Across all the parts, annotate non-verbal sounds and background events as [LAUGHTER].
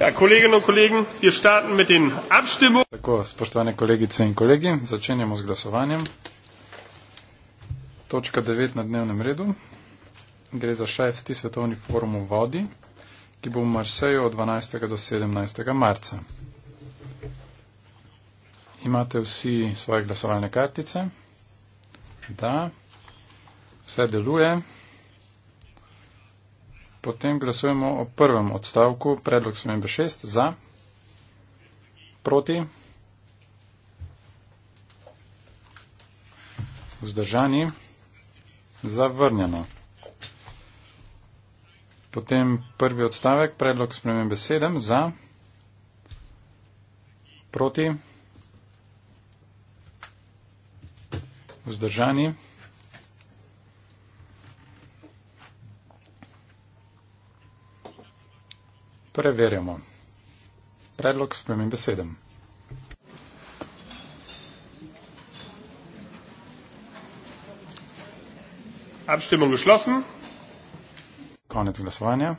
Ja, kolegen in kolegen, wir starten mit den Abstimmungen. Tako, spoštovane kolegice in kolegi, začenjamo z glasovanjem. Točka 9 na dnevnem redu. Gre za 6. svetovni forum v vodi, ki bo v Marseju od 12. do 17. marca. Imate vsi svoje glasovalne kartice? Da. Vse deluje. Potem glasujemo o prvem odstavku, predlog spremembe 6 za, proti, vzdržani, zavrnjeno. Potem prvi odstavek, predlog spremembe 7 za, proti, vzdržani, zavrnjeno. Preverjamo. Predlog spremem besedem. Abstimmung geschlossen. Konec glasovanja.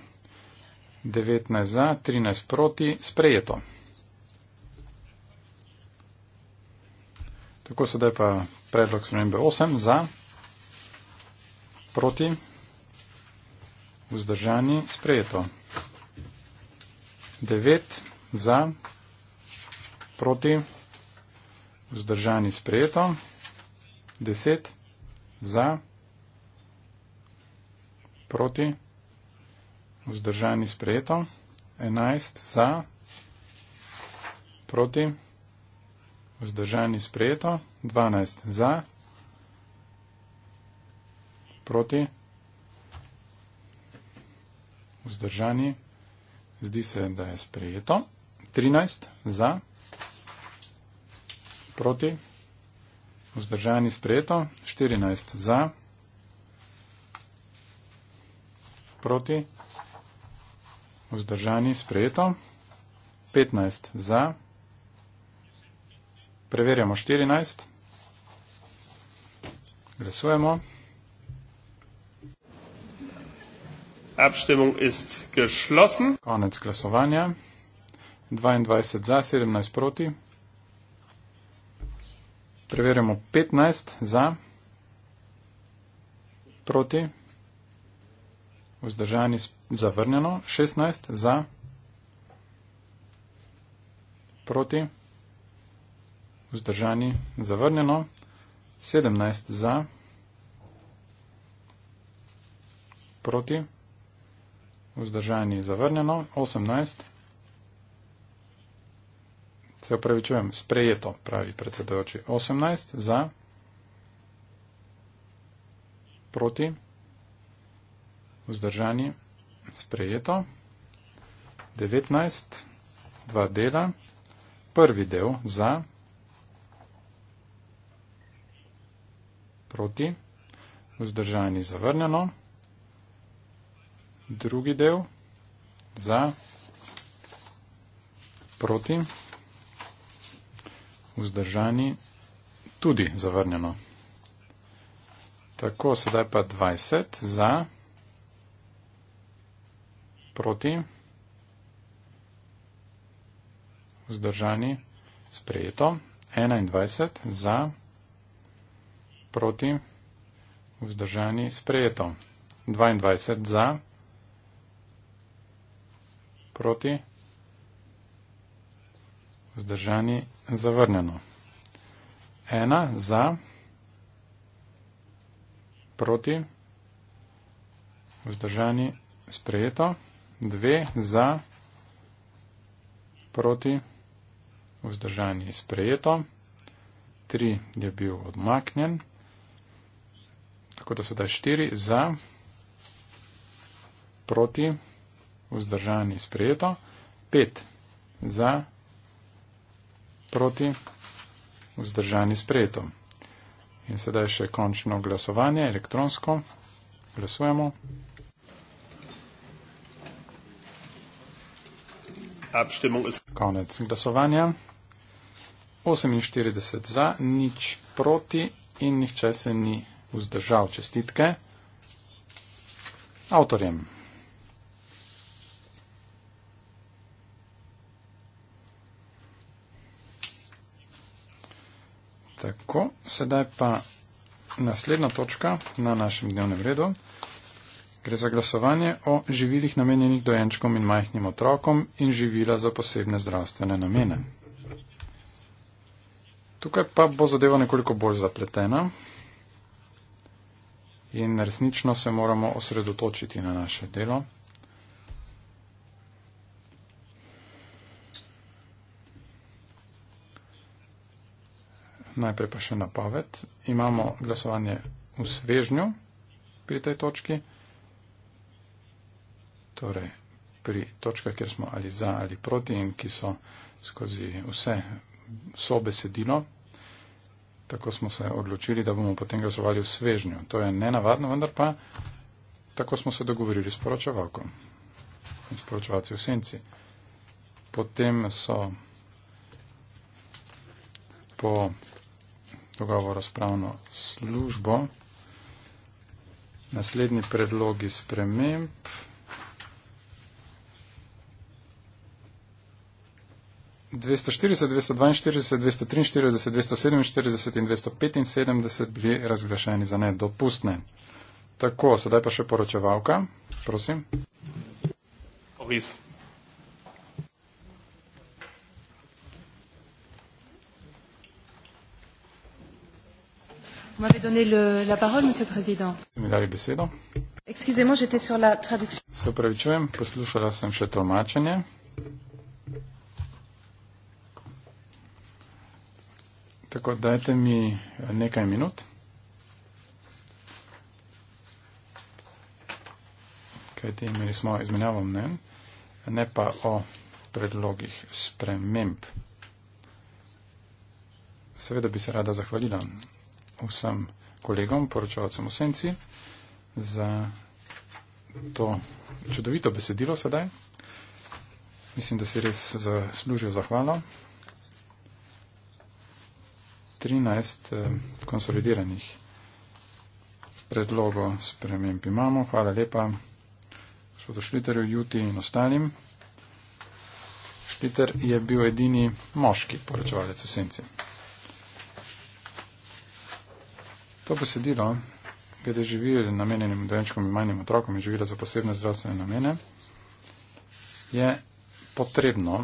19 za, 13 proti, sprejeto. Tako sedaj pa predlog spremembe 8 za, proti, vzdržani, sprejeto. 9 za, proti, vzdržani sprejeto, 10 za, proti, vzdržani sprejeto, 11 za, proti, vzdržani sprejeto, 12 za, proti, vzdržani sprejeto. Zdi se, da je sprejeto. 13 za, proti, vzdržani sprejeto. 14 za, proti, vzdržani sprejeto. 15 za, preverjamo 14. Glasujemo. Abstimmung ist geschlossen. Konec glasovanja. 22 za, 17 proti. Preverjamo 15 za, proti, vzdržani zavrnjeno, 16 za, proti, vzdržani zavrnjeno, 17 za, proti vzdržani zavrnjeno, 18. Se upravičujem, sprejeto, pravi predsedojoči, 18 za, proti, vzdržani, sprejeto, 19, dva dela, prvi del za, proti, vzdržani, zavrnjeno drugi del za proti vzdržani tudi zavrnjeno. Tako, sedaj pa 20 za proti vzdržani sprejeto, 21 za proti vzdržani sprejeto, 22 za proti vzdržani sprejeto proti, vzdržani, zavrnjeno. Ena, za, proti, vzdržani, sprejeto. Dve, za, proti, vzdržani, sprejeto. Tri je bil odmaknjen. Tako da sedaj štiri, za, proti, vzdržani, sprejeto vzdržani sprejeto, 5 za, proti, vzdržani sprejeto. In sedaj še končno glasovanje elektronsko. Glasujemo. Konec glasovanja. 48 za, nič proti in nihče se ni vzdržal čestitke. Autorjem. Tako, sedaj pa naslednja točka na našem dnevnem redu. Gre za glasovanje o živilih namenjenih dojenčkom in majhnim otrokom in živila za posebne zdravstvene namene. Tukaj pa bo zadeva nekoliko bolj zapletena in resnično se moramo osredotočiti na naše delo. najprej pa še napoved. Imamo glasovanje v svežnju pri tej točki, torej pri točkah, kjer smo ali za ali proti in ki so skozi vse sobesedilo. Tako smo se odločili, da bomo potem glasovali v svežnju. To je nenavadno, vendar pa tako smo se dogovorili s poročevalkom in s poročevalci v senci. Potem so po dogovoru s pravno službo. Naslednji predlogi sprememb. bili razglašeni za nedopustne. Tako, sedaj pa še poročevalka. Prosim. Obis, Se upravičujem, poslušala sem še tolmačenje. Tako dajte mi eh, nekaj minut, kajti imeli smo izmenjavo mnen, ne pa o predlogih sprememb. Seveda bi se rada zahvalila vsem kolegom, poročavcem v senci, za to čudovito besedilo sedaj. Mislim, da si res zaslužil zahvalo. 13 eh, konsolidiranih predlogov sprememb imamo. Hvala lepa gospodu Šliterju, Juti in ostalim. Šliter je bil edini moški poročevalec v senci. To besedilo, glede živil namenjenim dojenčkom in manjim otrokom in živila za posebne zdravstvene namene, je potrebno,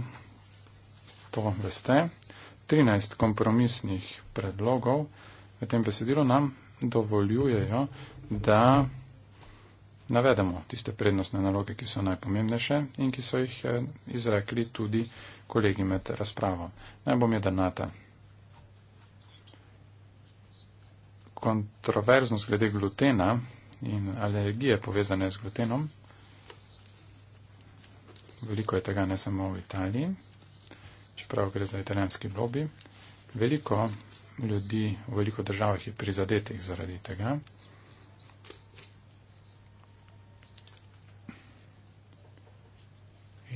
to veste, 13 kompromisnih predlogov v tem besedilu nam dovoljujejo, da navedemo tiste prednostne naloge, ki so najpomembnejše in ki so jih eh, izrekli tudi kolegi med razpravo. Naj bom je denata. kontroverznost glede glutena in alergije povezane z glutenom. Veliko je tega ne samo v Italiji, čeprav gre za italijanski lobby. Veliko ljudi v veliko državah je prizadetih zaradi tega.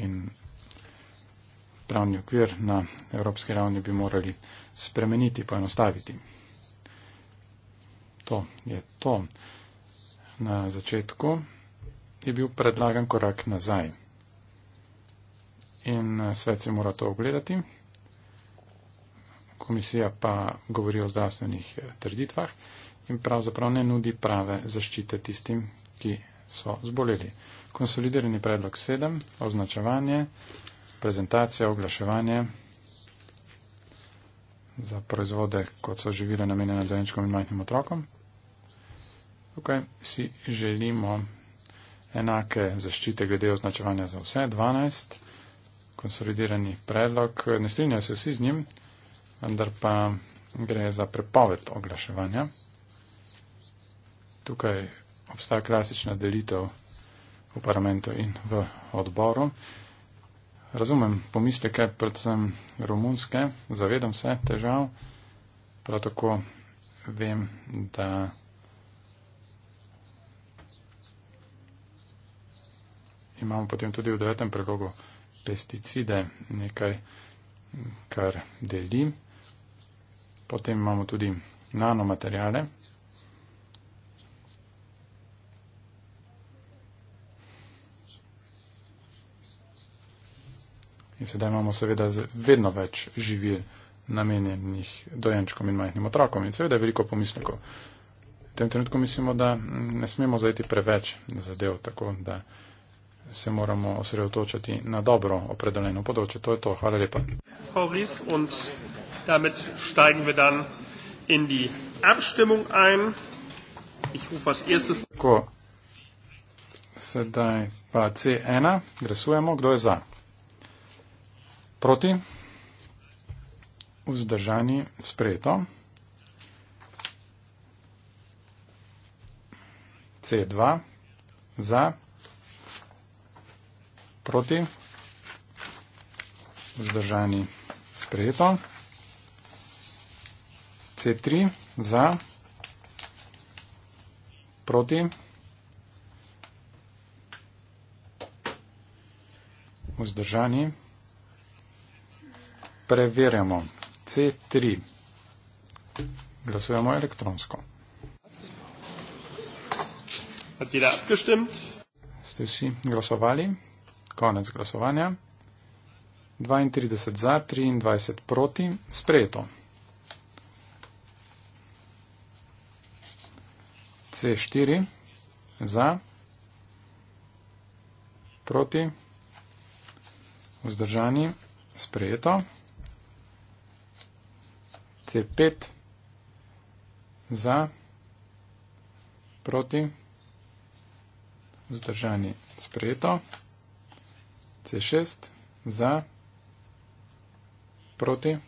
In pravni okvir na evropski ravni bi morali spremeniti, poenostaviti to je to. Na začetku je bil predlagan korak nazaj. In eh, svet se mora to ogledati. Komisija pa govori o zdravstvenih eh, trditvah in pravzaprav ne nudi prave zaščite tistim, ki so zboleli. Konsolidirani predlog 7, označevanje, prezentacija, oglaševanje za proizvode, kot so živile namenjene dojenčkom in majhnim otrokom. Tukaj si želimo enake zaščite glede označevanja za vse. 12. Konsolidirani predlog. Ne strinjajo se vsi z njim, vendar pa gre za prepoved oglaševanja. Tukaj obstaja klasična delitev v parlamentu in v odboru. Razumem pomisleke, predvsem romunske, zavedam se težav, prav tako vem, da. imamo potem tudi v devetem prelogu pesticide, nekaj, kar deli. Potem imamo tudi nanomaterjale. In sedaj imamo seveda vedno več živil namenjenih dojenčkom in majhnim otrokom in seveda veliko pomislekov. V tem trenutku mislimo, da ne smemo zajeti preveč zadev, tako da se moramo osredotočati na dobro opredeljeno področje. To je to. Hvala lepa. Tako, sedaj pa C1. Glasujemo, kdo je za. Proti. Vzdržani sprejeto. C2. Za. Proti. Zdržani. Sprejeto. C3. Za. Proti. Vzdržani. Preverjamo. C3. Glasujemo elektronsko. Hat jeder abgestimmt? Ste vsi glasovali? Konec glasovanja. 32 za, 23 proti, sprejeto. C4 za, proti, vzdržani, sprejeto. C5 za, proti, vzdržani, sprejeto за, против.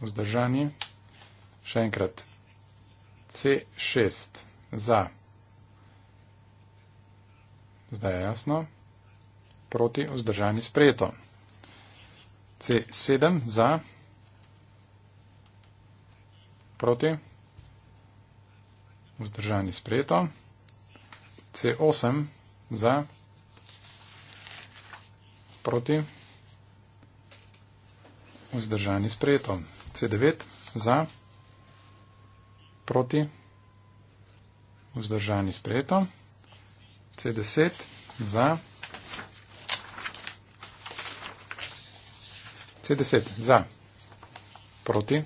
Vzdržani, še enkrat, C6 za, zdaj je jasno, proti vzdržani sprejeto. C7 za, proti vzdržani sprejeto. C8 za proti vzdržani sprejeto. C9 za proti vzdržani sprejeto. C10 za C10 za proti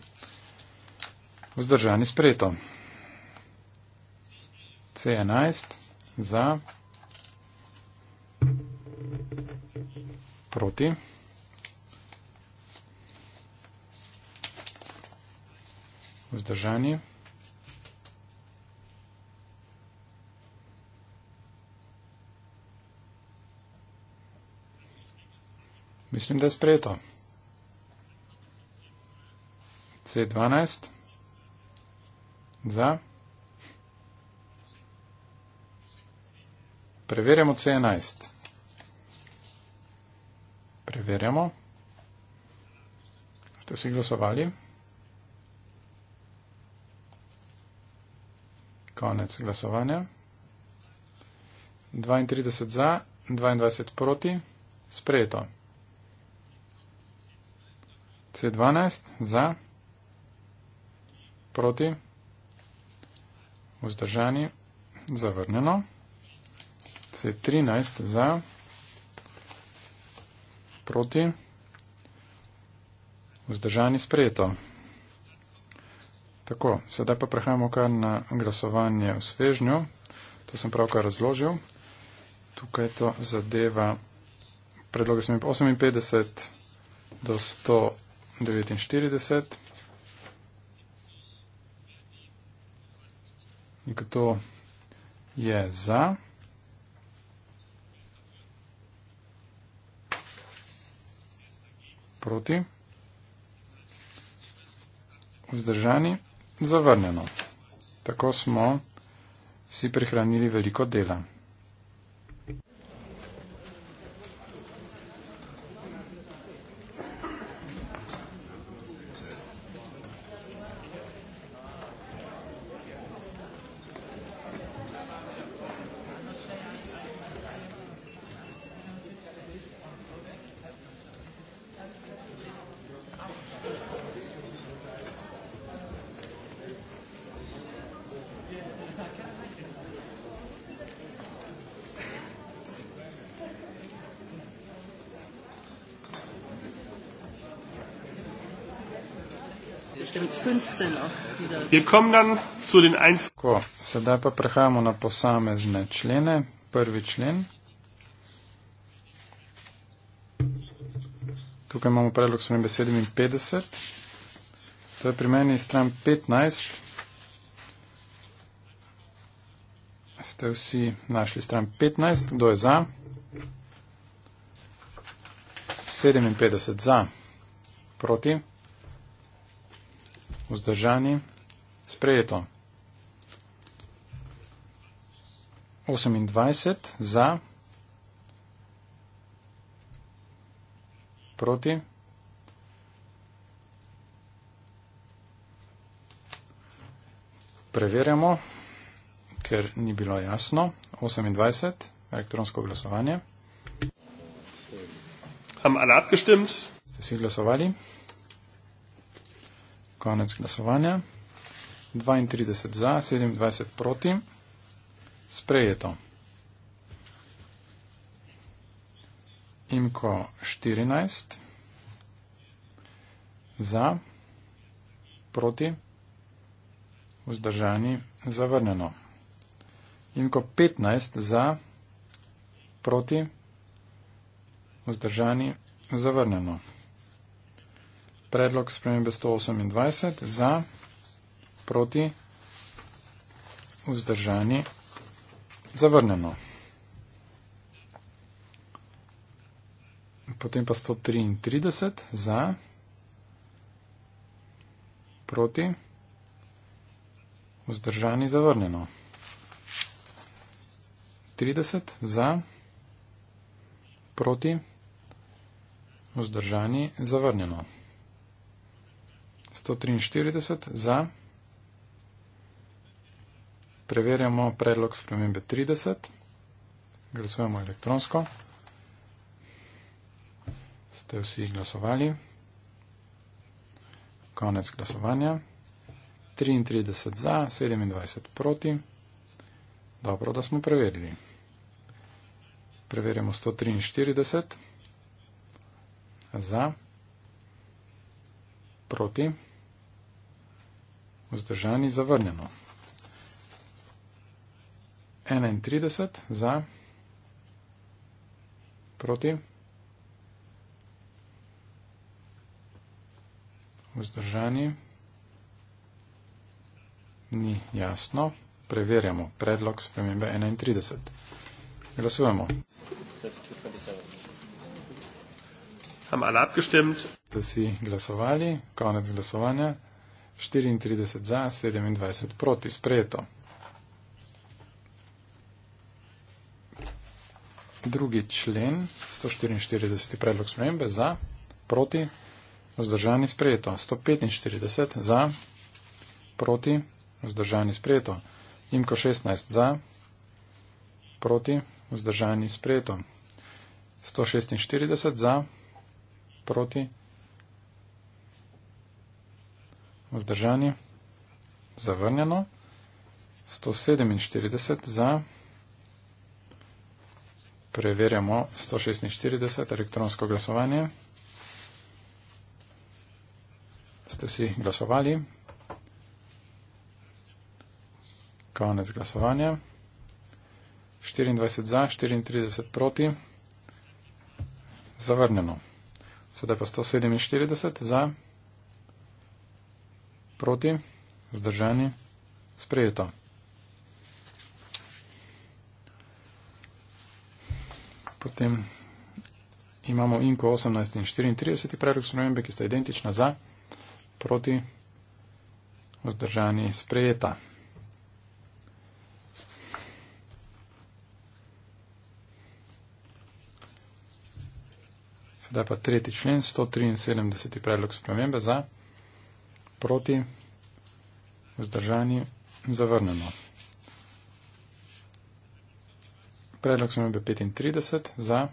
vzdržani sprejeto. C11 za za, proti. Vzdržanje. Mislim, da je sprejeto. C12. Za. Preverjamo C11. Preverjamo. Ste vsi glasovali? Konec glasovanja. 32 za, 22 proti. Sprejeto. C12 za, proti, vzdržani, zavrnjeno. C13 za, proti, vzdržani sprejeto. Tako, sedaj pa prehajamo kar na glasovanje v svežnju. To sem pravkar razložil. Tukaj to zadeva predloge 58 do 149. Kdo je za? proti, vzdržani, zavrnjeno. Tako smo si prihranili veliko dela. Wir kommen dann zu den einzelnen. Ko, sedaj pa prehajamo na posamezne člene. Prvi člen. Tukaj imamo predlog s 57. To je pri meni stran 15. Ste vsi našli stran 15? Kdo je za? 57 za. Proti? Vzdržani? Sprejeto. 28 za, proti. Preverjamo, ker ni bilo jasno. 28, elektronsko glasovanje. Ste si glasovali? Konec glasovanja. 32 za, 27 proti. Sprejeto. Imko 14 za, proti, vzdržani, zavrnjeno. Imko 15 za, proti, vzdržani, zavrnjeno. Predlog spremembe 128 za. Proti? Vzdržani? Zavrnjeno. Potem pa 133 za, proti, vzdržani, zavrnjeno. 30 za, proti, vzdržani, zavrnjeno. 143 za, proti. Preverjamo predlog spremembe 30. Glasujemo elektronsko. Ste vsi glasovali? Konec glasovanja. 33 za, 27 proti. Dobro, da smo preverili. Preverjamo 143 za, proti, vzdržani, zavrnjeno. 31 za, proti, vzdržani, ni jasno, preverjamo predlog spremembe 31. Glasujemo. Da si glasovali, konec glasovanja, 34 za, 27 proti, sprejeto. drugi člen, 144. predlog spremembe za, proti, vzdržani sprejeto, 145 za, proti, vzdržani sprejeto, imko 16 za, proti, vzdržani sprejeto, 146 za, proti, vzdržani, zavrnjeno, 147 za, proti, Preverjamo 146, elektronsko glasovanje. Ste vsi glasovali? Konec glasovanja. 24 za, 34 proti. Zavrnjeno. Sedaj pa 147 za, proti, vzdržani, sprejeto. Potem imamo inko 18 in 34 predlog spremembe, ki sta identična za, proti, vzdržani, sprejeta. Sedaj pa tretji člen, 173 predlog spremembe za, proti, vzdržani, zavrnemo. Predlog smo imeli 35 za,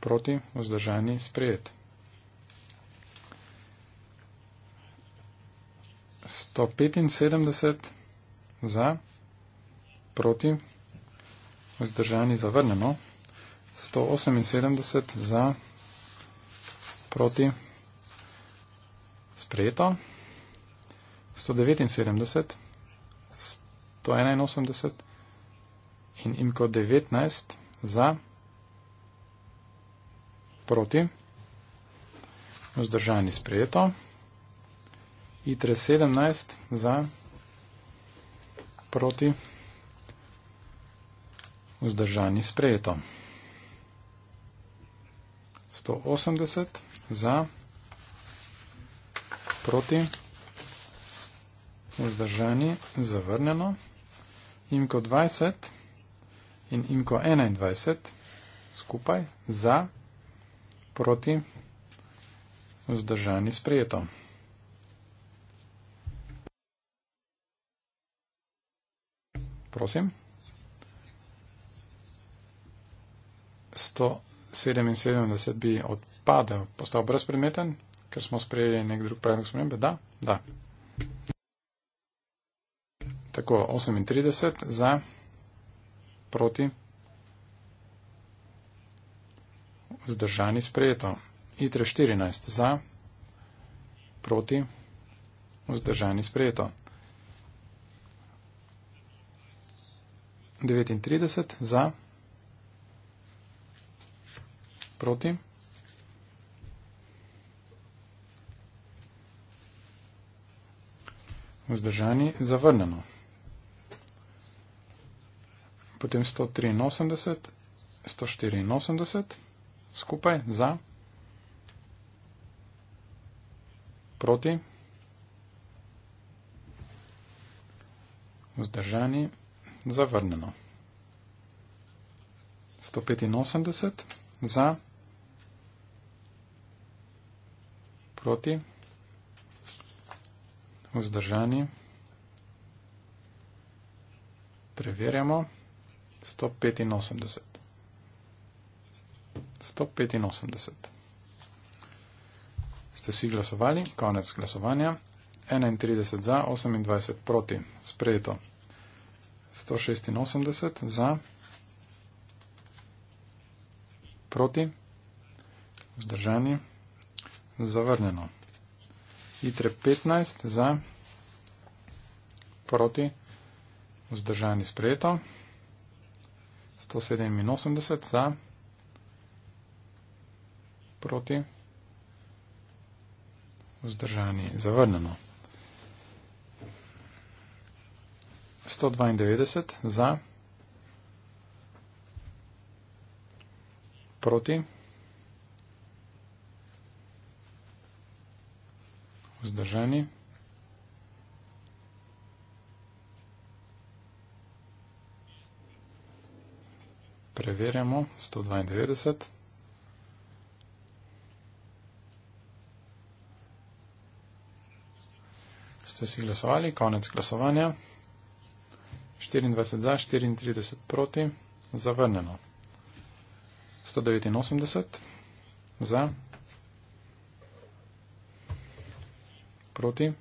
proti, vzdržani, sprejet. Sto petinsedemdeset za, proti, vzdržani, zavrnjeno. Sto oseminsedemdeset za, proti, sprejeto. Sto devetinsedemdeset, sto enainosemdeset za, proti in inko 19 za proti. Vzdržani sprejeto. ITRE 17 za proti. Vzdržani sprejeto. 180 za proti. Vzdržani zavrnjeno. Inko 20 za proti in Inko 21 skupaj za, proti, vzdržani sprejeto. Prosim. 177 bi odpadel, postal brezpredmeten, ker smo sprejeli nek drug predlog spremembe. Da, da. Tako, 38 za proti, vzdržani sprejeto. ITRE 14 za, proti, vzdržani sprejeto. 39 za, proti. Vzdržani zavrnjeno potem 183, 184 skupaj za, proti, vzdržani, zavrnjeno. 185 za, proti, vzdržani, preverjamo. 185. 185. Ste vsi glasovali? Konec glasovanja. 31 za, 28 proti. Sprejeto. 186 za, proti, vzdržani, zavrnjeno. ITRE 15 za, proti, vzdržani, sprejeto. 187 za, proti, vzdržani, zavrnjeno. 192 za, proti, vzdržani, zavrnjeno. preverjamo 192. Ste si glasovali, konec glasovanja. 24 za, 34 proti, zavrnjeno. 189 za, proti,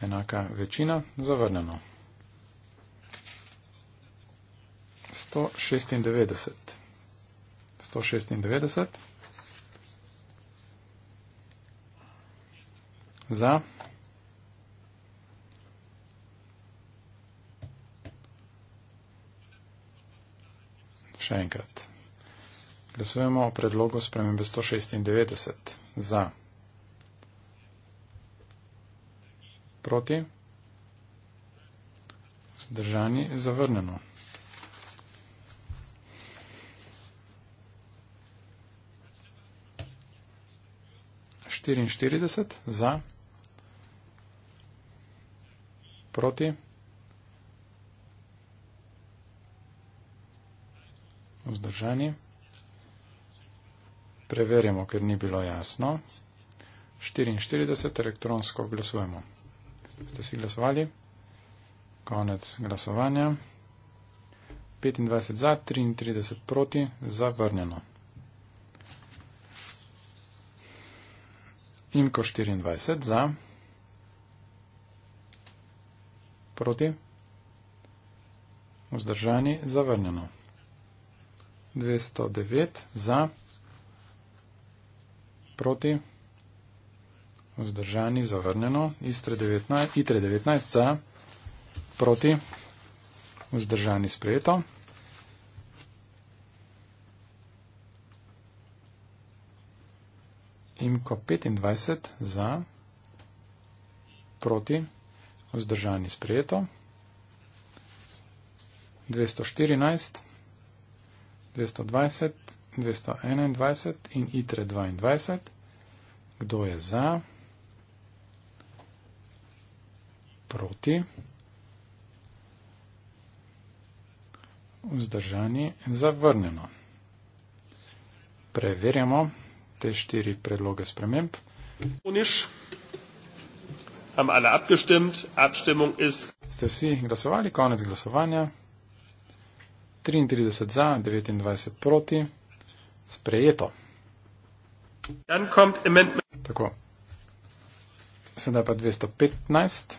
enaka večina, zavrnjeno. 196. 196. Za. Še enkrat. Glasujemo o predlogu spremembe 196. Za. Proti. Zdržani zavrnjeno. 44 za, proti vzdržani. Preverjamo, ker ni bilo jasno. 44 elektronsko glasujemo. Ste si glasovali? Konec glasovanja. 25 za, 33 proti, zavrnjeno. Imko 24 za. Proti. Vzdržani zavrnjeno. 209 za. Proti. Vzdržani zavrnjeno. Istre 19, itre 19 za. Proti. Vzdržani sprejeto. Imko 25 za, proti, vzdržani sprejeto. 214, 220, 221 in ITRE 22. Kdo je za, proti, vzdržani in zavrnjeno. Preverjamo te štiri predloge sprememb. Ste vsi glasovali, konec glasovanja. 33 za, 29 proti, sprejeto. Tako. Sedaj pa 215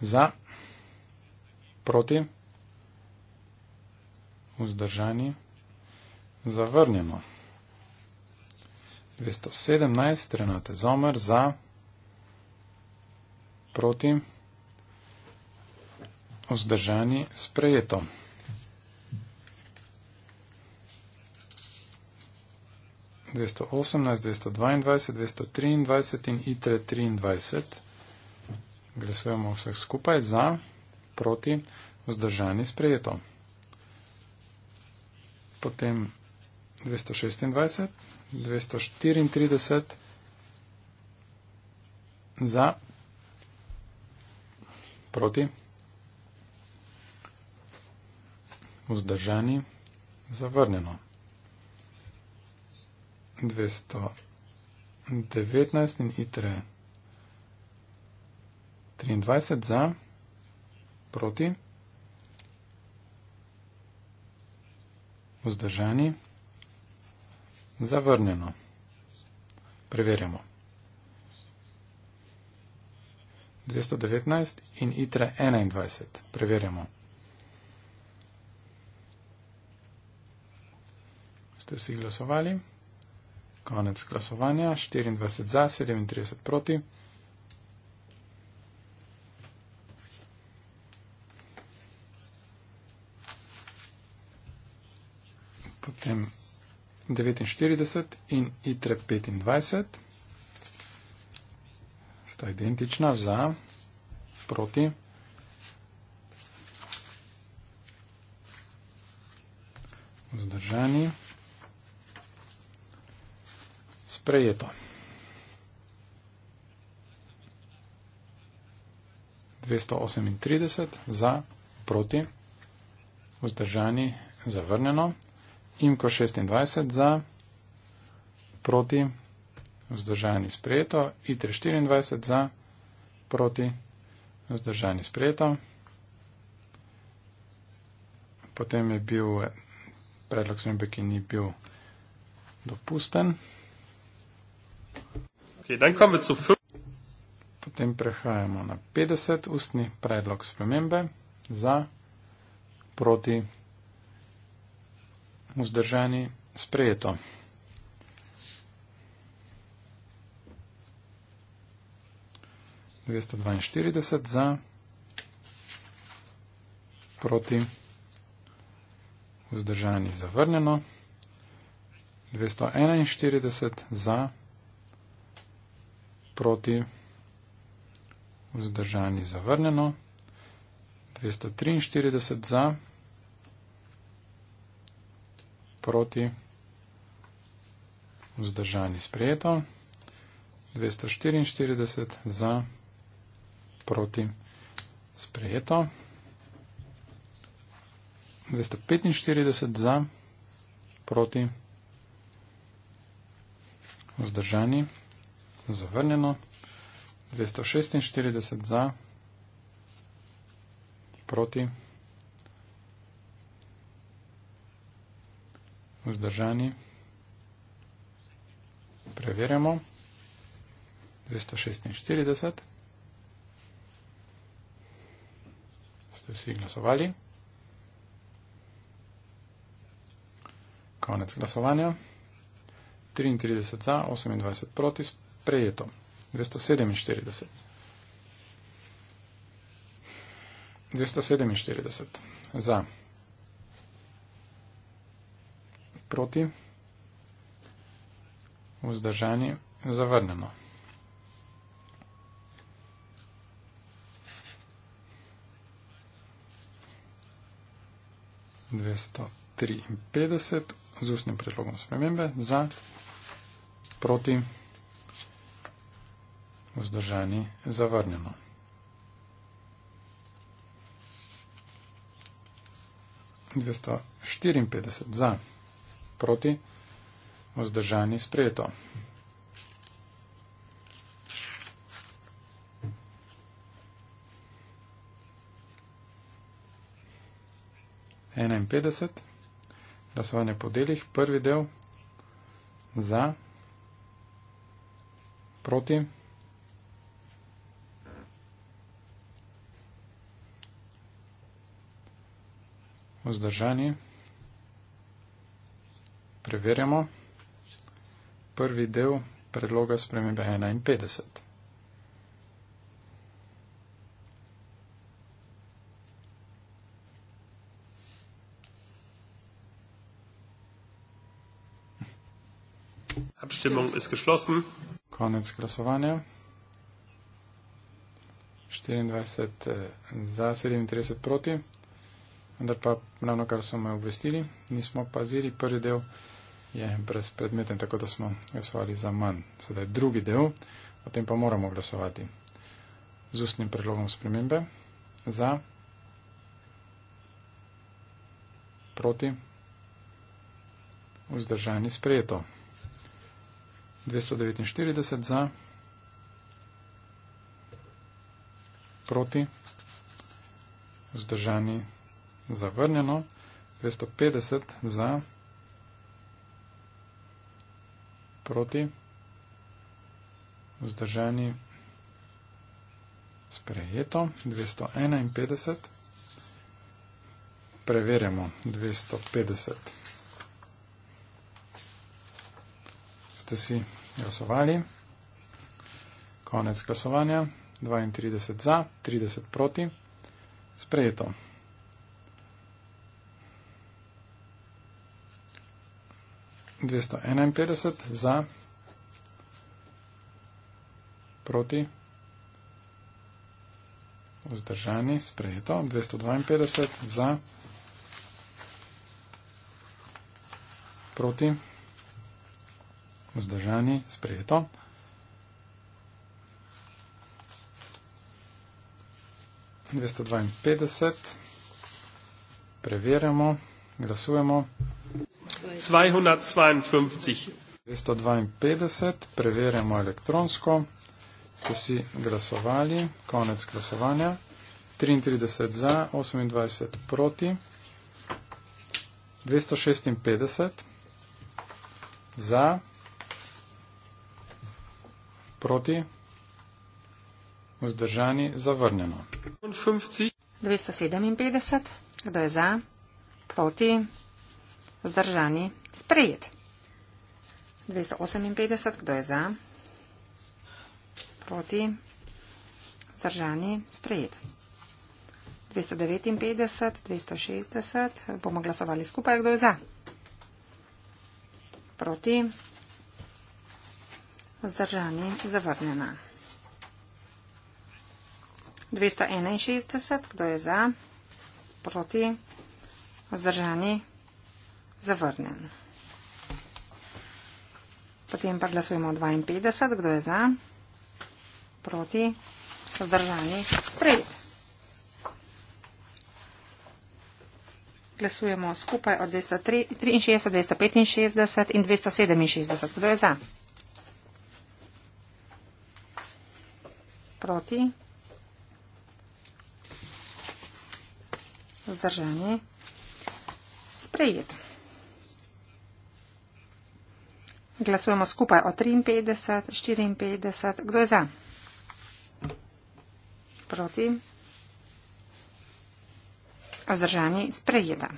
za, proti, vzdržani. Zavrnjeno. 217, Renate Zomer, za, proti, vzdržani, sprejeto. Dvesto osemnajst, dvesto dvaindvajset, dvesto triindvajset in itre triindvajset. Glasujemo vseh skupaj za, proti, vzdržani, sprejeto. Potem 226, 234 za, proti, vzdržani, zavrnjeno. 219 in itre 23 za, proti, vzdržani, zavrnjeno. Zavrnjeno. Preverjamo. 219 in ITRE 21. Preverjamo. Ste vsi glasovali? Konec glasovanja. 24 za, 37 proti. Potem 49 in ITRE 25 sta identična za proti. Vzdržani. Sprejeto. 238 za proti. Vzdržani zavrnjeno. IMKO 26 za, proti, vzdržani sprejeto, ITRE 24 za, proti, vzdržani sprejeto. Potem je bil predlog smembe, ki ni bil dopusten. Okay, Potem prehajamo na 50 ustni predlog spremembe za proti vzdržani, sprejeto. Dvesto dvainštirideset za, proti, vzdržani, zavrnjeno, dvesto enainštirideset za, proti, vzdržani, zavrnjeno, dvesto triinštirideset za, proti, proti, vzdržani sprejeto, 244 za, proti, sprejeto, 245 za, proti, vzdržani, zavrnjeno, 246 za, proti, vzdržani. vzdržani. Preverjamo. 246. Ste vsi glasovali. Konec glasovanja. 33 za, 28 proti, sprejeto. 247. 247. Za. proti, vzdržani, zavrnemo. Dvesto triinpetdeset z ustnim predlogom spremembe za, proti, vzdržani, zavrnjeno. Dvesto štiriinpetdeset za proti, vzdržani sprejeto. Enainpetdeset, glasovanje po delih, prvi del za, proti, vzdržani sprejeto preverjamo. Prvi del predloga spremembe 51. Abstimmung ist geschlossen. Konec glasovanja. 24 eh, za 37 proti, vendar pa ravno kar so me obvestili, nismo pazili prvi del je brezpredmeten, tako da smo glasovali za manj. Sedaj drugi del, o tem pa moramo glasovati. Z ustnim predlogom spremembe za, proti, vzdržani sprejeto. 249 za, proti, vzdržani zavrnjeno. 250 za. proti, vzdržani sprejeto, 251, preverjamo 250. Ste si glasovali, konec glasovanja, 32 za, 30 proti, sprejeto. 251 za, proti, vzdržani, sprejeto, 252 za, proti, vzdržani, sprejeto. Dvesto dvainpetdeset, preverjamo, glasujemo. 252. 252, preverjamo elektronsko. Ste si glasovali, konec glasovanja. 33 za, 28 proti. 256 za, proti, vzdržani, zavrnjeno. 257, kdo je za, proti, vzdržani, sprejet. 258, kdo je za? Proti, vzdržani, sprejet. 259, 260, bomo glasovali skupaj, kdo je za? Proti, vzdržani, zavrnjena. 261, kdo je za? Proti, vzdržani, Zavrnjen. Potem pa glasujemo 52. Kdo je za? Proti? Zdržani? Sprejet. Glasujemo skupaj od 263, 265 in 267. Kdo je za? Proti? Zdržani? Sprejet. Glasujemo skupaj o 53, 54. Kdo je za? Proti? Ozdržani sprejeda.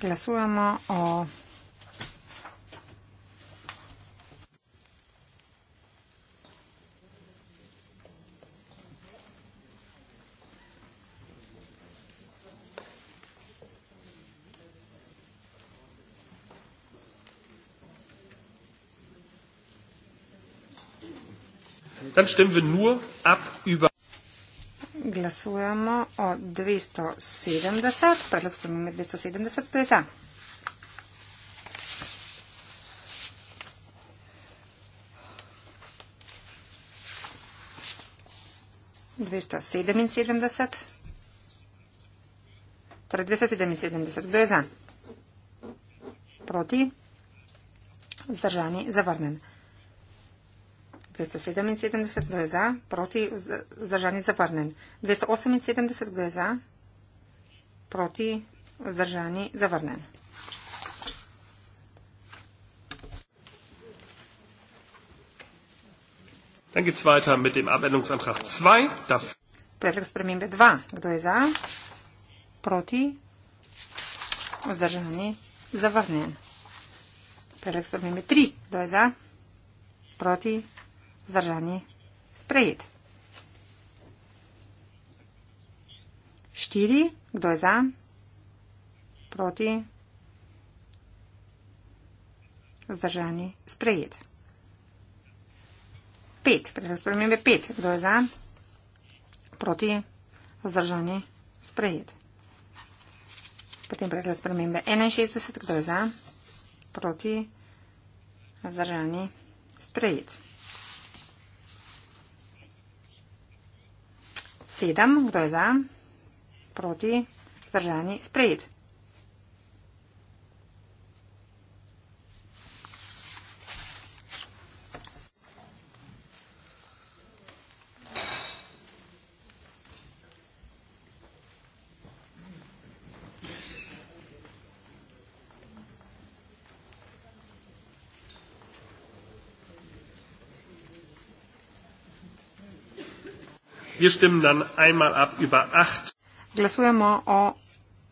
Glasujemo o Dann stimmen wir nur ab über. Glasujemo o 270, predlog spremembe 270, to je za. Dvesto sedeminsedemdeset. Torej, dvesto sedeminsedemdeset. Kdo je za? Proti? Zdržani, zavrnjen. 277 glasov za, proti vzdržani zavrnen. 278 glasov za, proti vzdržani zavrnen. Dann geht's weiter mit dem Abänderungsantrag 2. Predlog spremembe 2. Kdo je za? Proti? Vzdržani? Zavrnjen. Predlog spremembe 3. Kdo je za? Proti? Zdržanje. Sprejet. Štiri. Kdo je za? Proti. Zdržanje. Sprejet. Pet. Predlog spremembe pet. Kdo je za? Proti. Zdržanje. Sprejet. Potem predlog spremembe 61. Kdo je za? Proti. Zdržanje. Sprejet. sedem, kdo je za? Proti, zdržani, sprejet. Wir stimmen dann einmal ab über acht. Glasujemo o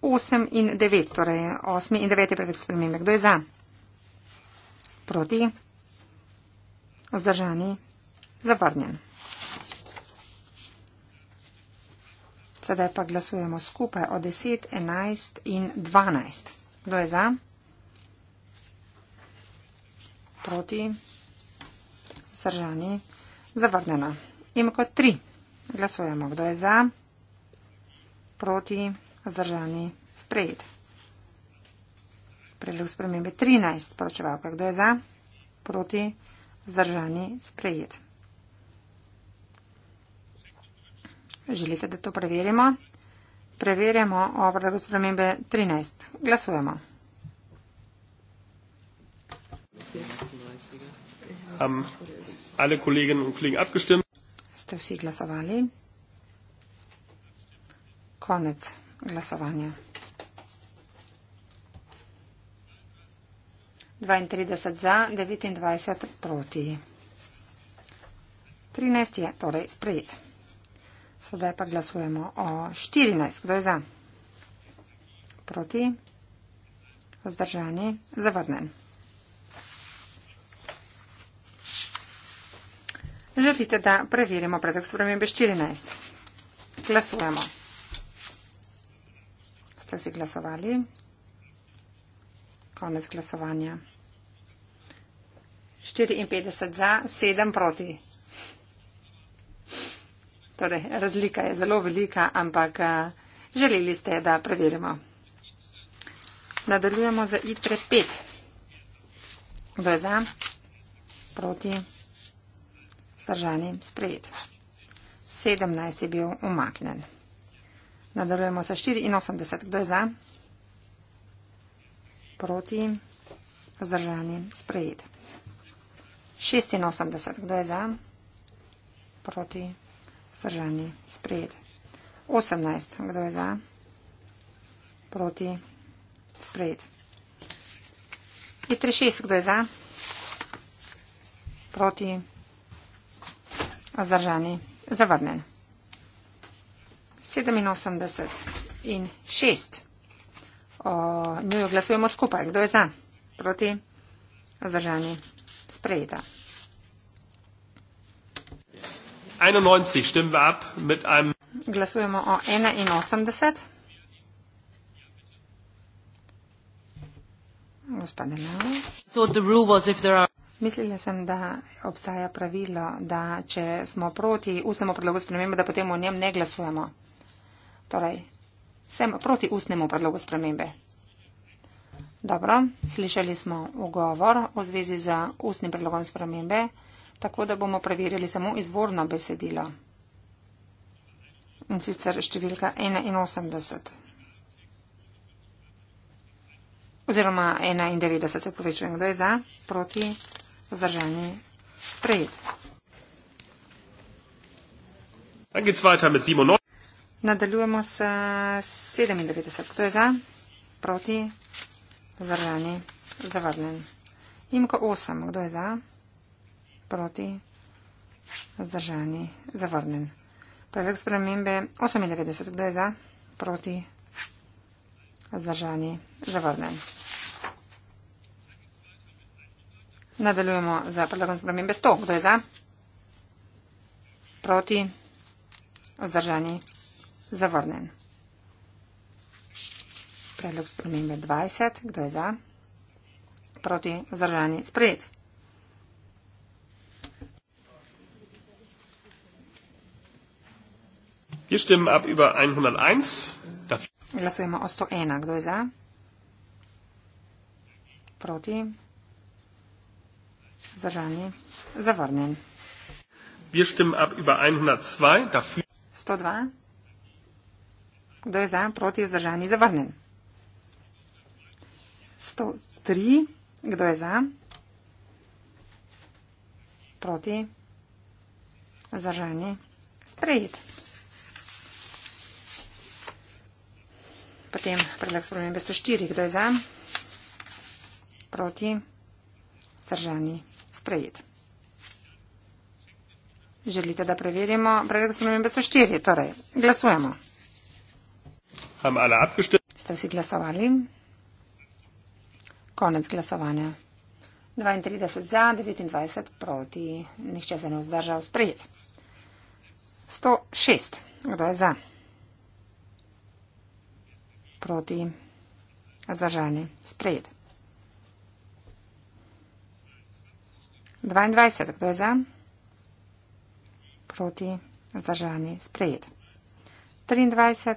8 in 9, torej 8 in 9 predlog spremembe. Kdo je za? Proti? Ozdržani? Zavrnjen. Sedaj pa glasujemo skupaj o 10, 11 in 12. Kdo je za? Proti? Ozdržani? Zavrnjeno. Imamo kot 3. Glasujemo, kdo je za, proti, zdržani, sprejet. Predlog spremembe 13, poročevalka, kdo je za, proti, zdržani, sprejet. Želite, da to preverimo? Preverjamo o predlogu spremembe 13. Glasujemo. Um, alle kolegen in kolegen abgestimmt ste vsi glasovali. Konec glasovanja. 32 za, 29 proti. 13 je torej sprejet. Sedaj pa glasujemo o 14. Kdo je za? Proti? Vzdržani? Zavrnen. želite, da preverimo predlog spremembe 14. Glasujemo. Ste vsi glasovali? Konec glasovanja. 54 za, 7 proti. Torej, razlika je zelo velika, ampak želeli ste, da preverimo. Nadaljujemo za ITRE 5. Kdo je za? Proti vzdržani sprejet. 17 je bil umaknen. Nadaljujemo se 84. Kdo je za? Proti. Vzdržani sprejet. 86. Kdo je za? Proti. Vzdržani sprejet. 18. Kdo je za? Proti. Sprejet. Je 36. Kdo je za? Proti. Zdržani. Zavrnen. 87 in 6. O njoj glasujemo skupaj. Kdo je za? Proti? Zdržani. Sprejeta. 91 stimmen wir ab mit einem. Glasujemo o 81. Gospod Nenad. Mislila sem, da obstaja pravilo, da če smo proti ustnemu predlogu spremembe, da potem o njem ne glasujemo. Torej, sem proti ustnemu predlogu spremembe. Dobro, slišali smo ugovor v zvezi z ustnim predlogom spremembe, tako da bomo preverili samo izvorno besedilo. In sicer številka 81. Oziroma 91 se upravičujem, kdo je za, proti zdržanje sprejet. Nadaljujemo s 97, kdo je za, proti, zdržanje, zavrnjen. Imko 8, kdo je za, proti, zdržanje, zavrnjen. Predlog spremembe 98, kdo je za, proti, zdržanje, zavrnjen. Nadaljujemo za predlogom spremembe 100. Kdo je za? Proti? Vzdržani? Zavrnen. Predlog spremembe 20. Kdo je za? Proti? Vzdržani? Sprejet. Glasujemo o 101. Kdo je za? Proti? Zdržanje. Zavrnjen. Wir stimmen ab über 102 dafür. 102. Kdo je za, proti, vzdržani, zavrnen. 103. Kdo je za, proti, vzdržani, sprejet. Potem predlog spremembe 104. Kdo je za, proti, vzdržani, sprejet. Želite, da preverimo predlog spremembe so štiri, torej glasujemo. Ste vsi glasovali? Konec glasovanja. 32 za, 29 proti, nihče se ne vzdržal sprejet. 106, kdo je za? Proti, zdržani, sprejet. 22. Kdo je za? Proti. Zdržani. Sprejet. 23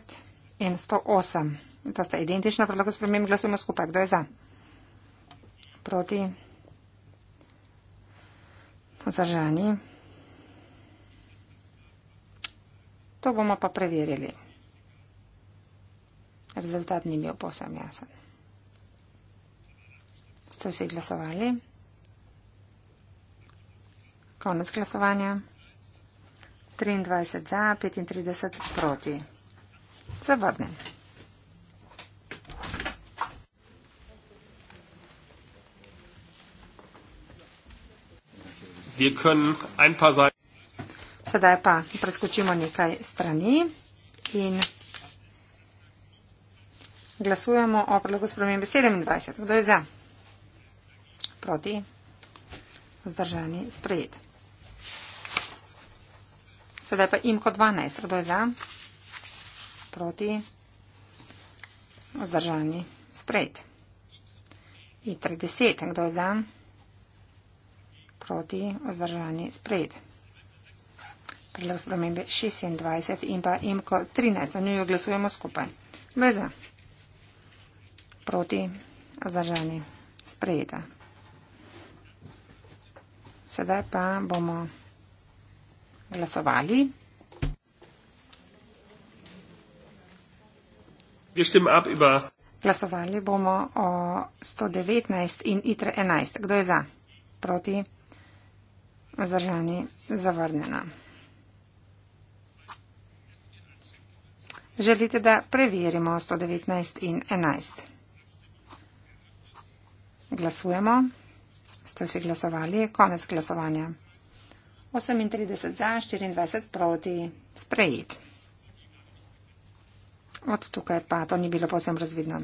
in 108. To sta identična predloga spremem. Glasujemo skupaj. Kdo je za? Proti. Zdržani. To bomo pa preverili. Rezultat ni bil posem jasen. Ste si glasovali? Konec glasovanja. 23 za, 35 proti. Zavrnem. Sedaj pa preskočimo nekaj strani in glasujemo o predlogu spremembe 27. Kdo je za? Proti. Zdržani. Sprejeti. Sedaj pa imko 12, to je za proti vzdržani sprejt. Itrek 10, kdo je za proti vzdržani sprejt. Predlog spremembe 26 in pa imko 13, o njo jo glasujemo skupaj. Kdo je za proti vzdržani sprejeta. Sedaj pa bomo glasovali. Glasovali bomo o 119 in ITRE 11. Kdo je za? Proti? Vzdržani? Zavrnjena. Želite, da preverimo 119 in 11? Glasujemo. Ste vsi glasovali? Konec glasovanja. 38 za, 24 proti. Sprejet. Od tukaj pa to ni bilo posebno razvidno.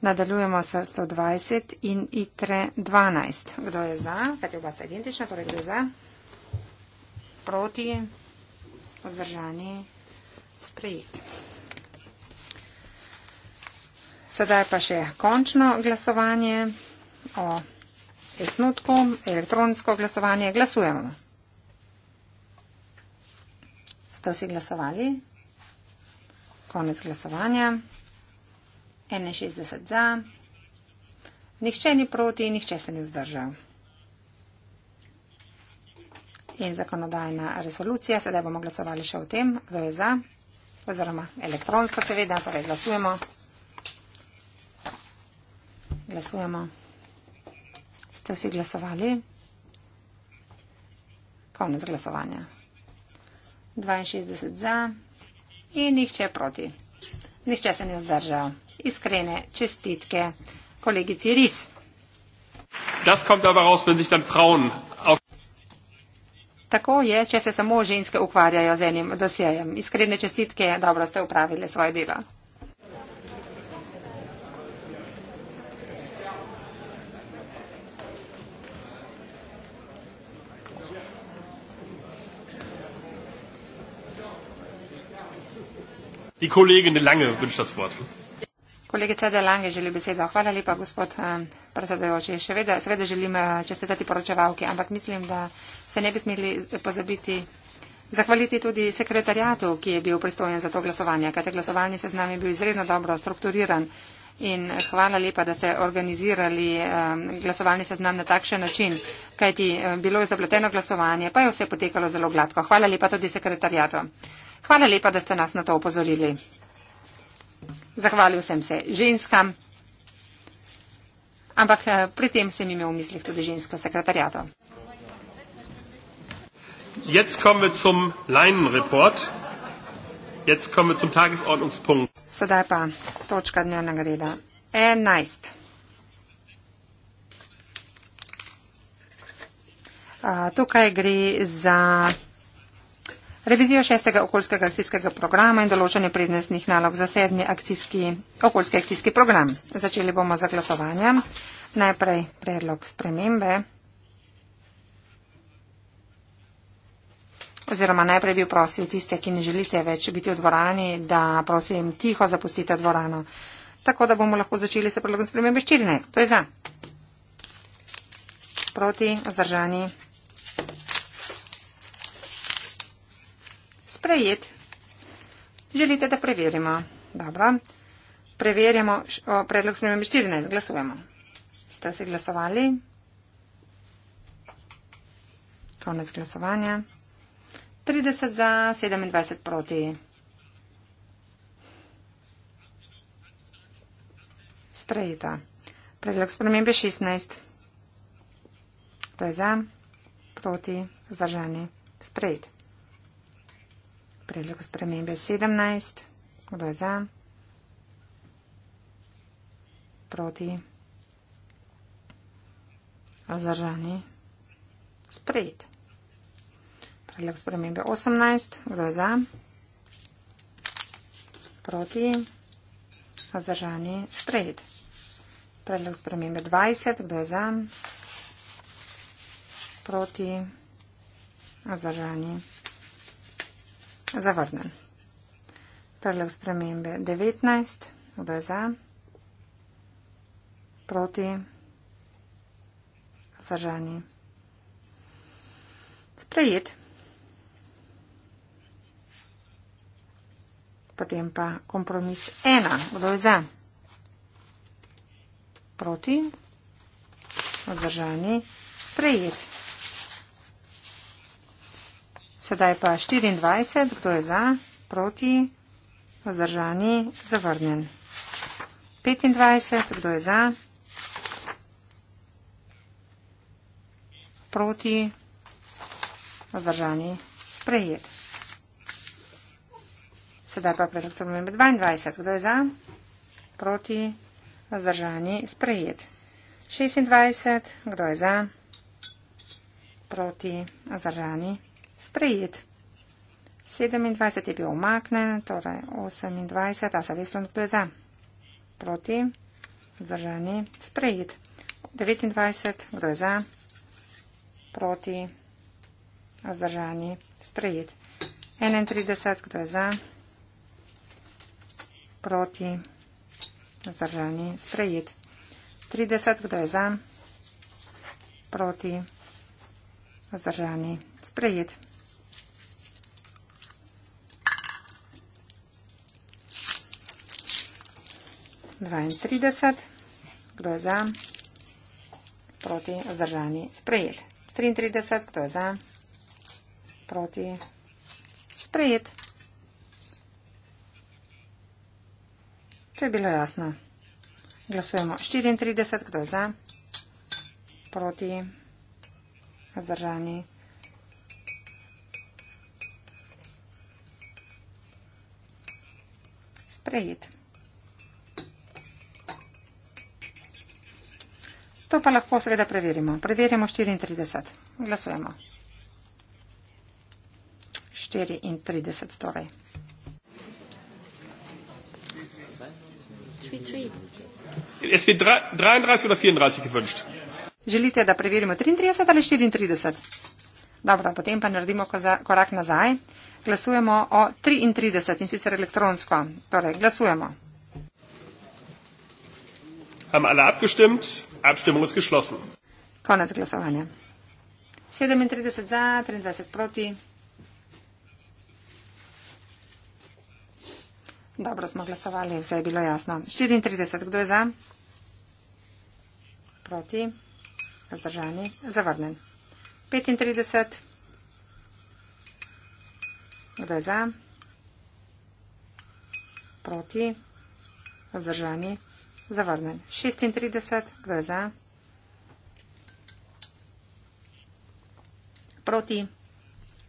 Nadaljujemo s 120 in itre 12. Kdo je za? Kaj je oba sta identična, torej kdo je za? Proti, vzdržani, sprejet. Sedaj pa še končno glasovanje o esnutku, elektronsko glasovanje. Glasujemo ste vsi glasovali? Konec glasovanja. 61 za. Nihče ni proti in nihče se ni vzdržal. In zakonodajna resolucija, sedaj bomo glasovali še o tem, kdo je za, oziroma elektronsko seveda, torej glasujemo. Glasujemo. Ste vsi glasovali? Konec glasovanja. 62 za in nihče proti. Nihče se ne vzdržal. Iskrene čestitke kolegici Ris. Tako je, če se samo ženske ukvarjajo z enim dosjejem. Iskrene čestitke, dobro ste upravili svoje delo. Die Kollegin Lange wünscht das Wort. Kolegica De Lange želi besedo. Hvala lepa, gospod eh, predsedojoči. Seveda želim eh, čestitati poročevalki, ampak mislim, da se ne bi smeli pozabiti zahvaliti tudi sekretarjatu, ki je bil pristojen za to glasovanje, kajte glasovalni seznam je bil izredno dobro strukturiran in hvala lepa, da ste organizirali eh, glasovalni seznam na takšen način, kajti bilo je zapleteno glasovanje, pa je vse potekalo zelo gladko. Hvala lepa tudi sekretarjatu. Hvala lepa, da ste nas na to upozorili. Zahvalil sem se ženskam, ampak eh, pri tem sem imel v mislih tudi žensko sekretarjato. Jetzt kommen wir zum Leinenreport. Jetzt kommen wir zum Tagesordnungspunkt. Sedaj pa točka dnevnega reda. 11. Uh, tukaj gre za revizijo šestega okoljskega akcijskega programa in določanje prednostnih nalog za sedmi akcijski, okoljski akcijski program. Začeli bomo za glasovanje. Najprej predlog spremembe. Oziroma najprej bi prosil tiste, ki ne želite več biti v dvorani, da prosim tiho zapustite dvorano. Tako da bomo lahko začeli s predlogom spremembe 14. To je za. Proti, vzdržani. sprejet. Želite, da preverimo? Dobro. Preverjamo o predlog spremembe 14. Glasujemo. Ste vsi glasovali? Konec glasovanja. 30 za 27 proti. Sprejeta. Predlog spremembe 16. To je za, proti, zdržani. Sprejeti predlog spremembe 17. Kdo je za? Proti? Razdržani? Sprejet. Predlog spremembe 18. Kdo je za? Proti? Razdržani? Sprejet. Predlog spremembe 20. Kdo je za? Proti? Razdržani? Sprejet. Zavrnem. Predlog spremembe 19, oba za, proti, zažani. Sprejet. Potem pa kompromis 1, oba za, proti, zažani. Sprejet. Sedaj pa 24, kdo je za, proti, vzdržani, zavrnjen. 25, kdo je za, proti, vzdržani, sprejet. Sedaj pa predlog spremembe 22, kdo je za, proti, vzdržani, sprejet. 26, kdo je za, proti, vzdržani, sprejet sprejet. 27 je bil omaknen, torej 28, a zavestno kdo je za. Proti, zdržani, sprejet. 29, kdo je za. Proti, zdržani, sprejet. 31, kdo je za. Proti, zdržani, sprejet. 30, kdo je za. Proti, zdržani, sprejet. 32. Kdo je za? Proti vzdržani sprejet. 33. Kdo je za? Proti sprejet. To je bilo jasno. Glasujemo 34. Kdo je za? Proti vzdržani sprejet. Sprejet. To pa lahko seveda preverimo. Preverimo 34. Glasujemo. 34 torej. Es wird 33 oder 34 gewünscht. Želite, da preverimo 33 ali 34? Dobro, potem pa naredimo korak nazaj. Glasujemo o 33 in sicer elektronsko. Torej, glasujemo. Haben alle abgestimmt? Abstimmung ist geschlossen. Koniec głosowania. 37 za, 23 proti. Dobro smo glasovali, vse je bilo jasno. 34, kdo je za? Proti. Zdržani. Zavrnen. 35. Kdo je za? Proti. Zdržani. Zavrnem. 36, kdo je za? Proti,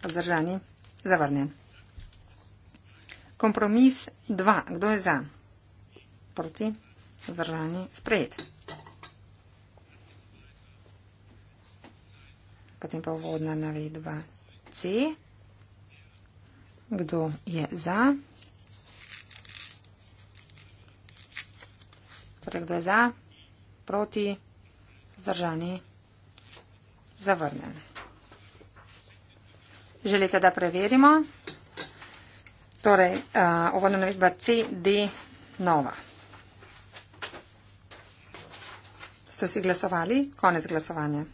vzdržani, zavrnem. Kompromis 2, kdo je za? Proti, vzdržani, sprejet. Potem pa vodna navedba C. Kdo je za? torej kdo je za, proti, zdržani, zavrnjen. Želite, da preverimo? Torej, uh, uvodna navedba CD nova. Ste vsi glasovali? Konec glasovanja.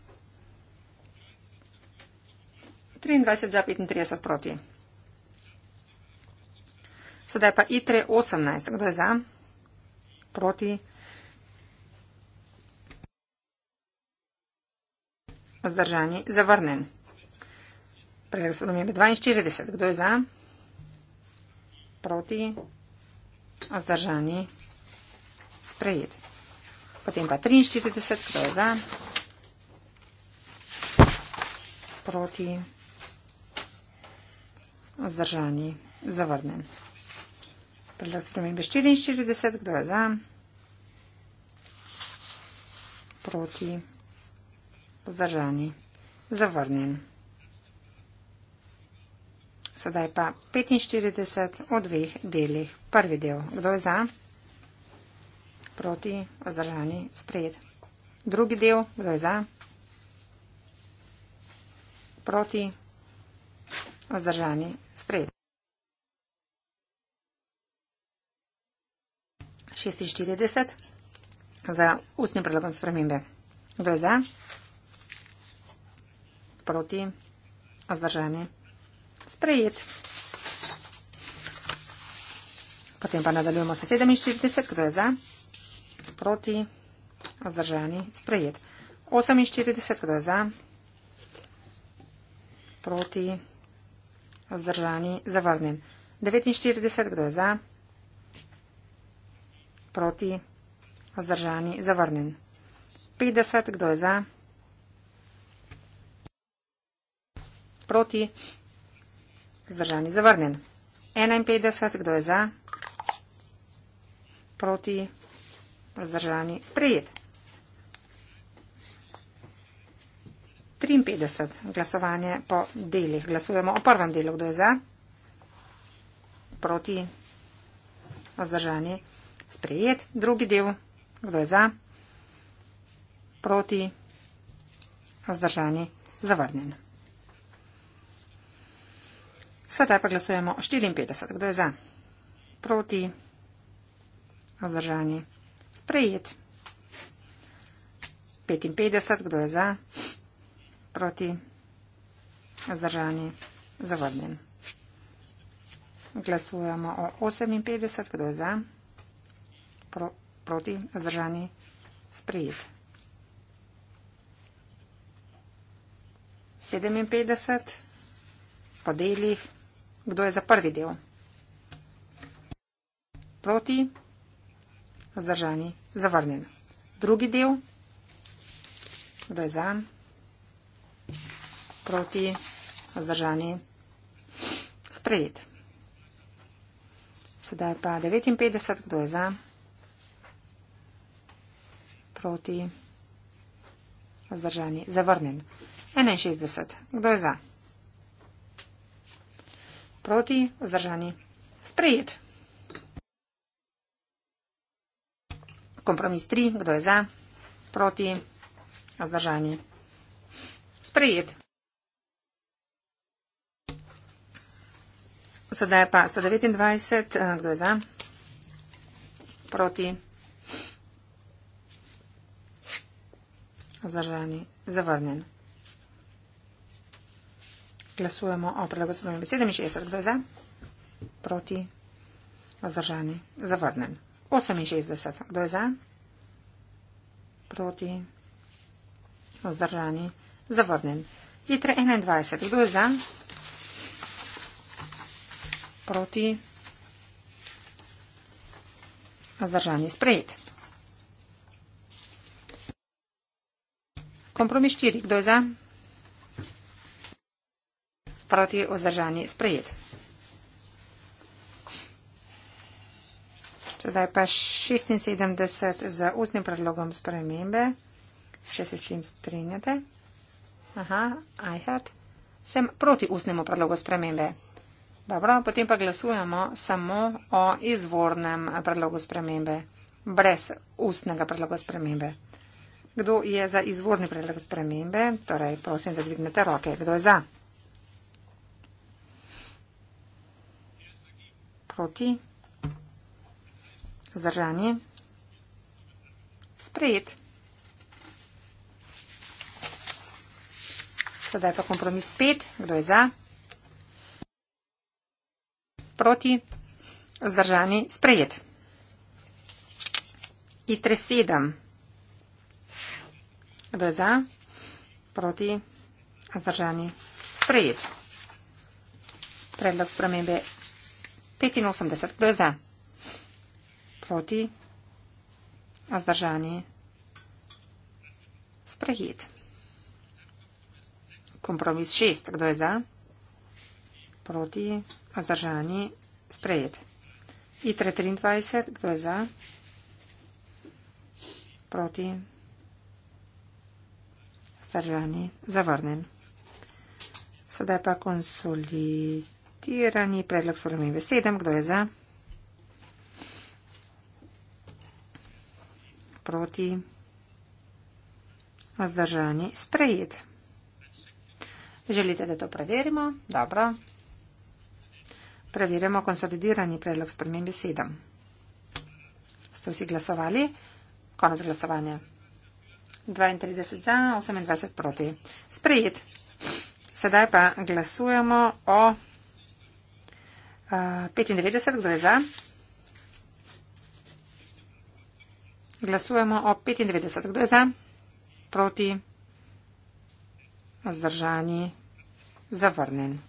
23 za 35 proti. Sedaj pa ITRE 18. Kdo je za? Proti. Vzdržani, zavrnen. Predlog so domembe 42. Kdo je za? Proti. Vzdržani, sprejet. Potem pa 43. Kdo je za? Proti. Vzdržani, zavrnen. Predlog so domembe 44. Kdo je za? Proti. Proti. Zdržani. Zavrnjen. Sedaj pa 45 o dveh delih. Prvi del. Kdo je za? Proti. Zdržani. Sprejet. Drugi del. Kdo je za? Proti. Zdržani. Sprejet. 46 za ustnim predlogom spremembe. Kdo je za? proti. Vzdržanje. Sprejet. Potem pa nadaljujemo s 47, kdo je za. Proti. Vzdržanje. Sprejet. 48, kdo je za. Proti. Vzdržanje. Zavrnjen. 49, kdo je za. Proti. Vzdržanje. Zavrnjen. 50, kdo je za. Proti. proti. Zdržan je zavrnen. 51, kdo je za? Proti. Zdržan je sprejet. 53, glasovanje po delih. Glasujemo o prvem delu, kdo je za? Proti. Zdržan je sprejet. Drugi del, kdo je za? Proti. Zdržan je zavrnen. Sedaj pa glasujemo 54. Kdo je za? Proti? Vzdržani? Sprejet. 55. Kdo je za? Proti? Vzdržani? Zavrnjen. Glasujemo o 58. Kdo je za? Pro, proti? Vzdržani? Sprejet. 57. Po delih Kdo je za prvi del? Proti, vzdržani, zavrnen. Drugi del? Kdo je za? Proti, vzdržani, sprejet. Sedaj pa 59, kdo je za? Proti, vzdržani, zavrnen. 61, kdo je za? Proti, vzdržani, zavrnen proti, vzdržani. Sprejet. Kompromis 3. Kdo je za? Proti, vzdržani. Sprejet. Sedaj pa 129. Eh, kdo je za? Proti. Zdržani. Zavrnjen. Glasujemo o predlogu spremembe 67, kdo je za? Proti? Vzdržani? Zavrnen. 68, kdo je za? Proti? Vzdržani? Zavrnen. Litre 21, kdo je za? Proti? Vzdržani? Sprejet. Kompromis 4, kdo je za? proti vzdržani sprejet. Sedaj pa 76 z ustnim predlogom spremembe, če se s tem strinjate. Aha, I had. Sem proti ustnemu predlogu spremembe. Dobro, potem pa glasujemo samo o izvornem predlogu spremembe, brez ustnega predloga spremembe. Kdo je za izvorni predlog spremembe? Torej, prosim, da dvignete roke. Kdo je za? lahkoti, vzdržanje, sprejet. Sedaj pa kompromis pet, kdo je za, proti, vzdržanje, sprejet. Itre sedem, kdo je za, proti, vzdržanje, sprejet. Predlog spremembe 85. Kdo je za? Proti? Ozdržani? Sprehit. Kompromis 6. Kdo je za? Proti? Ozdržani? Sprejet. ITRE 23. Kdo je za? Proti? Ozdržani? Zavrnen. Sedaj pa konsolid. Tirani, predlog spremenbe sedem, kdo je za? Proti. Vzdržani, sprejet. Želite, da to preverimo? Dobro. Preverjamo konsolidirani predlog spremenbe sedem. Ste vsi glasovali? Konec glasovanja. 32 za, 28 proti. Sprejet. Sedaj pa glasujemo o. 95, kdo je za? Glasujemo o 95, kdo je za? Proti? Zdržani? Zavrnen?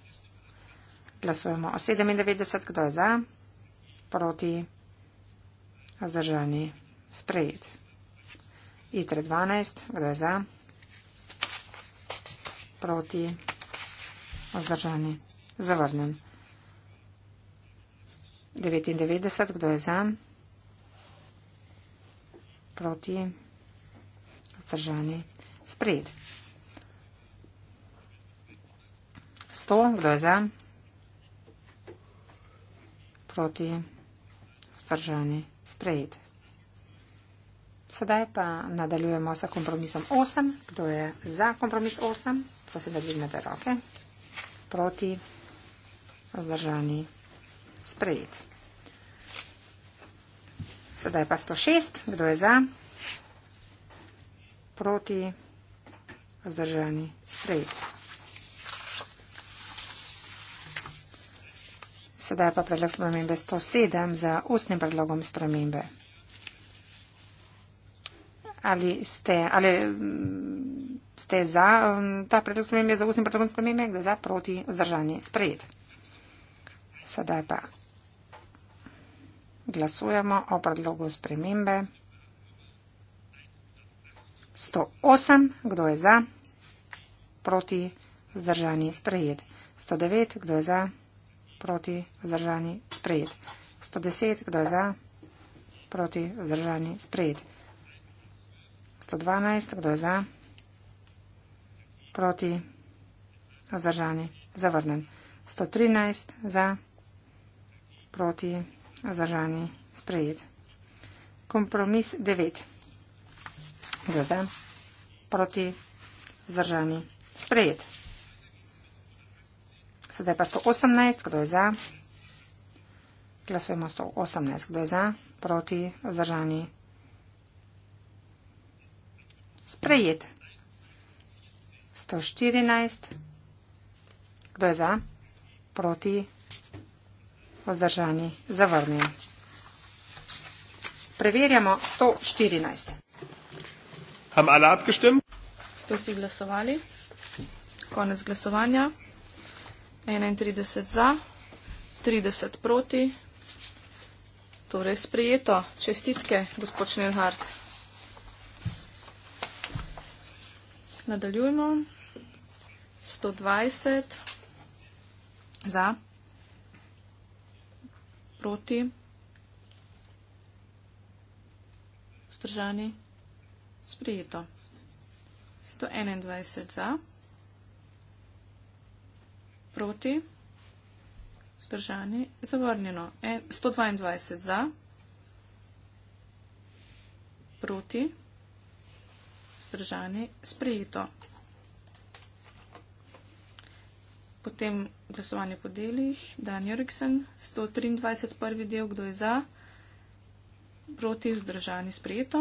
Glasujemo o 97, kdo je za? Proti? Zdržani? Sprejet? ITR 12, kdo je za? Proti? Zdržani? Zavrnen? 99, kdo je za? Proti? Vzdržani? Spred. 100, kdo je za? Proti? Vzdržani? Spred. Sedaj pa nadaljujemo sa kompromisom 8. Kdo je za kompromis 8? Prosim, da dvignete roke. Proti? Vzdržani? Spred. Sedaj pa 106. Kdo je za? Proti. Vzdržani. Sprejet. Sedaj pa predlog spremembe 107 za ustnim predlogom spremembe. Ali ste, ali mm, ste za mm, ta predlog spremembe za ustnim predlogom spremembe? Kdo je za? Proti. Vzdržani. Sprejet. Sedaj pa Glasujemo o predlogu spremembe. 108, kdo je za, proti, zdržani, sprejet. 109, kdo je za, proti, zdržani, sprejet. 110, kdo je za, proti, zdržani, sprejet. 112, kdo je za, proti, zdržani, zavrnen. 113, za, proti, zdržani. Zdržani. Sprejet. Kompromis 9. Za. Proti. Zdržani. Sprejet. Sedaj pa 118. Kdo je za? Glasujemo 118. Kdo je za? Proti. Zdržani. Sprejet. 114. Kdo je za? Proti vzdržani, zavrnjen. Preverjamo 114. Haben alle abgestimmt? Ste vsi glasovali? Konec glasovanja. 31 za, 30 proti. Torej sprejeto. Čestitke, gospod Šnelhard. Nadaljujemo. 120 za. Proti. Vzdržani. Sprijeto. 121 za. Proti. Vzdržani. Zavrnjeno. 122 e, za. Proti. Vzdržani. Sprijeto. Potem glasovanje po delih. Dan Jurgsen, 123. prvi del, kdo je za, proti, vzdržani, sprejeto.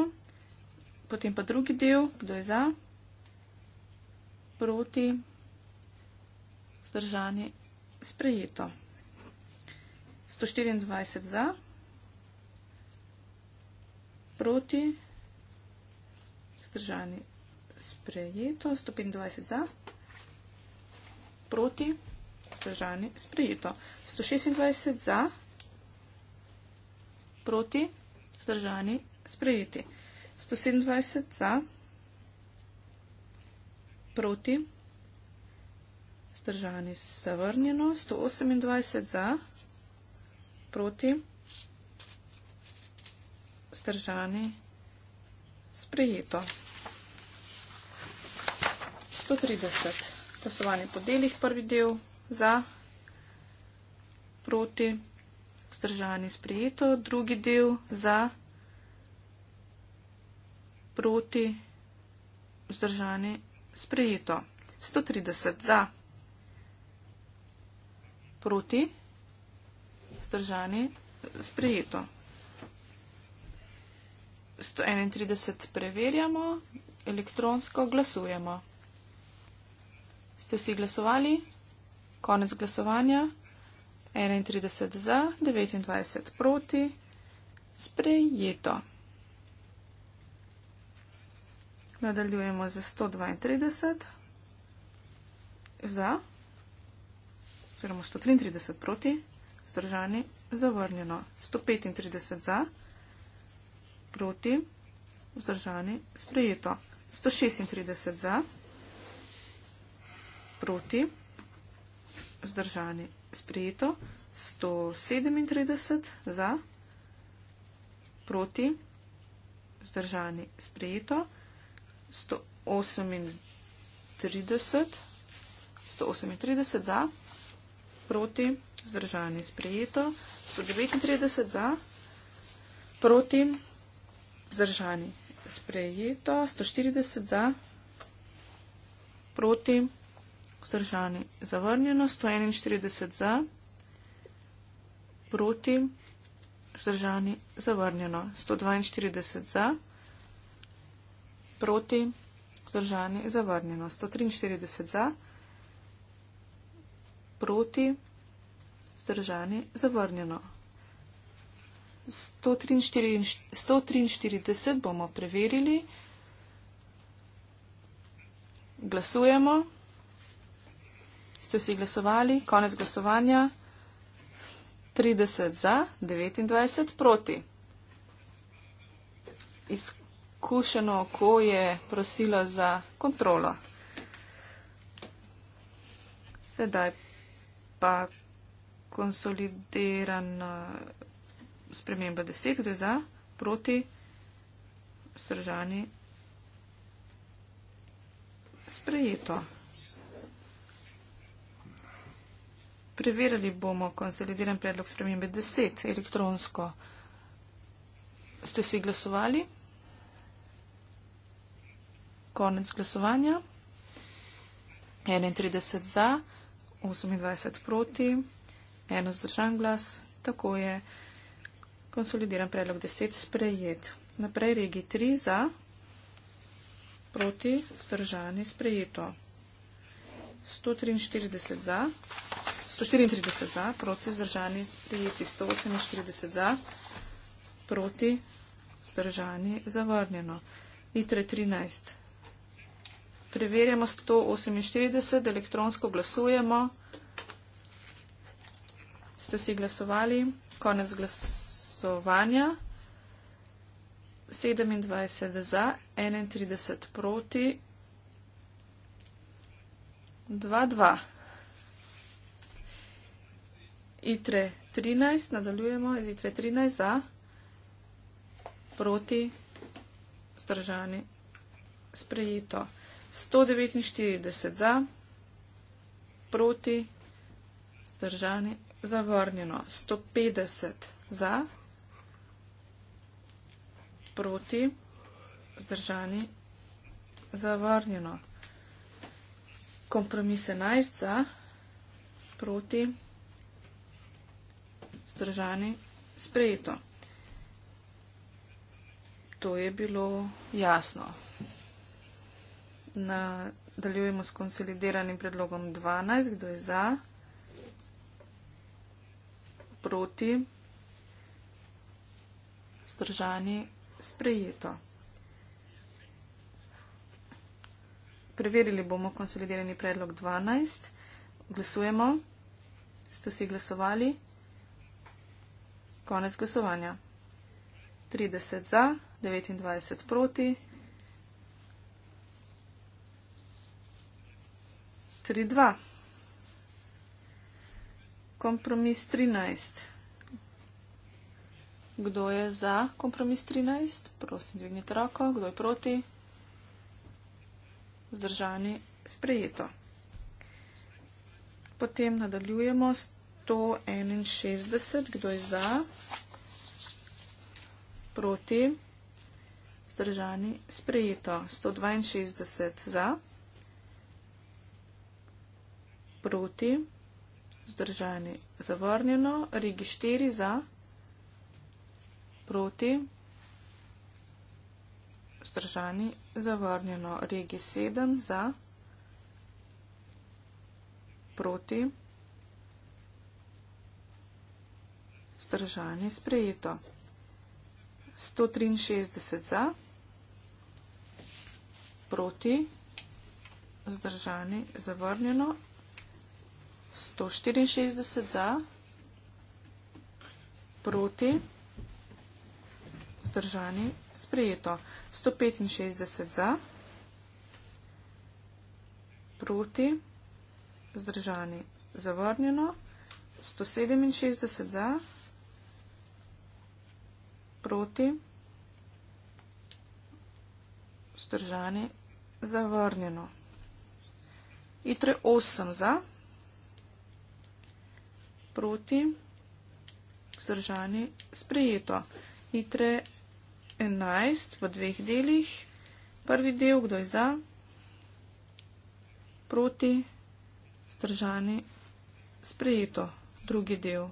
Potem pa drugi del, kdo je za, proti, vzdržani, sprejeto. 124 za, proti, vzdržani, sprejeto. 125 za proti, vzdržani, sprejeto. 126 za, proti, vzdržani, sprejeti. 127 za, proti, vzdržani, zavrnjeno. 128 za, proti, vzdržani, sprejeto. 130 za glasovanje po delih prvi del, za, proti, vzdržani, sprejeto, drugi del, za, proti, vzdržani, sprejeto. 130 za, proti, vzdržani, sprejeto. 131 preverjamo, elektronsko glasujemo. Ste vsi glasovali? Konec glasovanja. 31 za, 29 proti. Sprejeto. Nadaljujemo z 132 za, oziroma 133 proti, zdržani, zavrnjeno. 135 za, proti, zdržani, sprejeto. 136 za proti, vzdržani, sprejeto, 137 za, proti, vzdržani, sprejeto, 138, 138 za, proti, vzdržani, sprejeto, 139 za, proti, vzdržani, sprejeto, 140 za, proti, vzdržani, sprejeto, 140 za, proti, vzdržani. Zavrnjeno 141 za, proti, vzdržani, zavrnjeno 142 za, proti, vzdržani, zavrnjeno 143 za, proti, vzdržani, zavrnjeno. 143 bomo preverili. Glasujemo. Ste vsi glasovali? Konec glasovanja. 30 za, 29 proti. Izkušeno oko je prosilo za kontrolo. Sedaj pa konsolidirana sprememba 10, kdo je za, proti, stržani, sprejeto. Preverili bomo konsolidiran predlog spremembe 10 elektronsko. Ste si glasovali? Konec glasovanja. 31 za, 28 proti, eno zdržan glas. Tako je konsolidiran predlog 10 sprejet. Naprej regi 3 za, proti, zdržani sprejeto. 143 za. 134 za, proti zdržani sprijeti 148 za, proti zdržani zavrnjeno. ITRE 13. Preverjamo 148, elektronsko glasujemo. Ste si glasovali? Konec glasovanja. 27 za, 31 proti. 2-2. ITRE 13, nadaljujemo z ITRE 13 za, proti, zdržani, sprejeto. 149 za, proti, zdržani, zavrnjeno. 150 za, proti, zdržani, zavrnjeno. Kompromis 11 za, proti, zdržani, zavrnjeno. Stržani, sprejeto. To je bilo jasno. Nadaljujemo s konsolideranim predlogom 12. Kdo je za? Proti? Stržani, sprejeto. Preverili bomo konsolidirani predlog 12. Glasujemo. Ste vsi glasovali? Glasujemo. Konec glasovanja. 30 za, 29 proti, 3, 2. Kompromis 13. Kdo je za kompromis 13? Prosim, dvignite roko. Kdo je proti? Zdržani, sprejeto. Potem nadaljujemo s 161, kdo je za, proti, zdržani, sprejeto. 162 za, proti, zdržani, zavrnjeno, Rigi 4 za, proti, zdržani, zavrnjeno, Rigi 7 za, proti, zdržani, zavrnjeno, vzdržani, sprejeto. 163 za, proti, vzdržani, zavrnjeno. 164 za, proti, vzdržani, sprejeto. 165 za, proti, vzdržani, zavrnjeno. 167 za, proti, vzdržani, zavrnjeno proti, vzdržani, zavrnjeno. Itre 8 za, proti, vzdržani, sprejeto. Itre 11 v dveh delih, prvi del, kdo je za, proti, vzdržani, sprejeto, drugi del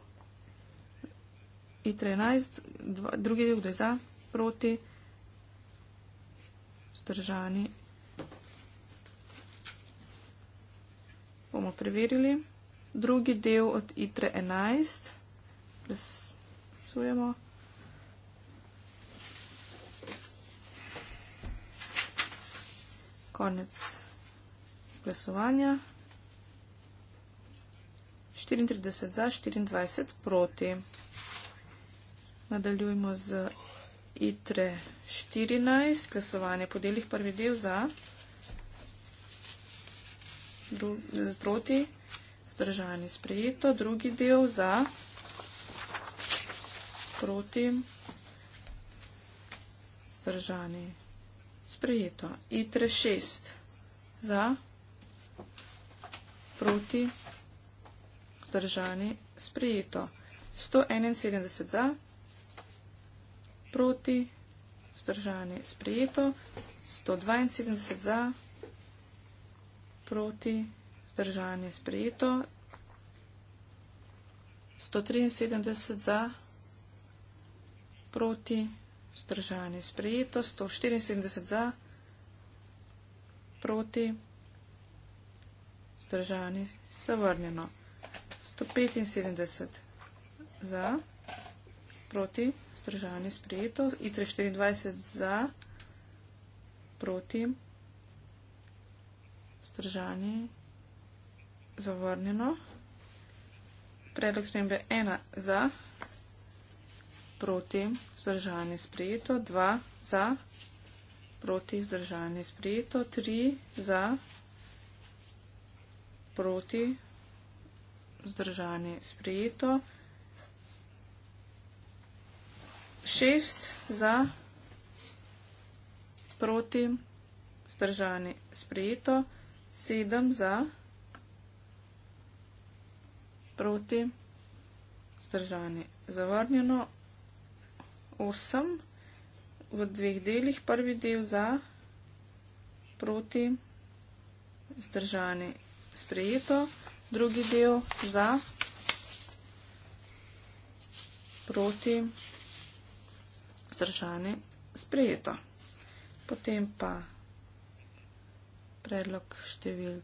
i13, drugi del gre za, proti, zdržani. Bomo preverili. Drugi del od i13, presujemo. Konec glasovanja. 34 za 24 proti. Nadaljujemo z ITRE 14, glasovanje po delih prvi del za, proti, zdržanje sprejeto, drugi del za, proti, zdržanje sprejeto, ITRE 6 za, proti, zdržanje sprejeto, 171 za, proti, vzdržan je sprejeto, 172 za, proti, vzdržan je sprejeto, 173 za, proti, vzdržan je sprejeto, 174 za, proti, vzdržan je sevrnjeno, 175 za, proti, proti, vzdržavanje sprejeto, ITRE 24 za, proti, vzdržavanje zavrnjeno, predlog spremembe 1 za, proti, vzdržavanje sprejeto, 2 za, proti, vzdržavanje sprejeto, 3 za, proti, vzdržavanje sprejeto, 4 za, proti, šest za, proti, vzdržani, sprejeto, sedem za, proti, vzdržani, zavrnjeno, osem v dveh delih, prvi del za, proti, vzdržani, sprejeto, drugi del za, proti, vzdržani, sprejeto, obzdržane sprejeto. Potem pa predlog števil.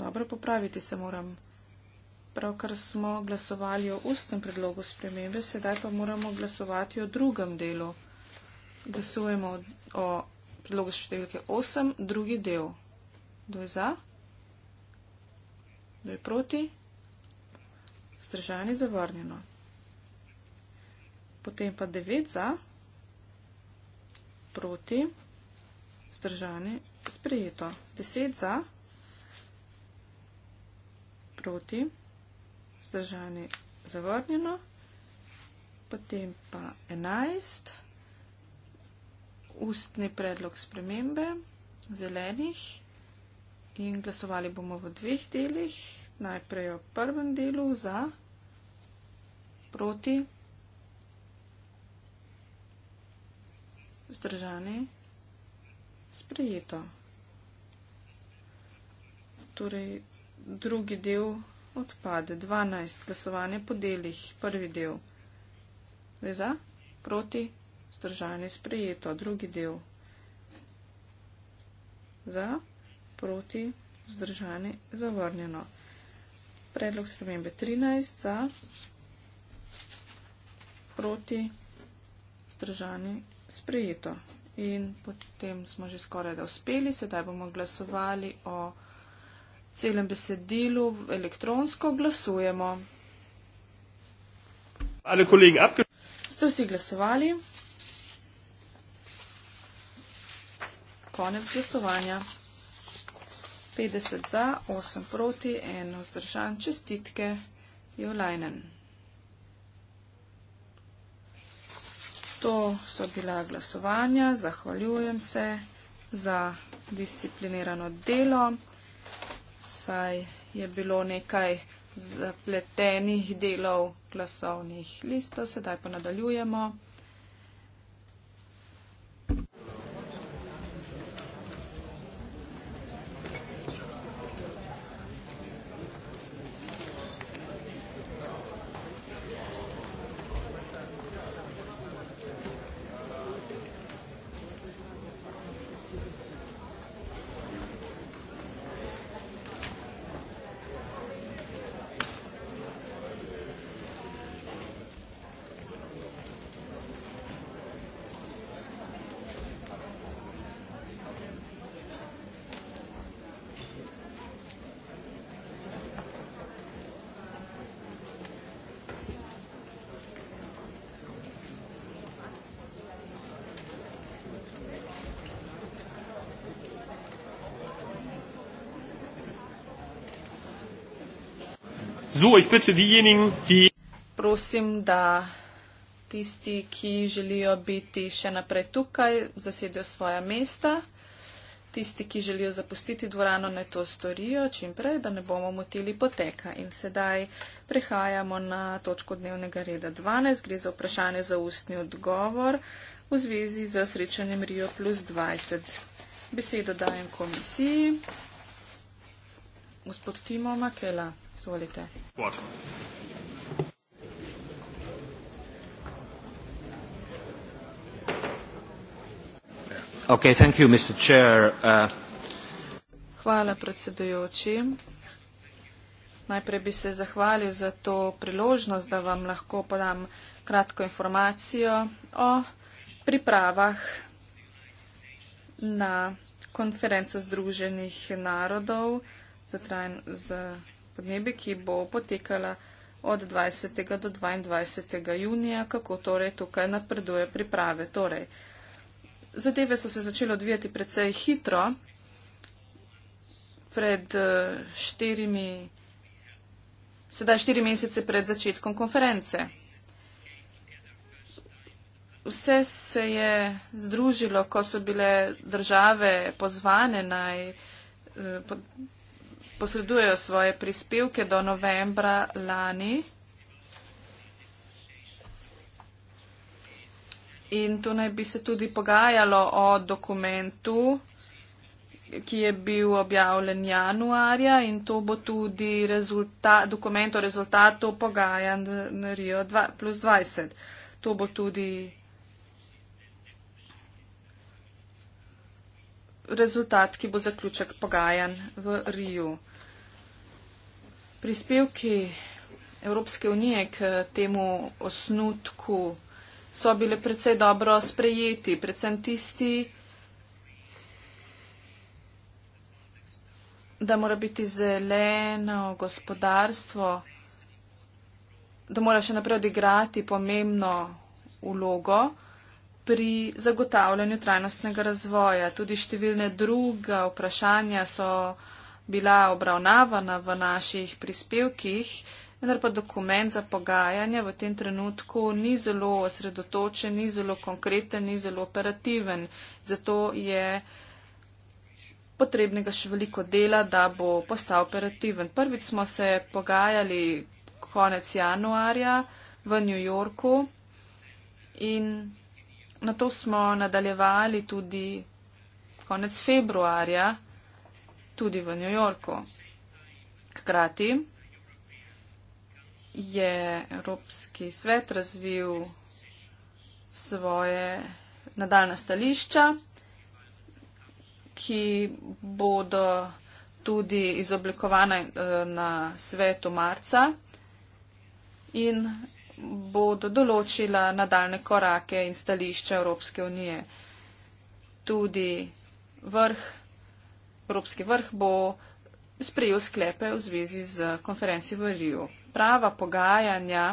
Dobro, popraviti se moram. Pravkar smo glasovali o ustnem predlogu spremembe, sedaj pa moramo glasovati o drugem delu. Glasujemo o predlogu številke 8, drugi del. Kdo je za? Kdo je proti? vzdržanje zavrnjeno. Potem pa 9 za, proti, vzdržanje sprejeto. 10 za, proti, vzdržanje zavrnjeno. Potem pa 11, ustni predlog spremembe zelenih in glasovali bomo v dveh delih najprej v prvem delu za, proti, zdržani, sprejeto. Torej, drugi del odpade. 12. Glasovanje po delih. Prvi del. Zdaj za, proti, zdržani, sprejeto. Drugi del. Za, proti, zdržani, zavrnjeno predlog spremembe 13 za, proti, zdržani, sprejeto. In potem smo že skoraj da uspeli, sedaj bomo glasovali o celem besedilu, elektronsko glasujemo. Ali kolegi, apke? Ste vsi glasovali? Konec glasovanja. 50 za, 8 proti, 1 vzdržan, čestitke, Jolajnen. To so bila glasovanja, zahvaljujem se za disciplinirano delo, saj je bilo nekaj zapletenih delov glasovnih listov, sedaj pa nadaljujemo. So, ich bitte diejenigen, die. Prosim, da tisti, ki želijo biti še naprej tukaj, zasedijo svoja mesta. Tisti, ki želijo zapustiti dvorano, naj to storijo čim prej, da ne bomo motili poteka. In sedaj prehajamo na točko dnevnega reda 12. Gre za vprašanje za ustni odgovor v zvezi z srečanjem Rio plus 20. Besedo dajem komisiji. Gospod Timo Makela, izvolite. What? Okay, thank you, Mr. Chair. Uh... Hvala, predsedujoči. Najprej bi se zahvalil za to priložnost, da vam lahko podam kratko informacijo o pripravah na konferenco Združenih narodov za trajen z podnebje, ki bo potekala od 20. do 22. junija, kako torej tukaj napreduje priprave. Torej, zadeve so se začele odvijati precej hitro. Pred eh, štirimi, sedaj štiri mesece pred začetkom konference. Vse se je združilo, ko so bile države pozvane naj eh, posredujejo svoje prispevke do novembra lani. In tu naj bi se tudi pogajalo o dokumentu, ki je bil objavljen januarja in to bo tudi dokument o rezultatu pogajanj Rio plus 20. To bo tudi rezultat, ki bo zaključek pogajanj v Riju. Prispevki Evropske unije k temu osnutku so bile predvsej dobro sprejeti, predvsem tisti, da mora biti zeleno gospodarstvo, da mora še naprej odigrati pomembno ulogo pri zagotavljanju trajnostnega razvoja. Tudi številne druga vprašanja so bila obravnavana v naših prispevkih, vendar pa dokument za pogajanja v tem trenutku ni zelo osredotočen, ni zelo konkreten, ni zelo operativen. Zato je potrebnega še veliko dela, da bo postal operativen. Prvič smo se pogajali konec januarja v New Yorku in na to smo nadaljevali tudi konec februarja, tudi v New Yorku. Hkrati je Evropski svet razvil svoje nadaljna stališča, ki bodo tudi izoblikovane eh, na svetu marca in bodo določila nadaljne korake in stališče Evropske unije. Tudi vrh, Evropski vrh bo sprejel sklepe v zvezi z konferenci v Riju. Prava pogajanja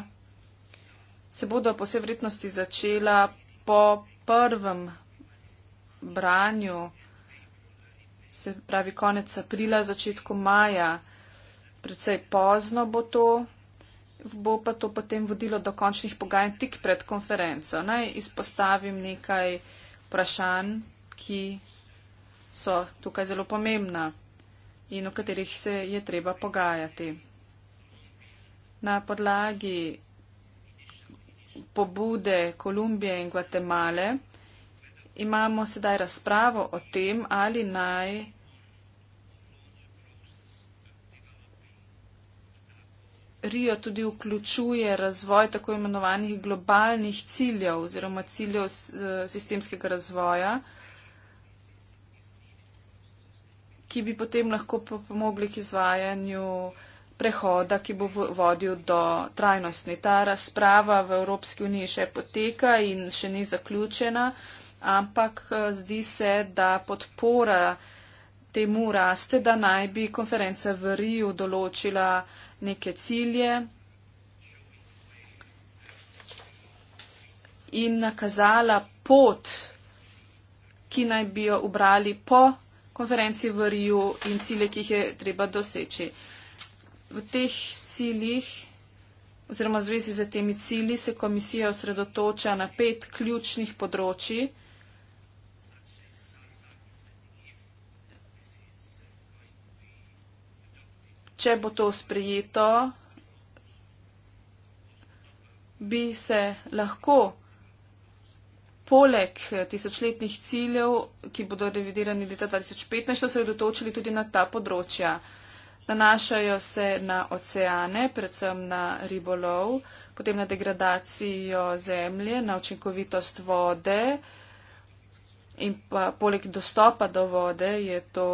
se bodo po vse vrednosti začela po prvem branju, se pravi konec aprila, začetku maja. Predvsej pozno bo to, bo pa to potem vodilo do končnih pogajanj tik pred konferenco. Naj izpostavim nekaj vprašanj, ki so tukaj zelo pomembna in o katerih se je treba pogajati. Na podlagi pobude Kolumbije in Gvatemale imamo sedaj razpravo o tem, ali naj Rio tudi vključuje razvoj tako imenovanih globalnih ciljev oziroma ciljev eh, sistemskega razvoja, ki bi potem lahko pomogli k izvajanju prehoda, ki bo vodil do trajnostne. Ta razprava v Evropski uniji še poteka in še ni zaključena, ampak eh, zdi se, da podpora temu raste, da naj bi konferenca v Riju določila neke cilje in nakazala pot, ki naj bi jo ubrali po konferenci v Riju in cilje, ki jih je treba doseči. V teh ciljih oziroma v zvezi z temi cilji se komisija osredotoča na pet ključnih področji. če bo to sprejeto, bi se lahko poleg tisočletnih ciljev, ki bodo revidirani leta 2015, osredotočili tudi na ta področja. Nanašajo se na oceane, predvsem na ribolov, potem na degradacijo zemlje, na učinkovitost vode in pa poleg dostopa do vode je to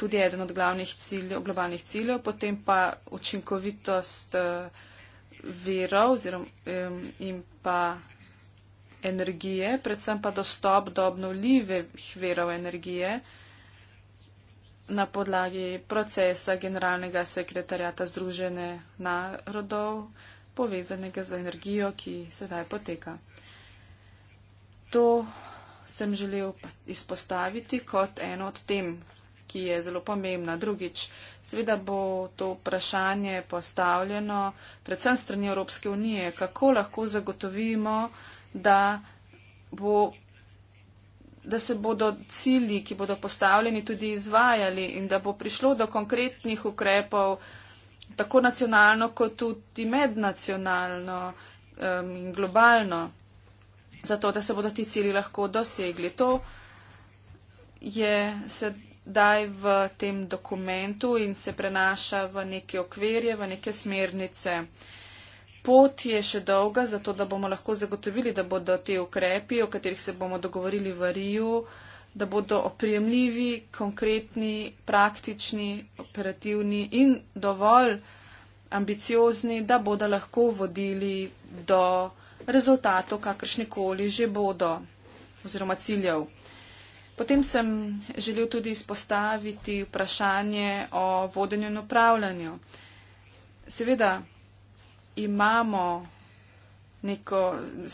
tudi eden od glavnih ciljev, globalnih ciljev, potem pa učinkovitost eh, virov in pa energije, predvsem pa dostop do obnovljivih virov energije na podlagi procesa generalnega sekretarjata Združene narodov, povezanega z energijo, ki sedaj poteka. To sem želel izpostaviti kot eno od tem ki je zelo pomembna. Drugič, seveda bo to vprašanje postavljeno predvsem strani Evropske unije, kako lahko zagotovimo, da, bo, da se bodo cilji, ki bodo postavljeni, tudi izvajali in da bo prišlo do konkretnih ukrepov tako nacionalno, kot tudi mednacionalno um, in globalno, zato da se bodo ti cilji lahko dosegli. To je se daj v tem dokumentu in se prenaša v neke okvirje, v neke smernice. Pot je še dolga, zato da bomo lahko zagotovili, da bodo te ukrepi, o katerih se bomo dogovorili v Riju, da bodo opremljivi, konkretni, praktični, operativni in dovolj ambiciozni, da bodo lahko vodili do rezultatov, kakršnikoli že bodo, oziroma ciljev. Potem sem želel tudi izpostaviti vprašanje o vodenju in upravljanju. Seveda imamo neko,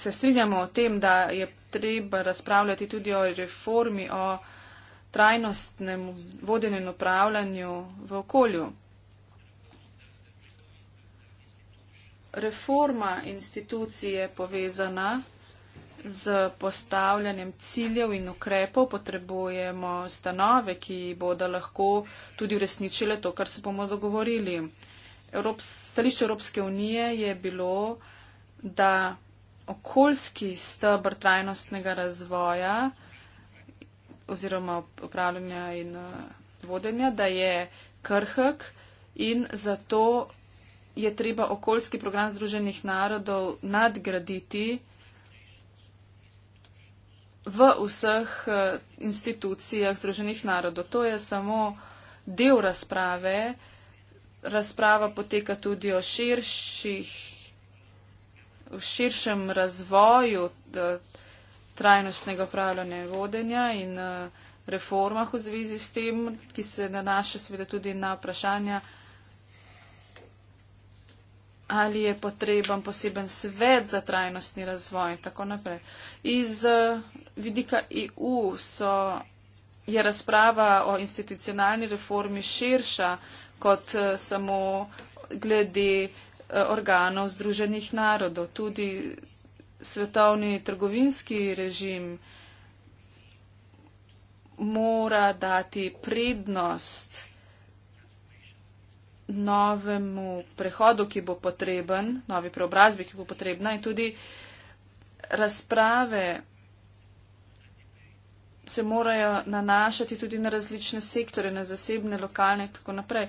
se strinjamo o tem, da je treba razpravljati tudi o reformi, o trajnostnem vodenju in upravljanju v okolju. Reforma institucije je povezana z postavljanjem ciljev in ukrepov potrebujemo stanove, ki bodo lahko tudi uresničile to, kar se bomo dogovorili. Evrops, stališče Evropske unije je bilo, da okoljski stebr trajnostnega razvoja oziroma upravljanja in eh, vodenja, da je krhk in zato je treba okoljski program Združenih narodov nadgraditi v vseh eh, institucijah Združenih narodov. To je samo del razprave. Razprava poteka tudi o širših, v širšem razvoju eh, trajnostnega upravljanja in vodenja in eh, reformah v zvezi s tem, ki se nanaša seveda tudi na vprašanja, ali je potreben poseben svet za trajnostni razvoj in tako naprej. Iz vidika EU so, je razprava o institucionalni reformi širša kot eh, samo glede eh, organov Združenih narodov. Tudi svetovni trgovinski režim mora dati prednost novemu prehodu, ki bo potreben, novi preobrazbi, ki bo potrebna in tudi razprave se morajo nanašati tudi na različne sektore, na zasebne, lokalne in tako naprej.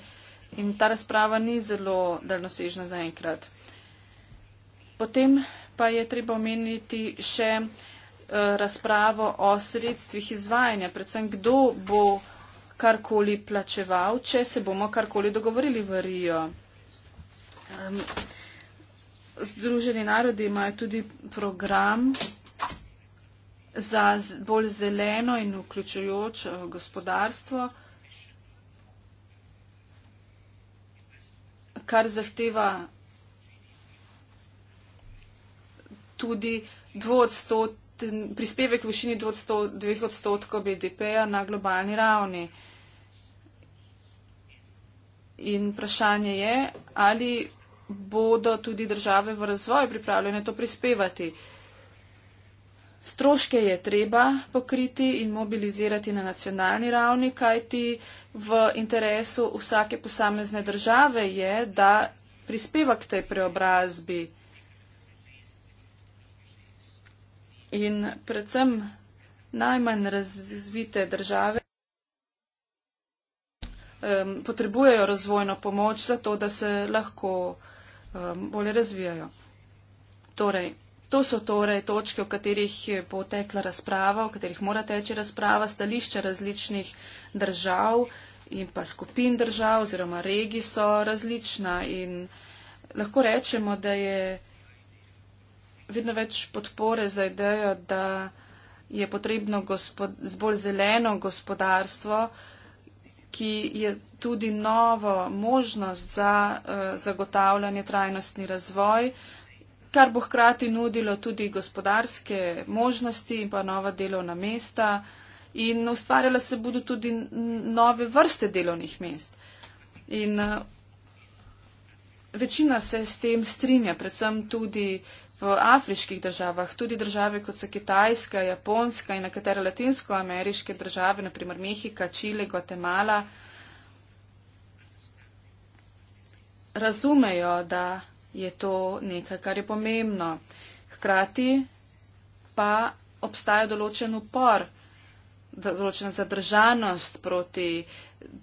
In ta razprava ni zelo daljnosežna zaenkrat. Potem pa je treba omeniti še eh, razpravo o sredstvih izvajanja, predvsem kdo bo karkoli plačeval, če se bomo karkoli dogovorili v Rijo. Ehm, Združeni narodi imajo tudi program za bolj zeleno in vključujoče eh, gospodarstvo, kar zahteva tudi prispevek v višini 2 odstotkov BDP-ja na globalni ravni. In vprašanje je, ali bodo tudi države v razvoju pripravljene to prispevati. Uh, Stroške je treba pokriti in mobilizirati na nacionalni ravni, kajti v interesu vsake posamezne države je, da prispeva k tej preobrazbi. In predvsem najmanj razvite države um, potrebujejo razvojno pomoč za to, da se lahko um, bolje razvijajo. Torej, To so torej točke, o katerih bo tekla razprava, o katerih mora teči razprava, stališča različnih držav in pa skupin držav oziroma regij so različna in lahko rečemo, da je vedno več podpore za idejo, da je potrebno gospod, bolj zeleno gospodarstvo, ki je tudi novo možnost za uh, zagotavljanje trajnostni razvoj. Uh, kar bo hkrati nudilo tudi gospodarske možnosti in pa nova delovna mesta in ustvarjala se bodo tudi nove vrste delovnih mest. In eh, večina se s tem strinja, predvsem tudi v afriških državah, tudi države kot so Kitajska, Japonska in nekatere latinskoameriške države, naprimer Mehika, Čile, Gvatemala, razumejo, da je to nekaj, kar je pomembno. Hkrati pa obstaja določen upor, določena zadržanost proti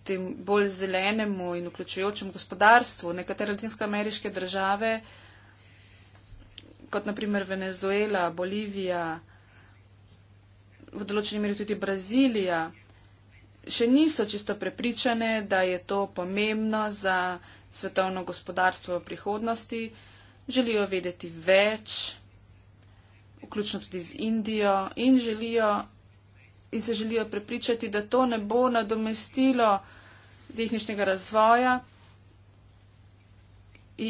tem bolj zelenemu in vključujočemu gospodarstvu. Nekatere latinskoameriške države, kot naprimer Venezuela, Bolivija, v določeni meri tudi Brazilija, še niso čisto prepričane, da je to pomembno za svetovno gospodarstvo v prihodnosti, želijo vedeti več, vključno tudi z Indijo in, želijo, in se želijo prepričati, da to ne bo nadomestilo tehničnega razvoja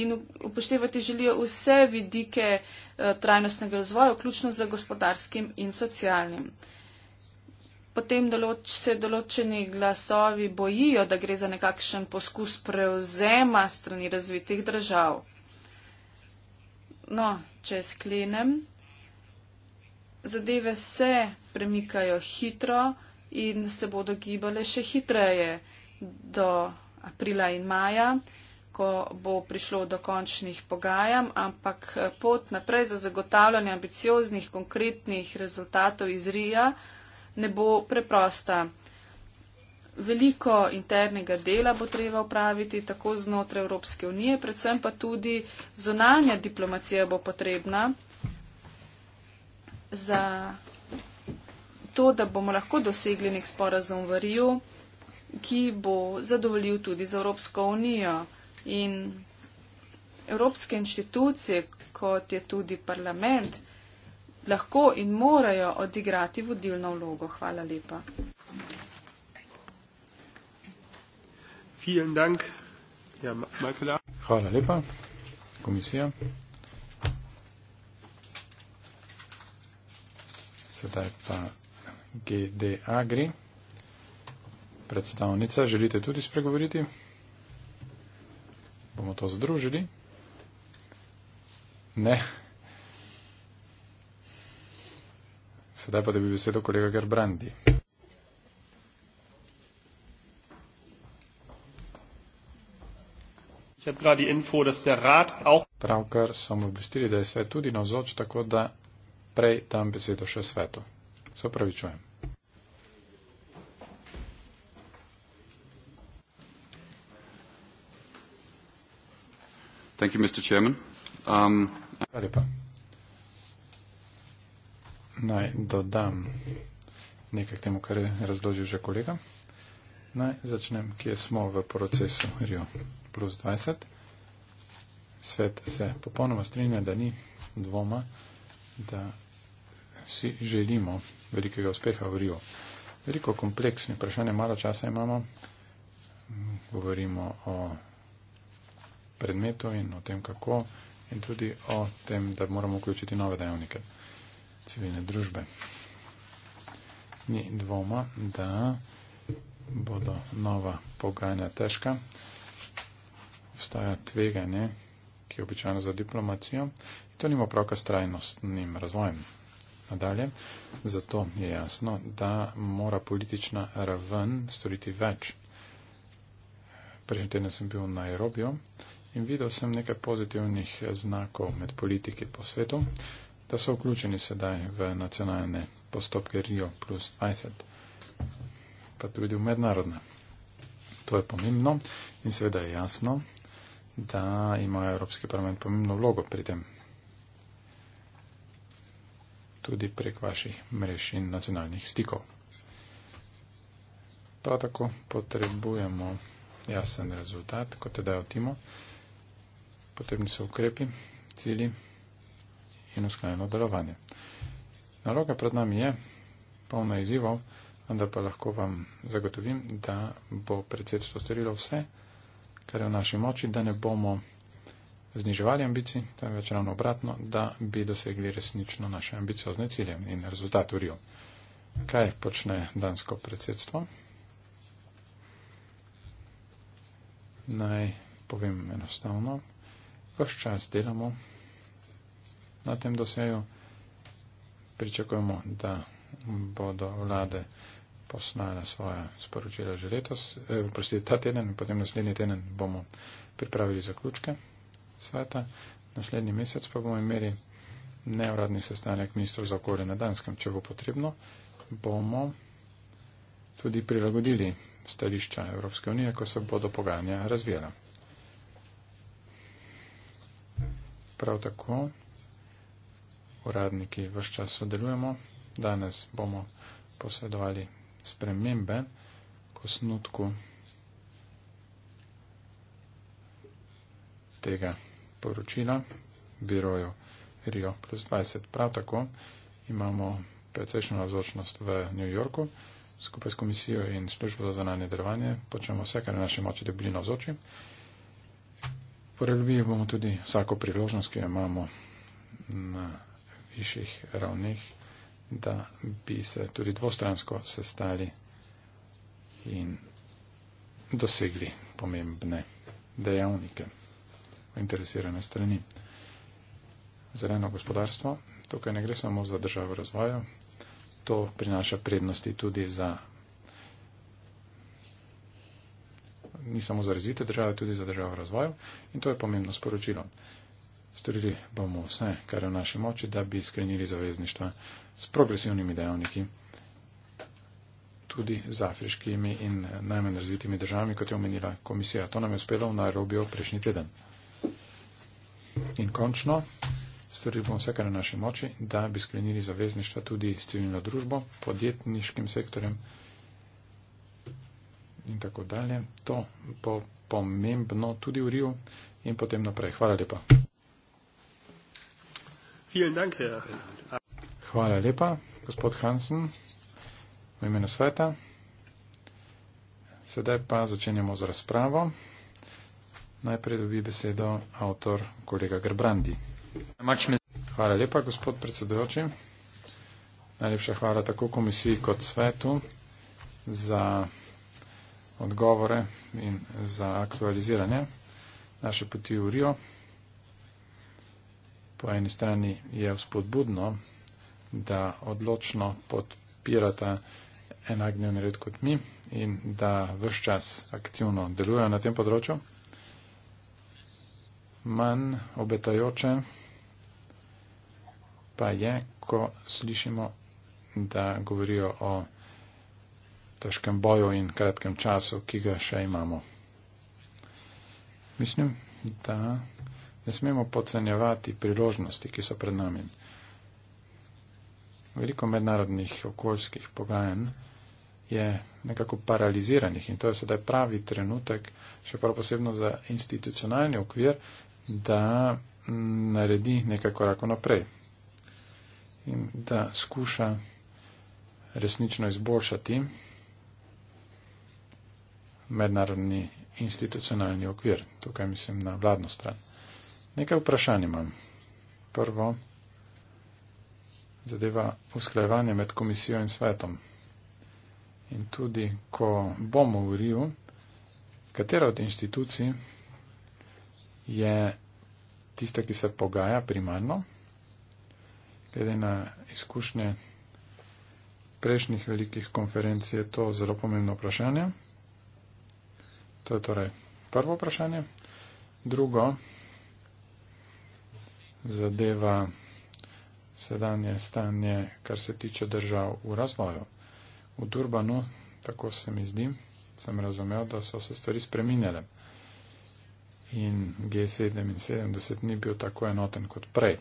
in upoštevati želijo vse vidike eh, trajnostnega razvoja, vključno z gospodarskim in socialnim potem določ, se določeni glasovi bojijo, da gre za nekakšen poskus prevzema strani razvitih držav. No, če sklenem, zadeve se premikajo hitro in se bodo gibale še hitreje do aprila in maja, ko bo prišlo do končnih pogajam, ampak eh, pot naprej za zagotavljanje ambicioznih, konkretnih rezultatov iz RIA ne bo preprosta. Veliko internega dela bo treba upraviti, tako znotraj Evropske unije, predvsem pa tudi zonanja diplomacija bo potrebna za to, da bomo lahko dosegli nek sporazum v Riju, ki bo zadovoljil tudi za Evropsko unijo. In Evropske inštitucije, kot je tudi parlament, lahko in morajo odigrati vodilno vlogo. Hvala lepa. Ja, Hvala lepa, komisija. Sedaj pa GDA gre. Predstavnica, želite tudi spregovoriti? Bomo to združili? Ne. Sedaj pa da bi besedo kolega Gerbrandi. Pravkar so mu obvestili, da je svet tudi navzoč, tako da prej tam besedo še svetu. Se opravičujem. Um, Hvala lepa naj dodam nekaj k temu, kar je razložil že kolega. Naj začnem, kje smo v procesu Rio plus 20. Svet se popolnoma strinja, da ni dvoma, da si želimo velikega uspeha v Rio. Veliko kompleksne vprašanje, malo časa imamo. Govorimo o predmetu in o tem, kako, in tudi o tem, da moramo vključiti nove dejavnike civilne družbe. Ni dvoma, da bodo nova pogajanja težka. Vstaja tveganje, ki je običajno za diplomacijo. In to nima pravka s trajnostnim razvojem. Nadalje, zato je jasno, da mora politična raven storiti več. Prejšnji teden sem bil na Nairobiju in videl sem nekaj pozitivnih znakov med politiki po svetu da so vključeni sedaj v nacionalne postopke Rio plus 20, pa tudi v mednarodne. To je pomembno in seveda je jasno, da ima Evropski parlament pomembno vlogo pri tem. Tudi prek vaših mrež in nacionalnih stikov. Prav tako potrebujemo jasen rezultat, kot je dajo Timo. Potrebni so ukrepi, cilji in usklajeno delovanje. Naloga pred nami je polna izzivov, vendar pa lahko vam zagotovim, da bo predsedstvo storilo vse, kar je v naši moči, da ne bomo zniževali ambicij, temveč ravno obratno, da bi dosegli resnično naše ambiciozne cilje in rezultat v Rio. Kaj počne dansko predsedstvo? Naj povem enostavno, vse čas delamo na tem dosjeju. Pričakujemo, da bodo vlade poslale svoje sporočila že letos, eh, prosti, ta teden, potem naslednji teden bomo pripravili zaključke sveta, naslednji mesec pa bomo imeli neuradni sestanek ministrov za okolje na Danskem. Če bo potrebno, bomo tudi prilagodili stališča Evropske unije, ko se bodo pogajanja razvijala. Prav tako uradniki vse čas sodelujemo. Danes bomo posredovali spremembe k osnutku tega poročila biroju Rio plus 20. Prav tako imamo precejšnjo navzočnost v New Yorku. Skupaj s komisijo in službo za zananje delovanje počnemo vse, kar je naše moči, da bi bili navzoči. Poreljubili bomo tudi vsako priložnost, ki jo imamo na višjih ravneh, da bi se tudi dvostransko sestali in dosegli pomembne dejavnike v interesirane strani. Zeleno gospodarstvo, tukaj ne gre samo za državo razvoja, to prinaša prednosti tudi za ni samo za razvite države, tudi za državo razvoja in to je pomembno sporočilo. Storili bomo vse, kar je v naši moči, da bi skrenili zavezništva s progresivnimi dejavniki, tudi z afriškimi in najmanj razvitimi državami, kot je omenila komisija. To nam je uspelo v Nairobiju prejšnji teden. In končno, storili bomo vse, kar je v naši moči, da bi skrenili zavezništva tudi s civilno družbo, podjetniškim sektorjem in tako dalje. To bo pomembno tudi v Riju in potem naprej. Hvala lepa. Hvala lepa, gospod Hansen, v imenu sveta. Sedaj pa začenjamo z razpravo. Najprej dobi besedo avtor kolega Grbrandi. Hvala lepa, gospod predsedujoči. Najlepša hvala tako komisiji kot svetu za odgovore in za aktualiziranje naše poti v Rio po eni strani je vzpodbudno, da odločno podpirata enak dnevni red kot mi in da vse čas aktivno delujejo na tem področju. Manj obetajoče pa je, ko slišimo, da govorijo o težkem boju in kratkem času, ki ga še imamo. Mislim, da Ne smemo podcenjevati priložnosti, ki so pred nami. Veliko mednarodnih okoljskih pogajanj je nekako paraliziranih in to je sedaj pravi trenutek, še prav posebno za institucionalni okvir, da naredi nekaj korakov naprej in da skuša resnično izboljšati mednarodni institucionalni okvir. Tukaj mislim na vladno stran. Nekaj vprašanj imam. Prvo zadeva usklajevanje med komisijo in svetom. In tudi, ko bomo v Riju, katera od institucij je tista, ki se pogaja primarno, glede na izkušnje prejšnjih velikih konferenc je to zelo pomembno vprašanje. To je torej prvo vprašanje. Drugo, zadeva sedanje stanje, kar se tiče držav v razvoju. V Durbanu, tako se mi zdi, sem razumel, da so se stvari spreminjale. In G77 ni bil tako enoten kot prej.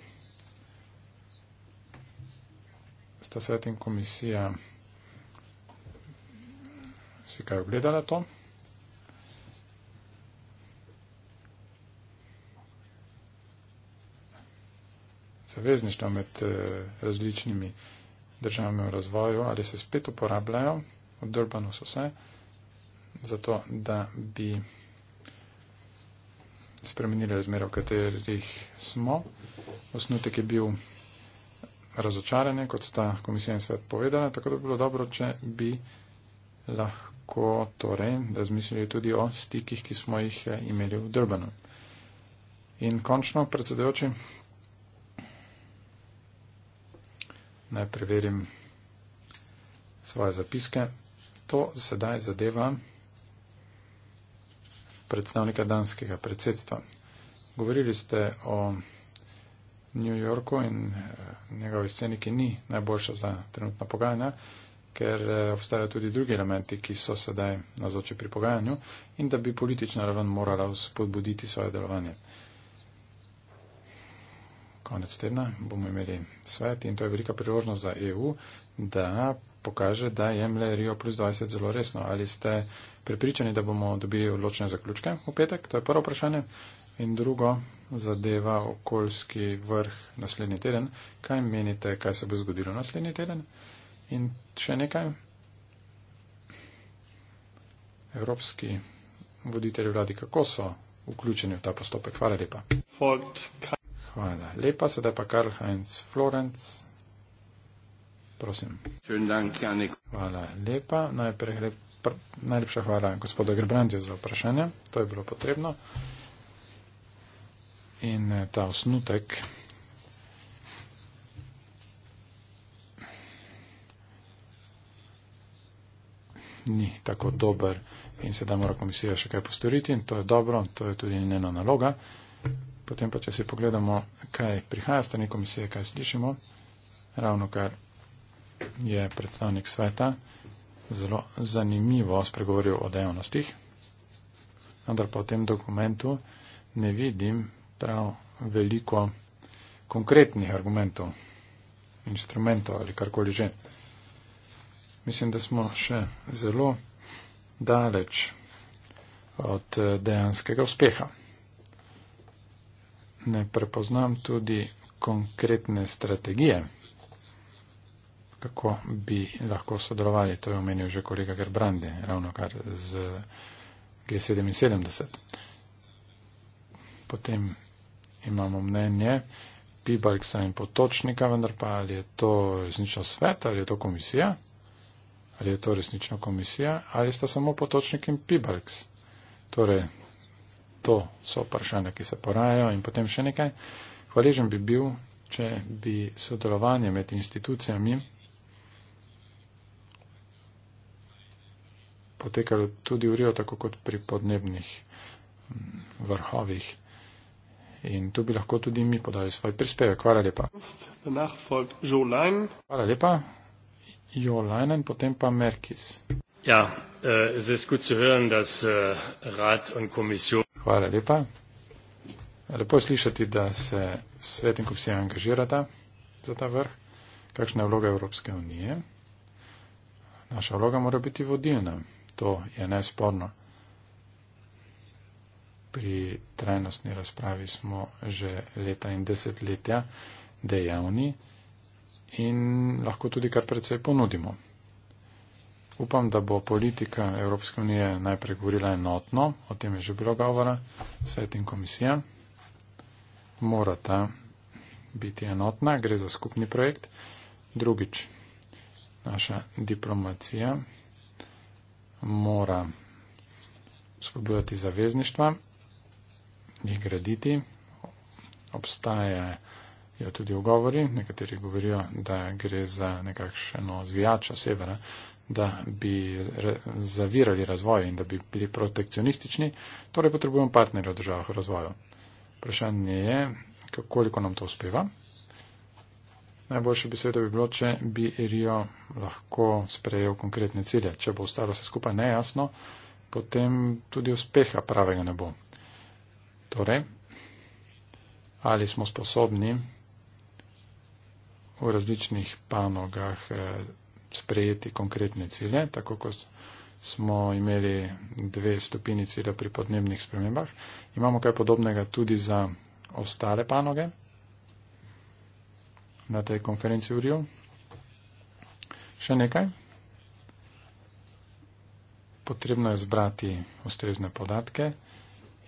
Sta svet in komisija si kaj ogledala to? zavezništva med eh, različnimi državami v razvoju, ali se spet uporabljajo, oddrbano so se, zato da bi spremenili razmere, v katerih smo. Osnutek je bil razočaranje, kot sta komisija in svet povedala, tako da bi bilo dobro, če bi lahko torej razmislili tudi o stikih, ki smo jih eh, imeli v Drbanu. In končno, predsedojoči, Naj preverim svoje zapiske. To sedaj zadeva predstavnika danskega predsedstva. Govorili ste o New Yorku in eh, njegovi sceni, ki ni najboljša za trenutna pogajanja, ker eh, obstajajo tudi drugi elementi, ki so sedaj na zoči pri pogajanju in da bi politična raven morala spodbuditi svoje delovanje konec tedna bomo imeli svet in to je velika priložnost za EU, da pokaže, da jemlje Rio plus 20 zelo resno. Ali ste prepričani, da bomo dobili odločne zaključke v petek? To je prvo vprašanje. In drugo zadeva okoljski vrh naslednji teden. Kaj menite, kaj se bo zgodilo naslednji teden? In še nekaj. Evropski voditelji vladi, kako so vključeni v ta postopek? Hvala lepa. Fort, Hvala lepa, sedaj pa Karl-Heinz Florenc. Prosim. Hvala lepa. Najprej lep, pr, najlepša hvala gospodu Grbrandju za vprašanje. To je bilo potrebno. In eh, ta osnutek. ni tako dober in sedaj mora komisija še kaj postoriti in to je dobro, to je tudi njena naloga potem pa, če si pogledamo, kaj prihaja s strani komisije, kaj slišimo, ravno kar je predstavnik sveta zelo zanimivo spregovoril o dejavnostih, vendar pa v tem dokumentu ne vidim prav veliko konkretnih argumentov, instrumentov ali karkoli že. Mislim, da smo še zelo daleč od eh, dejanskega uspeha ne prepoznam tudi konkretne strategije, kako bi lahko sodelovali, to je omenil že kolega Gerbrandi, ravno kar z G77. Potem imamo mnenje Pibalksa in Potočnika, vendar pa ali je to resnično svet, ali je to komisija, ali je to resnično komisija, ali sta samo Potočnik in Pibalks. Torej, to so vprašanja, ki se porajajo in potem še nekaj. Hvaležen bi bil, če bi sodelovanje med institucijami potekalo tudi v Rio, tako kot pri podnebnih mm, vrhovih. In tu bi lahko tudi mi podali svoj prispevek. Hvala lepa. Hvala lepa. Jo Leinen, potem pa Merkis. Ja, uh, es ist gut zu hören, dass uh, Rat und Kommission. Hvala lepa. Lepo slišati, da se svet in komisija angažirata za ta vrh. Kakšna je vloga Evropske unije? Naša vloga mora biti vodilna. To je nesporno. Pri trajnostni razpravi smo že leta in desetletja dejavni in lahko tudi kar predvsej ponudimo. Upam, da bo politika Evropske unije najprej govorila enotno, o tem je že bilo govora, svet in komisija. Morata biti enotna, gre za skupni projekt. Drugič, naša diplomacija mora spodbujati zavezništva, jih graditi. Obstajajo tudi ugovori, nekateri govorijo, da gre za nekakšno zvijača severa, da bi zavirali razvoj in da bi bili protekcionistični, torej potrebujemo partnerja v državah razvoju. Vprašanje je, koliko nam to uspeva. Najboljše bi seveda bi bilo, če bi Rio lahko sprejel konkretne cilje. Če bo ostalo vse skupaj nejasno, potem tudi uspeha pravega ne bo. Torej, ali smo sposobni v različnih panogah. Eh, sprejeti konkretne cilje, tako kot smo imeli dve stopini cilja pri podnebnih spremembah. Imamo kaj podobnega tudi za ostale panoge na tej konferenci v Riju. Še nekaj. Potrebno je zbrati ustrezne podatke.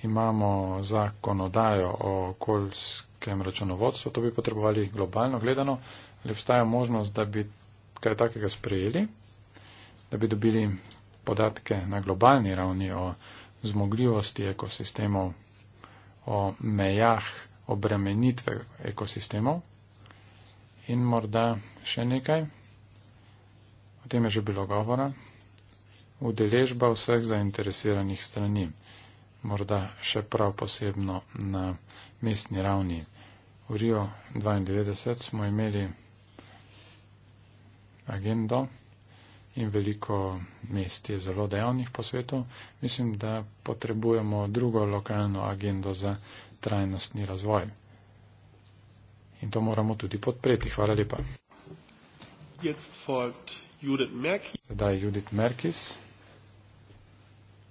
Imamo zakonodajo o okoljskem računovodstvu, to bi potrebovali globalno gledano, ali obstaja možnost, da bi kaj takega sprejeli, da bi dobili podatke na globalni ravni o zmogljivosti ekosistemov, o mejah obremenitve ekosistemov in morda še nekaj, o tem je že bilo govora, udeležba vseh zainteresiranih strani, morda še prav posebno na mestni ravni. V Rio 92 smo imeli agendo in veliko mest je zelo dejavnih po svetu, mislim, da potrebujemo drugo lokalno agendo za trajnostni razvoj. In to moramo tudi podpreti. Hvala lepa. Sedaj Judith Merkis,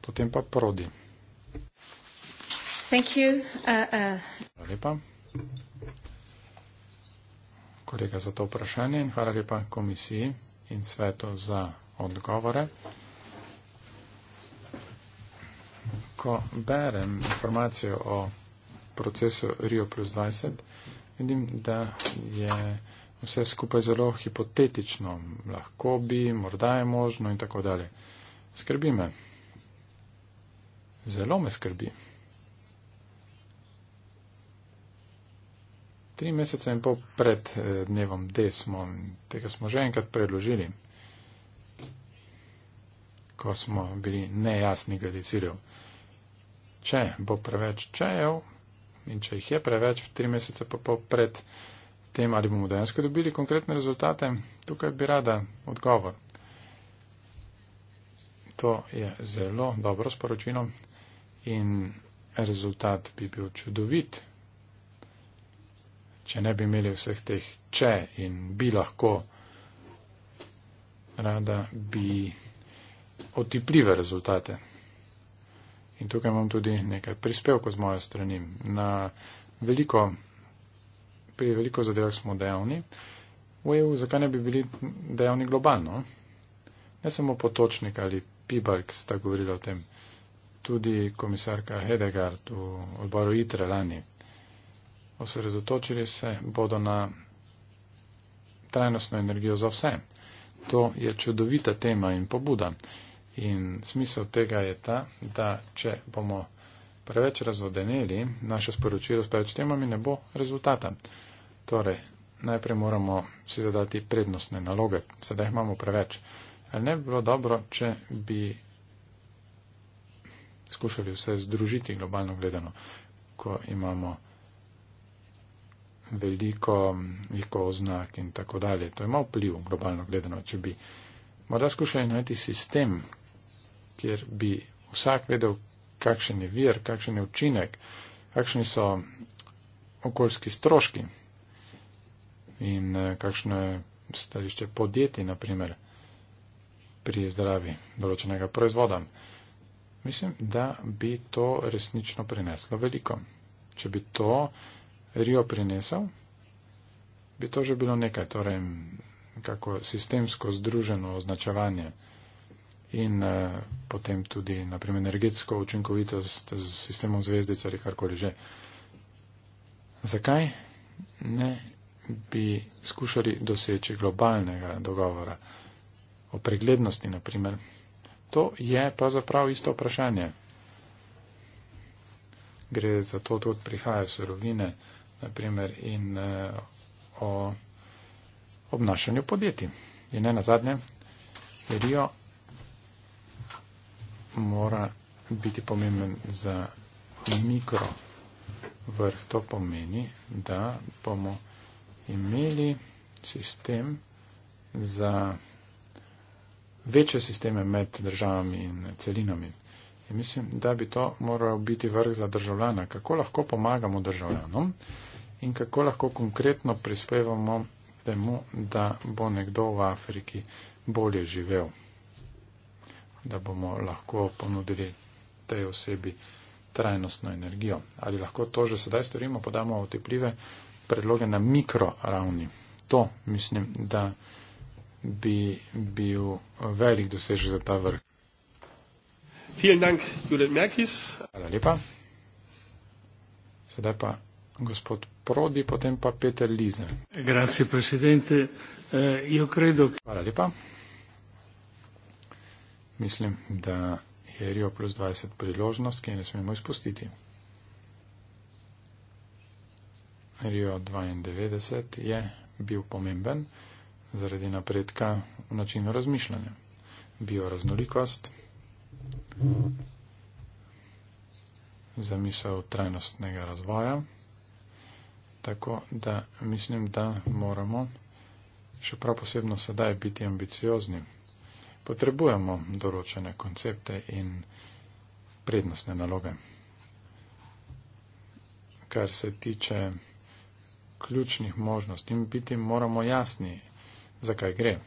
potem pa Prodi. Thank you. Uh, uh. Hvala lepa kolega za to vprašanje in hvala lepa komisiji in svetu za odgovore. Ko berem informacijo o procesu Rio plus 20, vidim, da je vse skupaj zelo hipotetično. Lahko bi, morda je možno in tako dalje. Skrbi me. Zelo me skrbi. tri mesece in pol pred eh, dnevom D smo, tega smo že enkrat predložili, ko smo bili nejasni glede ciljev. Če bo preveč čejev in če jih je preveč tri mesece pa pol pred tem, ali bomo dejansko dobili konkretne rezultate, tukaj bi rada odgovor. To je zelo dobro sporočilo in rezultat bi bil čudovit če ne bi imeli vseh teh če in bi lahko rada bi otipljive rezultate. In tukaj imam tudi nekaj prispevkov z moje strani. Na veliko, pri veliko zadevah smo dejavni. V EU, zakaj ne bi bili dejavni globalno? Ne samo Potočnik ali Pibalk sta govorila o tem. Tudi komisarka Hedegard v odboru ITRE lani, osredotočili se bodo na trajnostno energijo za vse. To je čudovita tema in pobuda. In smisel tega je ta, da če bomo preveč razvodeneli naše sporočilo s preveč temami, ne bo rezultata. Torej, najprej moramo si zadati prednostne naloge. Sedaj jih imamo preveč. Ali ne bi bilo dobro, če bi skušali vse združiti globalno gledano, ko imamo veliko eko oznak in tako dalje. To ima vpliv, globalno gledano, če bi morda skušali najti sistem, kjer bi vsak vedel, kakšen je vir, kakšen je učinek, kakšni so okoljski stroški in eh, kakšno je stališče podjetij, naprimer, pri zdravi določenega proizvoda. Mislim, da bi to resnično prineslo veliko. Če bi to Rio prinesel, bi to že bilo nekaj, torej kako sistemsko združeno označevanje in eh, potem tudi, naprimer, energetsko učinkovitost z sistemom zvezdic ali karkoli že. Zakaj ne bi skušali doseči globalnega dogovora o preglednosti, naprimer? To je pa zapravo isto vprašanje. Gre za to, da odprihajajo surovine, naprimer, in uh, o obnašanju podjetij. In ne na zadnje, Rio mora biti pomemben za mikro vrh. To pomeni, da bomo imeli sistem za večje sisteme med državami in celinami. In mislim, da bi to moral biti vrh za državljana. Kako lahko pomagamo državljanom in kako lahko konkretno prispevamo temu, da bo nekdo v Afriki bolje živel. Da bomo lahko ponudili tej osebi trajnostno energijo. Ali lahko to že sedaj storimo, podamo otepljive predloge na mikroravni. To mislim, da bi bil velik dosežek za ta vrh. Vielen Dank, Judith Merkis. Hvala lepa. Sedaj pa gospod Prodi, potem pa Peter Lize. Grazie, presidente. Eh, io credo... Hvala lepa. Mislim, da je Rio plus 20 priložnost, ki je ne smemo izpustiti. Rio 92 je bil pomemben zaradi napredka v načinu razmišljanja. Bioraznolikost. raznolikost zamisel trajnostnega razvoja. Tako da mislim, da moramo še prav posebno sedaj biti ambiciozni. Potrebujemo določene koncepte in prednostne naloge. Kar se tiče ključnih možnosti, biti moramo jasni, zakaj gre.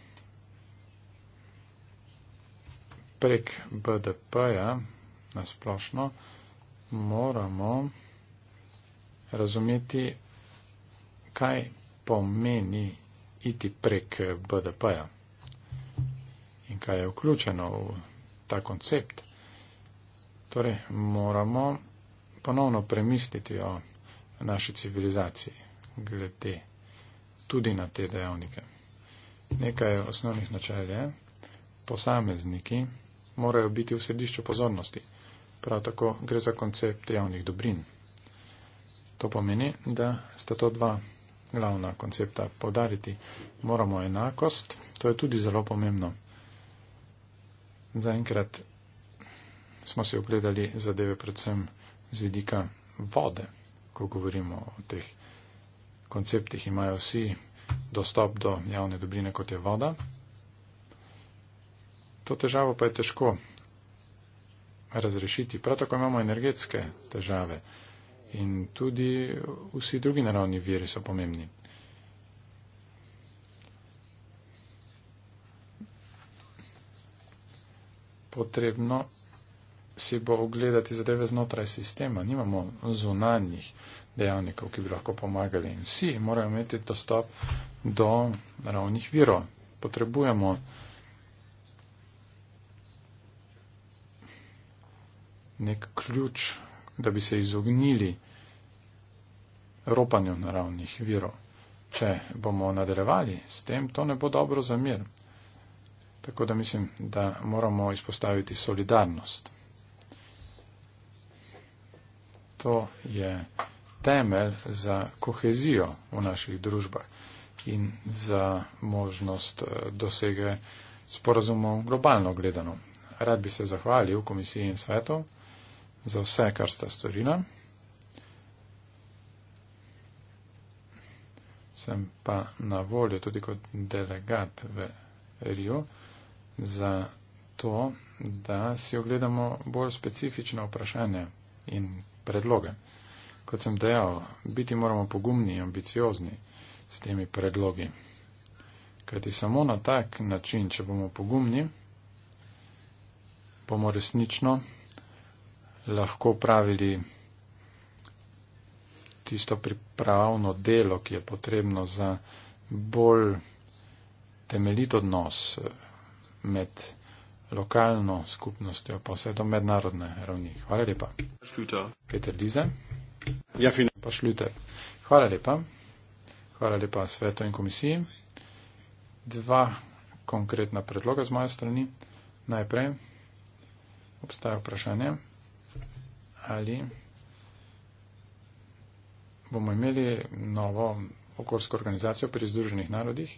prek BDP-ja na splošno, moramo razumeti, kaj pomeni iti prek BDP-ja in kaj je vključeno v ta koncept. Torej, moramo ponovno premisliti o naši civilizaciji glede tudi na te dejavnike. Nekaj osnovnih načel je, posamezniki, morajo biti v središču pozornosti. Prav tako gre za koncept javnih dobrin. To pomeni, da sta to dva glavna koncepta podariti. Moramo enakost, to je tudi zelo pomembno. Zaenkrat smo si ogledali zadeve predvsem z vidika vode, ko govorimo o teh konceptih, imajo vsi dostop do javne dobrine, kot je voda. To težavo pa je težko razrešiti. Prav tako imamo energetske težave in tudi vsi drugi naravni viri so pomembni. Potrebno si bo ogledati zadeve znotraj sistema. Nimamo zunanjih dejavnikov, ki bi lahko pomagali. In vsi morajo imeti dostop do naravnih virov. Potrebujemo nek ključ, da bi se izognili ropanju naravnih virov. Če bomo nadaljevali s tem, to ne bo dobro za mir. Tako da mislim, da moramo izpostaviti solidarnost. To je temelj za kohezijo v naših družbah in za možnost eh, dosege sporazumov globalno gledano. Rad bi se zahvalil komisiji in svetov za vse, kar sta storila. Sem pa na voljo tudi kot delegat v Riju za to, da si ogledamo bolj specifična vprašanja in predloge. Kot sem dejal, biti moramo pogumni in ambiciozni s temi predlogi. Kajti samo na tak način, če bomo pogumni, bomo resnično lahko pravili tisto pripravno delo, ki je potrebno za bolj temeljit odnos eh, med lokalno skupnostjo pa vse do mednarodne ravni. Hvala lepa. Šljuter. Peter Lize. Ja, fin. Pa šljuter. Hvala lepa. Hvala lepa svetu in komisiji. Dva konkretna predloga z moje strani. Najprej obstaja vprašanje ali bomo imeli novo okoljsko organizacijo pri Združenih narodih.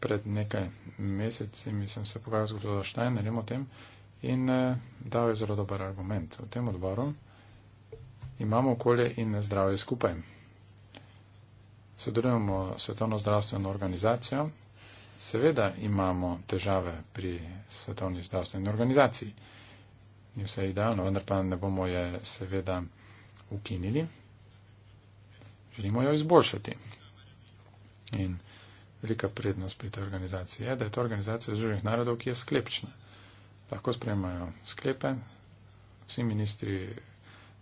Pred nekaj meseci sem se pogajal z gospodom Štajnerjem o tem in eh, dal je zelo dober argument. V tem odboru imamo okolje in zdravje skupaj. Sodelujemo s Svetovno zdravstveno organizacijo. Seveda imamo težave pri Svetovni zdravstveni organizaciji ni vse idealno, vendar pa ne bomo je seveda ukinili. Želimo jo izboljšati. In velika prednost pri tej organizaciji je, da je to organizacija Združenih narodov, ki je sklepčna. Lahko sprejemajo sklepe, vsi ministri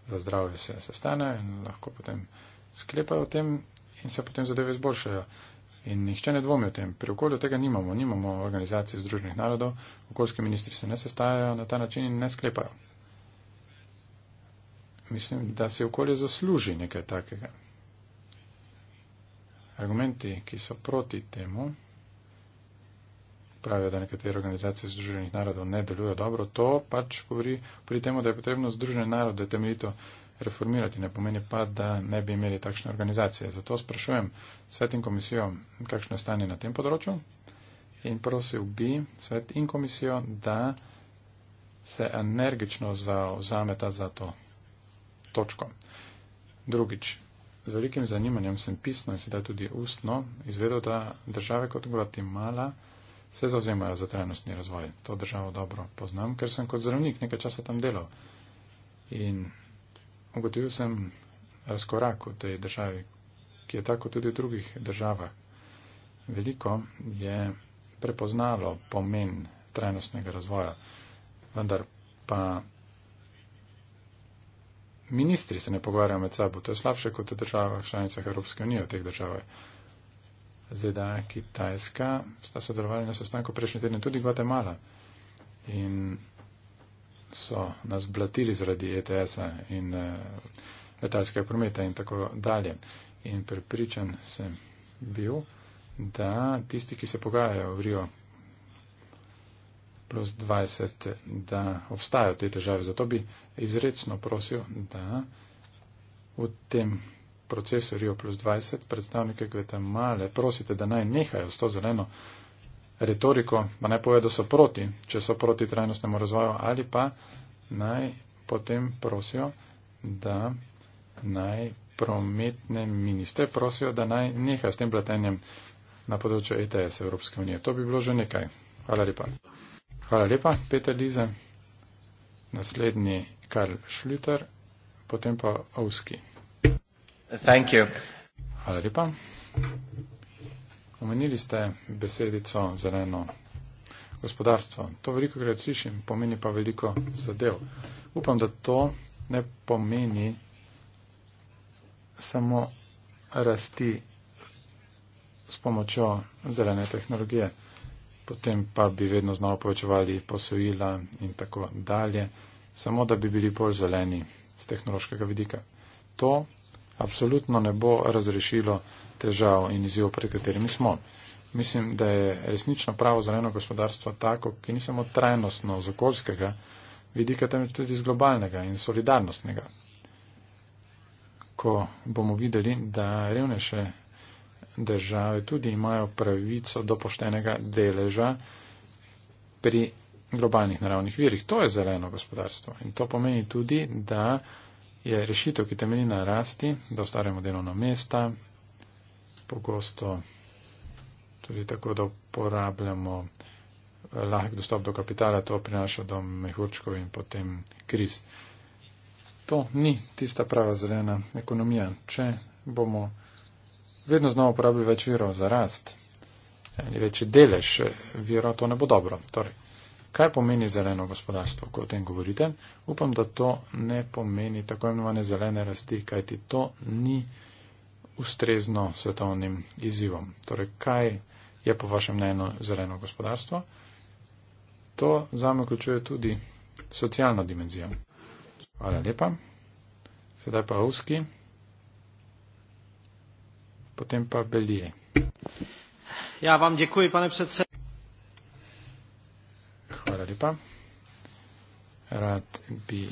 za zdravje se sestanejo in lahko potem sklepajo o tem in se potem zadeve izboljšajo. In nihče ne dvomi o tem. Pri okolju tega nimamo. Nimamo organizacije Združenih narodov, okoljski ministri se ne sestajajo na ta način in ne sklepajo. Mislim, da se okolje zasluži nekaj takega. Argumenti, ki so proti temu, pravijo, da nekatere organizacije Združenih narodov ne delujejo dobro, to pač govori pri temu, da je potrebno Združene narode temeljito reformirati, ne pomeni pa, da ne bi imeli takšne organizacije. Zato sprašujem svet in komisijo, kakšno stanje na tem področju in prosil bi svet in komisijo, da se energično zauzameta za to točko. Drugič, z velikim zanimanjem sem pisno in sedaj tudi ustno izvedel, da države kot Guatemala se zauzemajo za trajnostni razvoj. To državo dobro poznam, ker sem kot zdravnik nekaj časa tam delal. In ugotovil sem razkorak v tej državi, ki je tako tudi v drugih državah. Veliko je prepoznalo pomen trajnostnega razvoja, vendar pa ministri se ne pogovarjajo med sabo. To je slabše kot v državah članicah Evropske unije, v teh državah. ZDA, Kitajska sta sodelovali na sestanku prejšnji teden, tudi Gvatemala. In so nas blatili zaradi ETS-a in eh, letalskega prometa in tako dalje. In pripričan sem bil, da tisti, ki se pogajajo v Rio plus 20, da obstajajo te težave. Zato bi izredno prosil, da v tem procesu Rio plus 20 predstavnike Gvetamale prosite, da naj nehajo s to zeleno retoriko, pa naj pove, da so proti, če so proti trajnostnemu razvoju, ali pa naj potem prosijo, da naj prometne ministre prosijo, da naj neha s tem pletenjem na področju ETS Evropske unije. To bi bilo že nekaj. Hvala lepa. Hvala lepa, Peter Lize. Naslednji Karl Schlüter, potem pa Ovski. Hvala lepa. Thank you. Omenili ste besedico zeleno gospodarstvo. To veliko krat slišim, pomeni pa veliko zadev. Upam, da to ne pomeni samo rasti s pomočjo zelene tehnologije. Potem pa bi vedno znova povečevali posojila in tako dalje, samo da bi bili bolj zeleni z tehnološkega vidika. To absolutno ne bo razrešilo težav in izjiv, pred katerimi smo. Mislim, da je resnično pravo zeleno gospodarstvo tako, ki ni samo trajnostno z okoljskega vidika, temveč tudi z globalnega in solidarnostnega. Ko bomo videli, da revnejše države tudi imajo pravico do poštenega deleža pri globalnih naravnih virih. To je zeleno gospodarstvo in to pomeni tudi, da je rešitev, ki temelji na rasti, da ustvarjamo delovna mesta, pogosto tudi tako, da uporabljamo lahk dostop do kapitala, to prinaša do mehurčkov in potem kriz. To ni tista prava zelena ekonomija. Če bomo vedno znova uporabljali več virov za rast, ali večji delež vira, to ne bo dobro. Torej, kaj pomeni zeleno gospodarstvo, ko o tem govorite? Upam, da to ne pomeni tako imenovane zelene rasti, kajti to ni ustrezno svetovnim izzivom. Torej, kaj je po vašem mnenju zeleno gospodarstvo? To zame vključuje tudi socialno dimenzijo. Hvala lepa. Sedaj pa Uski, potem pa Belije. Ja, vam děkuji, pane předse. Hvala lepa. Rad bi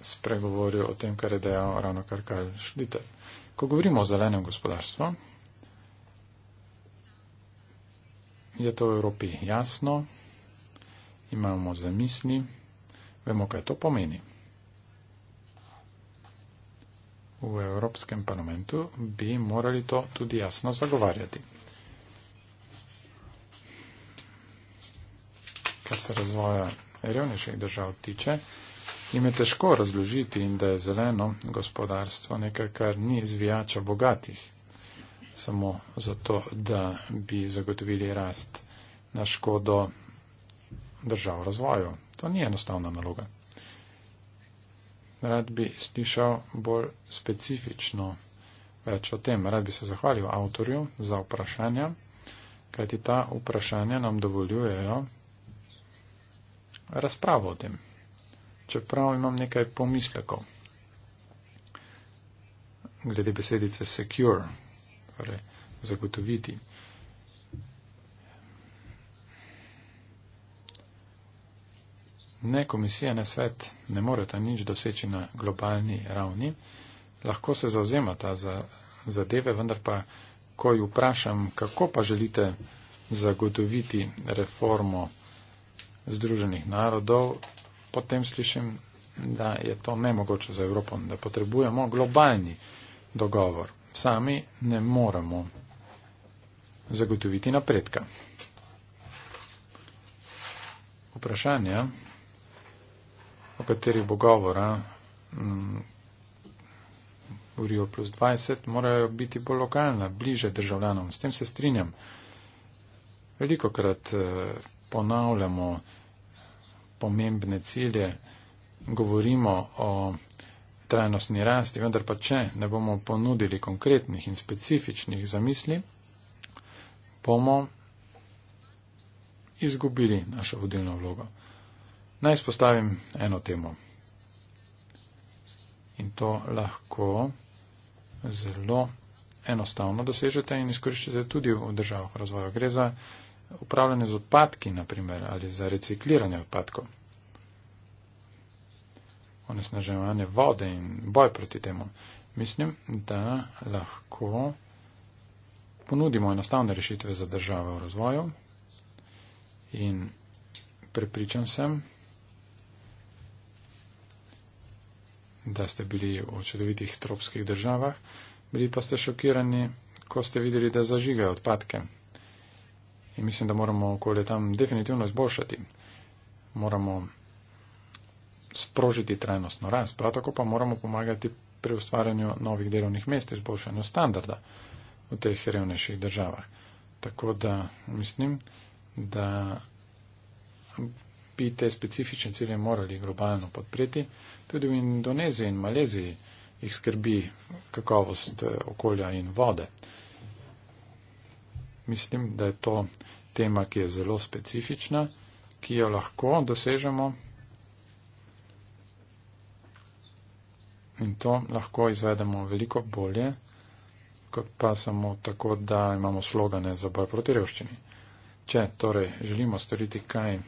spregovoril o tem, kar je dejal ravno kar Karl Šliter. Ko govorimo o zelenem gospodarstvu, je to v Evropi jasno, imamo za misli, vemo, kaj to pomeni. V Evropskem parlamentu bi morali to tudi jasno zagovarjati. Kar se razvoja revnejših držav tiče, jim je težko razložiti, da je zeleno gospodarstvo nekaj, kar ni zvijača bogatih, samo zato, da bi zagotovili rast na škodo držav razvoju. To ni enostavna naloga. Rad bi slišal bolj specifično več o tem. Rad bi se zahvalil avtorju za vprašanja, kajti ta vprašanja nam dovoljujejo razpravo o tem čeprav imam nekaj pomislekov. Glede besedice secure, torej zagotoviti. Ne komisija, ne svet ne moreta nič doseči na globalni ravni. Lahko se zauzemata za zadeve, vendar pa, ko jo vprašam, kako pa želite zagotoviti reformo Združenih narodov, potem slišim, da je to nemogoče za Evropo, da potrebujemo globalni dogovor. Sami ne moremo zagotoviti napredka. Vprašanja, o katerih bo govora mm, v Rio plus 20, morajo biti bolj lokalna, bliže državljanom. S tem se strinjam. Veliko krat eh, ponavljamo, pomembne cilje, govorimo o trajnostni rasti, vendar pa če ne bomo ponudili konkretnih in specifičnih zamisli, bomo izgubili našo vodilno vlogo. Naj spostavim eno temo. In to lahko zelo enostavno dosežete in izkoriščite tudi v državah razvoja. Gre za upravljanje z odpadki, naprimer, ali za recikliranje odpadkov, onesnaževanje vode in boj proti temu. Mislim, da lahko ponudimo enostavne rešitve za države v razvoju in prepričan sem, da ste bili v čudovitih tropskih državah, bili pa ste šokirani, ko ste videli, da zažigajo odpadke. In mislim, da moramo okolje tam definitivno izboljšati. Moramo sprožiti trajnostno rast, prav tako pa moramo pomagati pri ustvarjanju novih delovnih mest, izboljšanju standarda v teh revnejših državah. Tako da mislim, da bi te specifične cilje morali globalno podpreti. Tudi v Indoneziji in Maleziji jih skrbi kakovost eh, okolja in vode. Mislim, da je to tema, ki je zelo specifična, ki jo lahko dosežemo in to lahko izvedemo veliko bolje, kot pa samo tako, da imamo slogane za boj proti revščini. Če torej želimo storiti kaj,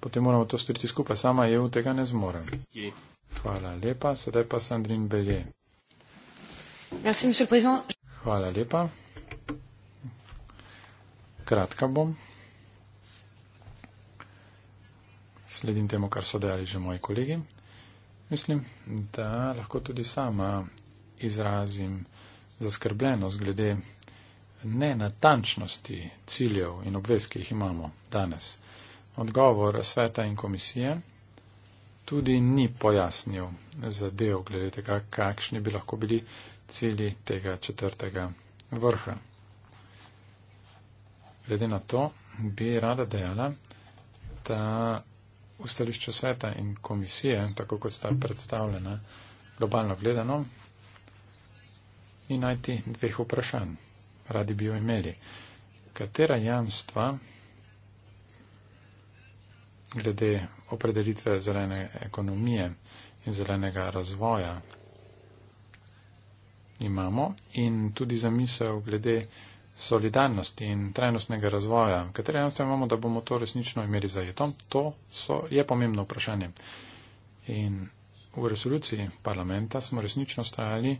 potem moramo to storiti skupaj. Sama EU tega ne zmorem. Hvala lepa. Sedaj pa Sandrin Belje. Hvala lepa kratka bom. Sledim temu, kar so dejali že moji kolegi. Mislim, da lahko tudi sama izrazim zaskrbljenost glede nenatančnosti ciljev in obvez, ki jih imamo danes. Odgovor sveta in komisije tudi ni pojasnil zadev glede tega, kakšni bi lahko bili cilji tega četrtega vrha. Glede na to bi rada dejala, da v stališču sveta in komisije, tako kot sta predstavljena globalno gledano, ni najti dveh vprašanj. Radi bi jo imeli. Katera jamstva glede opredelitve zelene ekonomije in zelenega razvoja imamo in tudi zamisel glede solidarnosti in trajnostnega razvoja, katere enostavno imamo, da bomo to resnično imeli zajeto, to so, je pomembno vprašanje. In v resoluciji parlamenta smo resnično strajali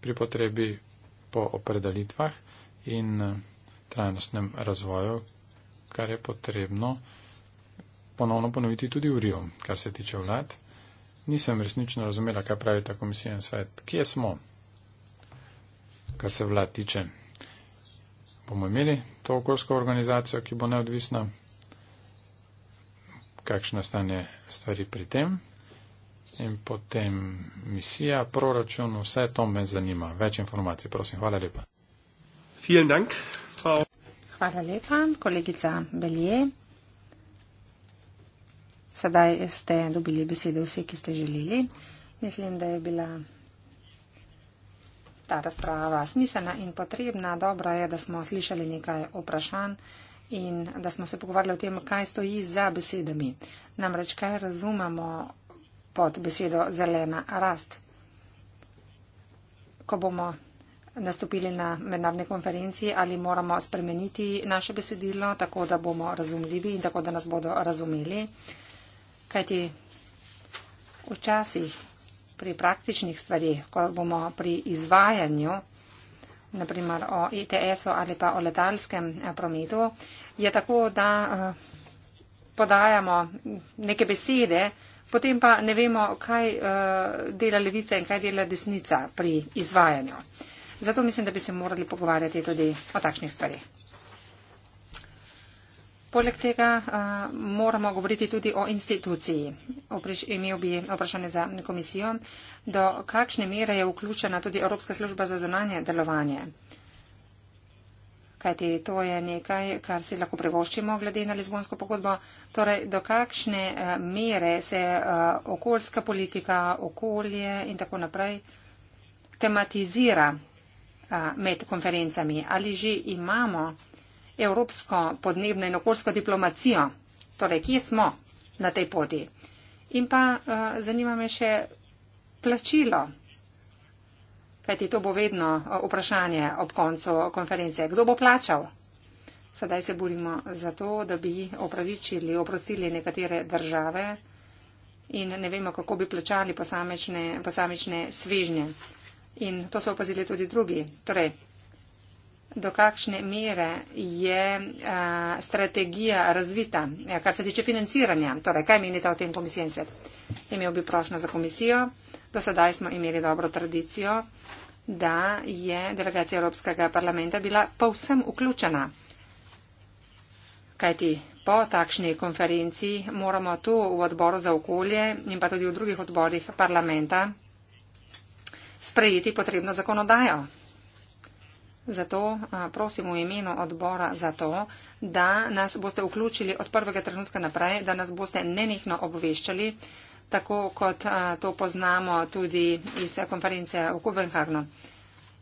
pri potrebi po opredelitvah in eh, trajnostnem razvoju, kar je potrebno ponovno ponoviti tudi v Rio, kar se tiče vlad. Nisem resnično razumela, kaj pravi ta komisija in svet. Kje smo, kar se vlad tiče? bomo imeli to okoljsko organizacijo, ki bo neodvisna, kakšno stanje stvari pri tem. In potem misija, proračun, vse to me zanima. Več informacij, prosim. Hvala lepa. Hvala lepa, kolegica Belje. Sedaj ste dobili besedo vsi, ki ste želeli. Mislim, da je bila ta razprava smiselna in potrebna. Dobro je, da smo slišali nekaj vprašanj in da smo se pogovarjali o tem, kaj stoji za besedami. Namreč, kaj razumemo pod besedo zelena rast. Ko bomo nastopili na mednarodni konferenciji, ali moramo spremeniti naše besedilo tako, da bomo razumljivi in tako, da nas bodo razumeli. Kajti včasih pri praktičnih stvarih, ko bomo pri izvajanju, naprimer o ETS-u ali pa o letalskem eh, prometu, je tako, da eh, podajamo neke besede, potem pa ne vemo, kaj eh, dela levica in kaj dela desnica pri izvajanju. Zato mislim, da bi se morali pogovarjati tudi o takšnih stvarih. Poleg tega uh, moramo govoriti tudi o instituciji. Opriš, imel bi vprašanje za komisijo, do kakšne mere je vključena tudi Evropska služba za zunanje delovanje. Kajti to je nekaj, kar si lahko privoščimo glede na Lizbonsko pogodbo. Torej, do kakšne uh, mere se uh, okoljska politika, okolje in tako naprej tematizira uh, med konferencami. Ali že imamo evropsko podnebno in okoljsko diplomacijo. Torej, kje smo na tej poti? In pa uh, zanima me še plačilo, kajti to bo vedno eh, vprašanje ob koncu konference. Kdo bo plačal? Sedaj se borimo za to, da bi opravičili, oprostili nekatere države in ne vemo, kako bi plačali posamične, posamične svežnje. In to so opazili tudi drugi. Torej, do kakšne mere je a, strategija razvita, kar se tiče financiranja. Torej, kaj menite o tem komisijem svet? Imel bi prošnjo za komisijo. Do sedaj smo imeli dobro tradicijo, da je delegacija Evropskega parlamenta bila povsem vključena. Kajti po takšni konferenci moramo tu v odboru za okolje in pa tudi v drugih odborih parlamenta sprejeti potrebno zakonodajo. Zato prosim v imenu odbora za to, da nas boste vključili od prvega trenutka naprej, da nas boste nenehno obveščali, tako kot to poznamo tudi iz konference v Kopenhagnu.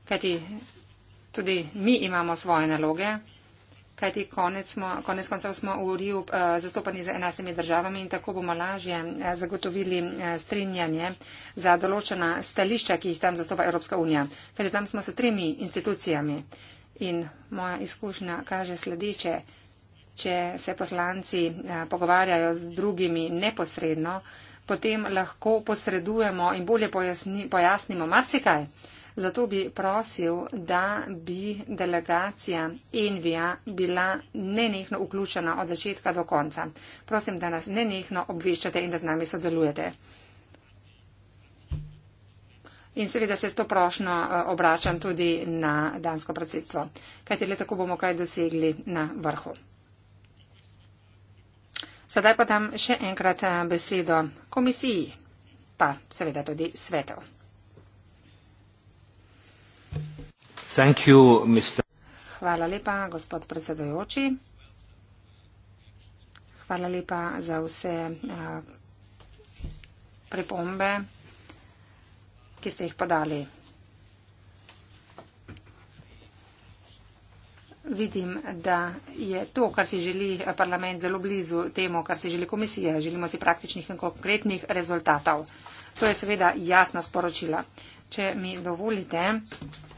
Kajti tudi mi imamo svoje naloge kajti konec, smo, konec koncev smo v Riju uh, zastopani z enajstimi državami in tako bomo lažje eh, zagotovili uh, strinjanje za določena stališča, ki jih tam zastopa Evropska unija. Kajti tam smo s tremi institucijami in moja izkušnja kaže sledeče, če se poslanci uh, pogovarjajo z drugimi neposredno, potem lahko posredujemo in bolje pojasni, pojasnimo marsikaj. Zato bi prosil, da bi delegacija Envija bila nenehno vključena od začetka do konca. Prosim, da nas nenehno obveščate in da z nami sodelujete. In seveda se s to prošnjo eh, obračam tudi na dansko predsedstvo, kajti le tako bomo kaj dosegli na vrhu. Sedaj pa tam še enkrat eh, besedo komisiji, pa seveda tudi svetov. Hvala lepa, gospod predsedojoči. Hvala lepa za vse eh, pripombe, ki ste jih podali. Vidim, da je to, kar si želi eh, parlament, zelo blizu temu, kar si želi komisija. Želimo si praktičnih in konkretnih rezultatov. To je seveda jasno sporočilo. Če mi dovolite,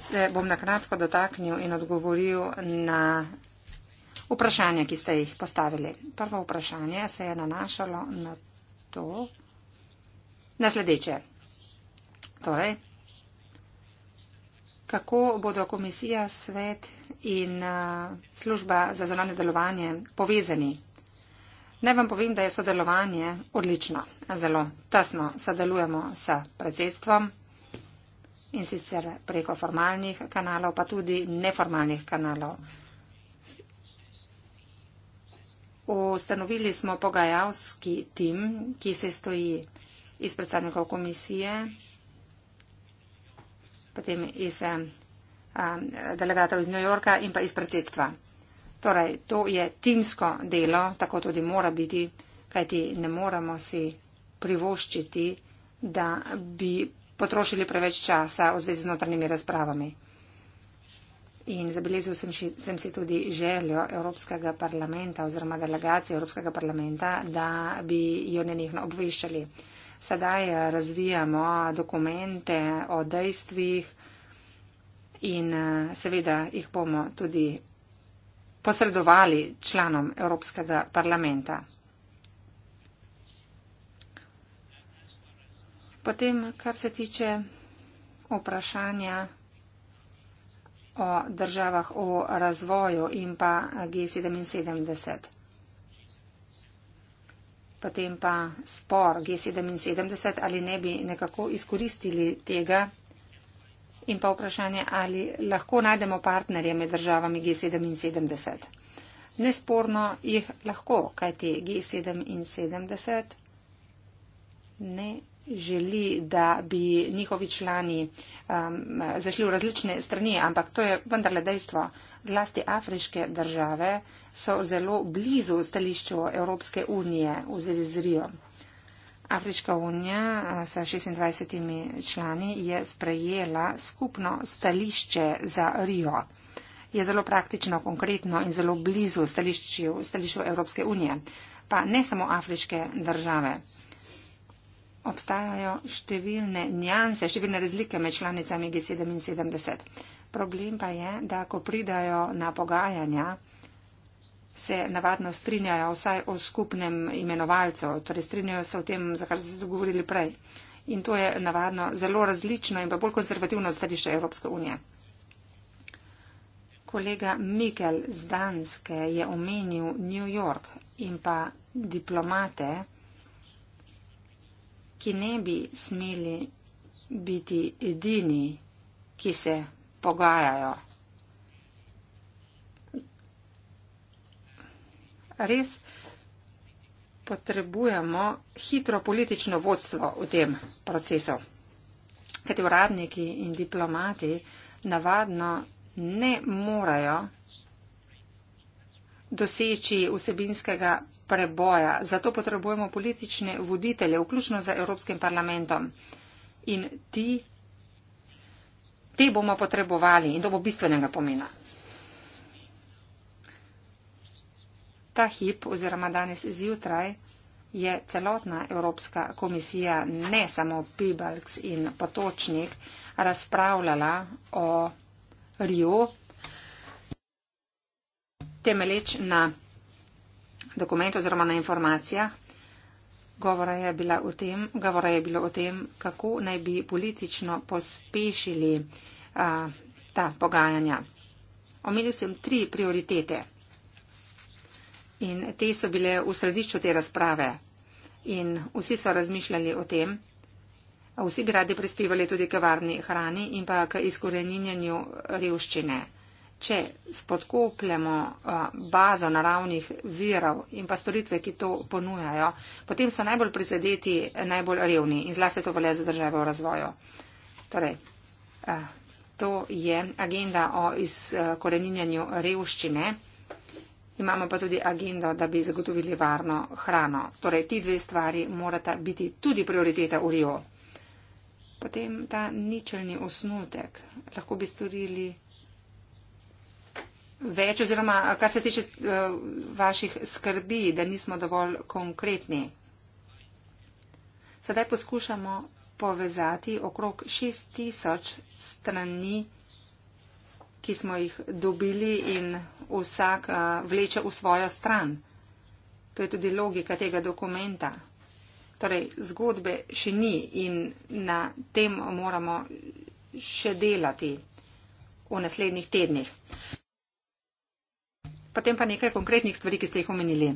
se bom nakratko dotaknil in odgovoril na vprašanja, ki ste jih postavili. Prvo vprašanje se je nanašalo na to, na sledeče. Torej, kako bodo komisija, svet in služba za zelane delovanje povezani? Naj vam povem, da je sodelovanje odlično. Zelo tesno sodelujemo s predsedstvom in sicer preko formalnih kanalov, pa tudi neformalnih kanalov. Ustanovili smo pogajalski tim, ki se stoji iz predstavnikov komisije, potem iz eh, eh, delegatov iz New Yorka in pa iz predsedstva. Torej, to je timsko delo, tako tudi mora biti, kajti ne moremo si privoščiti, da bi potrošili preveč časa v zvezi z notranjimi razpravami. In zabeležil sem, sem si tudi željo Evropskega parlamenta oziroma delegacije Evropskega parlamenta, da bi jo nenehno obveščali. Sedaj eh, razvijamo dokumente o dejstvih in eh, seveda jih bomo tudi posredovali članom Evropskega parlamenta. Potem, kar se tiče vprašanja o državah v razvoju in pa G77. Potem pa spor G77 ali ne bi nekako izkoristili tega in pa vprašanje, ali lahko najdemo partnerje med državami G77. Nesporno jih lahko, kajti G77 ne želi, da bi njihovi člani um, zašli v različne strani, ampak to je vendarle dejstvo. Zlasti afriške države so zelo blizu stališču Evropske unije v zvezi z Rijo. Afriška unija uh, sa 26 člani je sprejela skupno stališče za Rijo. Je zelo praktično, konkretno in zelo blizu stališču, stališču Evropske unije, pa ne samo afriške države obstajajo številne njanse, številne razlike med članicami G77. Problem pa je, da ko pridajo na pogajanja, se navadno strinjajo vsaj o skupnem imenovalcu, torej strinjajo se o tem, za kar so se dogovorili prej. In to je navadno zelo različno in pa bolj konzervativno od stališča Evropske unije. Kolega Mikel z Danske je omenil New York in pa diplomate, ki ne bi smeli biti edini, ki se pogajajo. Res potrebujemo hitro politično vodstvo v tem procesu, ker ti uradniki in diplomati navadno ne morajo doseči vsebinskega preboja. Zato potrebujemo politične voditelje, vključno z Evropskim parlamentom. In ti, te bomo potrebovali in to bo bistvenega pomena. Ta hip oziroma danes zjutraj je celotna Evropska komisija, ne samo Pibalks in Potočnik, razpravljala o Riju, temeleč na dokumentu oziroma na informacijah, govora je, tem, govora je bilo o tem, kako naj bi politično pospešili a, ta pogajanja. Omenil sem tri prioritete in te so bile v središču te razprave in vsi so razmišljali o tem. Vsi bi radi prispevali tudi k varni hrani in pa k izkoreninjanju revščine če spodkopljemo bazo naravnih virov in pa storitve, ki to ponujajo, potem so najbolj prizadeti, najbolj revni in zlasti to velja za države v razvoju. Torej, to je agenda o izkoreninjanju revščine. Imamo pa tudi agendo, da bi zagotovili varno hrano. Torej, ti dve stvari morata biti tudi prioriteta v Rio. Potem ta ničelni osnutek. Lahko bi storili več oziroma kar se tiče uh, vaših skrbi, da nismo dovolj konkretni. Sedaj poskušamo povezati okrog 6000 strani, ki smo jih dobili in vsak uh, vleče v svojo stran. To je tudi logika tega dokumenta. Torej, zgodbe še ni in na tem moramo še delati v naslednjih tednih. Potem pa nekaj konkretnih stvari, ki ste jih omenili.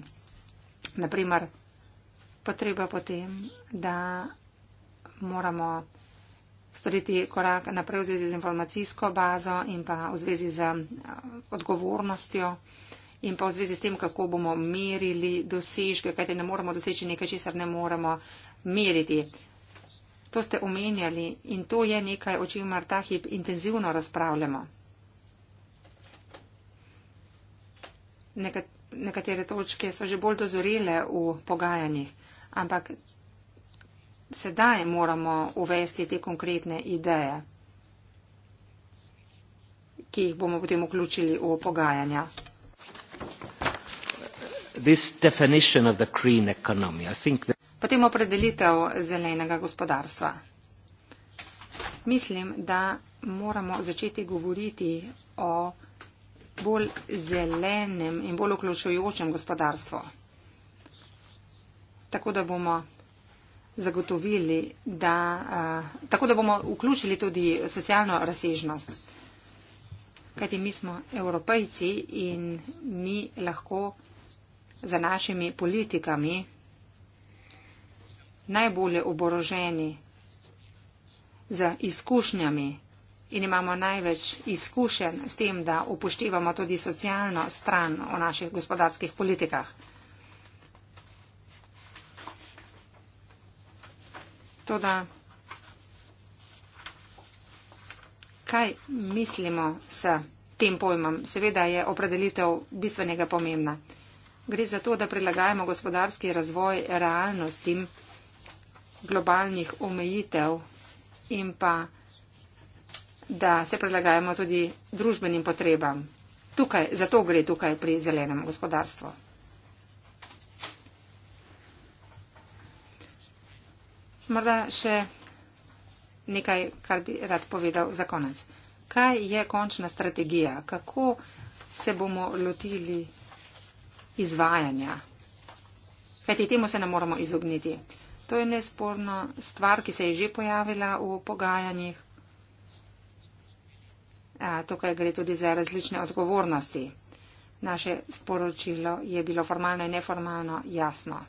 Naprimer, potreba potem, da moramo storiti korak naprej v zvezi z informacijsko bazo in pa v zvezi z eh, odgovornostjo in pa v zvezi s tem, kako bomo merili dosežke, kajte ne moremo doseči nekaj, česar ne moremo meriti. To ste omenjali in to je nekaj, o čemer ta hip intenzivno razpravljamo. nekatere točke so že bolj dozorele v pogajanjih, ampak sedaj moramo uvesti te konkretne ideje, ki jih bomo potem vključili v pogajanja. Economy, that... Potem opredelitev zelenega gospodarstva. Mislim, da moramo začeti govoriti o bolj zelenem in bolj vključujočem gospodarstvu. Tako da bomo zagotovili, da, uh, tako da bomo vključili tudi socialno razsežnost. Kajti mi smo evropejci in mi lahko za našimi politikami najbolje oboroženi z izkušnjami in imamo največ izkušenj s tem, da upoštevamo tudi socialno stran v naših gospodarskih politikah. Toda, kaj mislimo s tem pojmom? Seveda je opredelitev bistvenega pomembna. Gre za to, da prilagajamo gospodarski razvoj realnostim globalnih omejitev in pa da se prilagajamo tudi družbenim potrebam. Tukaj, zato gre tukaj pri zelenem gospodarstvu. Morda še nekaj, kar bi rad povedal za konec. Kaj je končna strategija? Kako se bomo lotili izvajanja? Kajti temu se ne moramo izogniti. To je nesporno stvar, ki se je že pojavila v pogajanjih. Tukaj gre tudi za različne odgovornosti. Naše sporočilo je bilo formalno in neformalno jasno.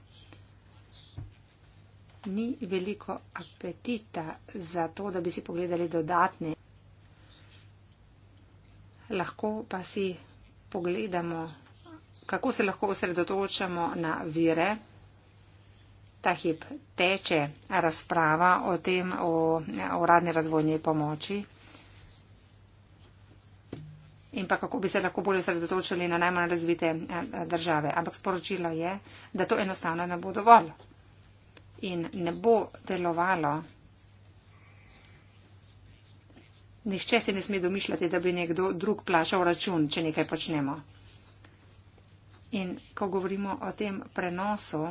Ni veliko apetita za to, da bi si pogledali dodatne. Lahko pa si pogledamo, kako se lahko osredotočamo na vire. Ta hip teče razprava o tem, o uradni razvojni pomoči in pa kako bi se lahko bolje sredotočili na najmanj razvite eh, države. Ampak sporočilo je, da to enostavno ne bo dovolj in ne bo delovalo. Nihče se ne sme domišljati, da bi nekdo drug plačal račun, če nekaj počnemo. In ko govorimo o tem prenosu,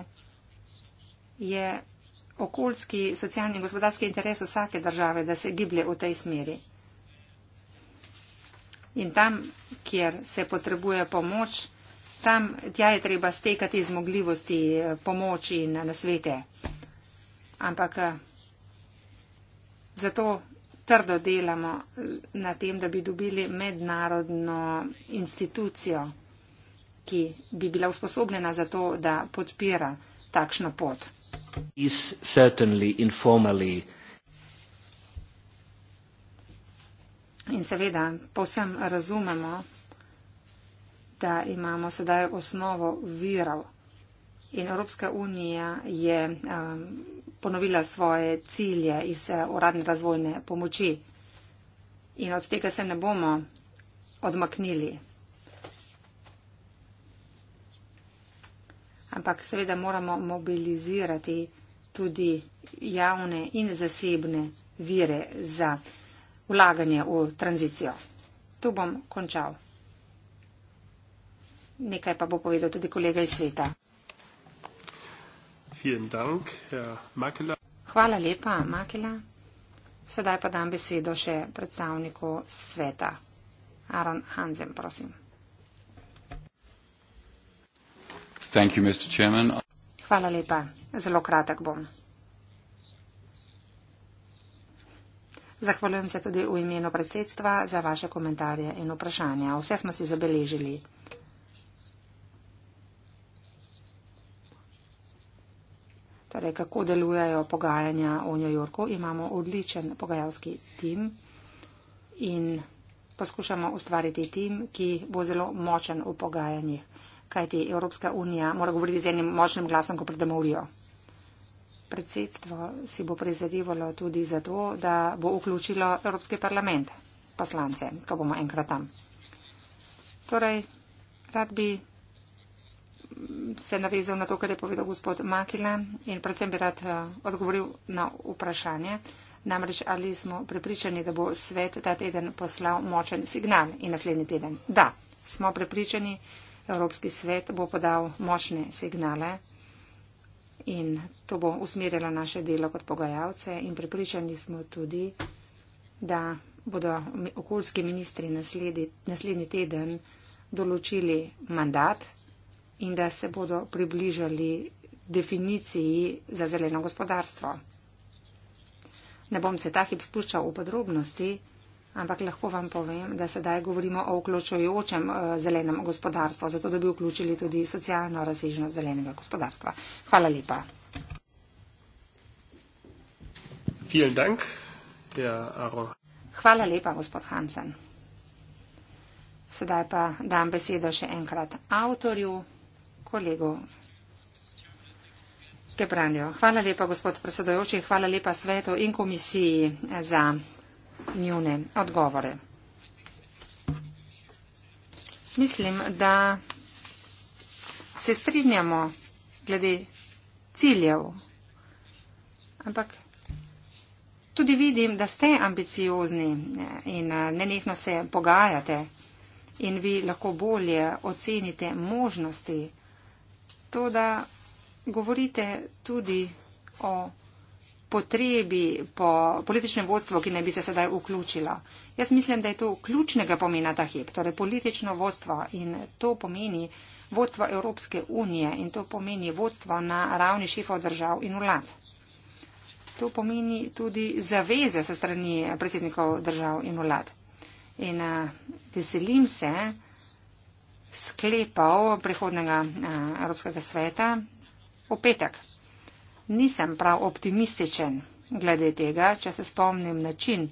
je okoljski, socialni in gospodarski interes vsake države, da se giblje v tej smeri. In tam, kjer se potrebuje pomoč, tam tja je treba stekati zmogljivosti eh, pomoči in nasvete. Ampak eh, zato trdo delamo eh, na tem, da bi dobili mednarodno institucijo, ki bi bila usposobljena za to, da podpira takšno pot. In seveda, povsem razumemo, da imamo sedaj osnovo virov. In Evropska unija je um, ponovila svoje cilje iz eh, uradne razvojne pomoči. In od tega se ne bomo odmaknili. Ampak seveda moramo mobilizirati tudi javne in zasebne vire za vlaganje v tranzicijo. Tu bom končal. Nekaj pa bo povedal tudi kolega iz sveta. Hvala lepa, Makela. Sedaj pa dam besedo še predstavniku sveta. Aron Hanzen, prosim. Hvala lepa. Zelo kratek bom. Zahvaljujem se tudi v imenu predsedstva za vaše komentarje in vprašanja. Vse smo si zabeležili. Torej, kako delujejo pogajanja v New Yorku. Imamo odličen pogajalski tim in poskušamo ustvariti tim, ki bo zelo močen v pogajanjih. Kajti Evropska unija mora govoriti z enim močnim glasom, ko pridemo v Rio predsedstvo si bo prizadevalo tudi za to, da bo vključilo Evropski parlament poslance, ko bomo enkrat tam. Torej, rad bi se navezal na to, kar je povedal gospod Makila in predvsem bi rad eh, odgovoril na vprašanje, namreč ali smo prepričani, da bo svet ta teden poslal močen signal in naslednji teden. Da, smo prepričani, Evropski svet bo podal močne signale in to bo usmerjalo naše delo kot pogajalce in prepričani smo tudi, da bodo okoljski ministri nasledi, naslednji teden določili mandat in da se bodo približali definiciji za zeleno gospodarstvo. Ne bom se ta hip spuščal v podrobnosti, ampak lahko vam povem, da sedaj govorimo o vključujočem eh, zelenem gospodarstvu, zato da bi vključili tudi socialno razsežnost zelenega gospodarstva. Hvala lepa. Hvala lepa, gospod Hansen. Sedaj pa dam besedo še enkrat avtorju, kolegu. Hvala lepa, gospod predsedojoči, hvala lepa svetu in komisiji za njune odgovore. Mislim, da se strinjamo glede ciljev, ampak tudi vidim, da ste ambiciozni eh, in eh, nenehno se pogajate in vi lahko bolje ocenite možnosti. To, da govorite tudi o potrebi po političnem vodstvu, ki ne bi se sedaj vključila. Jaz mislim, da je to ključnega pomena ta hip, torej politično vodstvo in to pomeni vodstvo Evropske unije in to pomeni vodstvo na ravni šefov držav in vlad. To pomeni tudi zaveze se strani predsednikov držav in vlad. In a, eh, veselim se sklepov prihodnega a, eh, Evropskega sveta v petek nisem prav optimističen glede tega, če se spomnim način,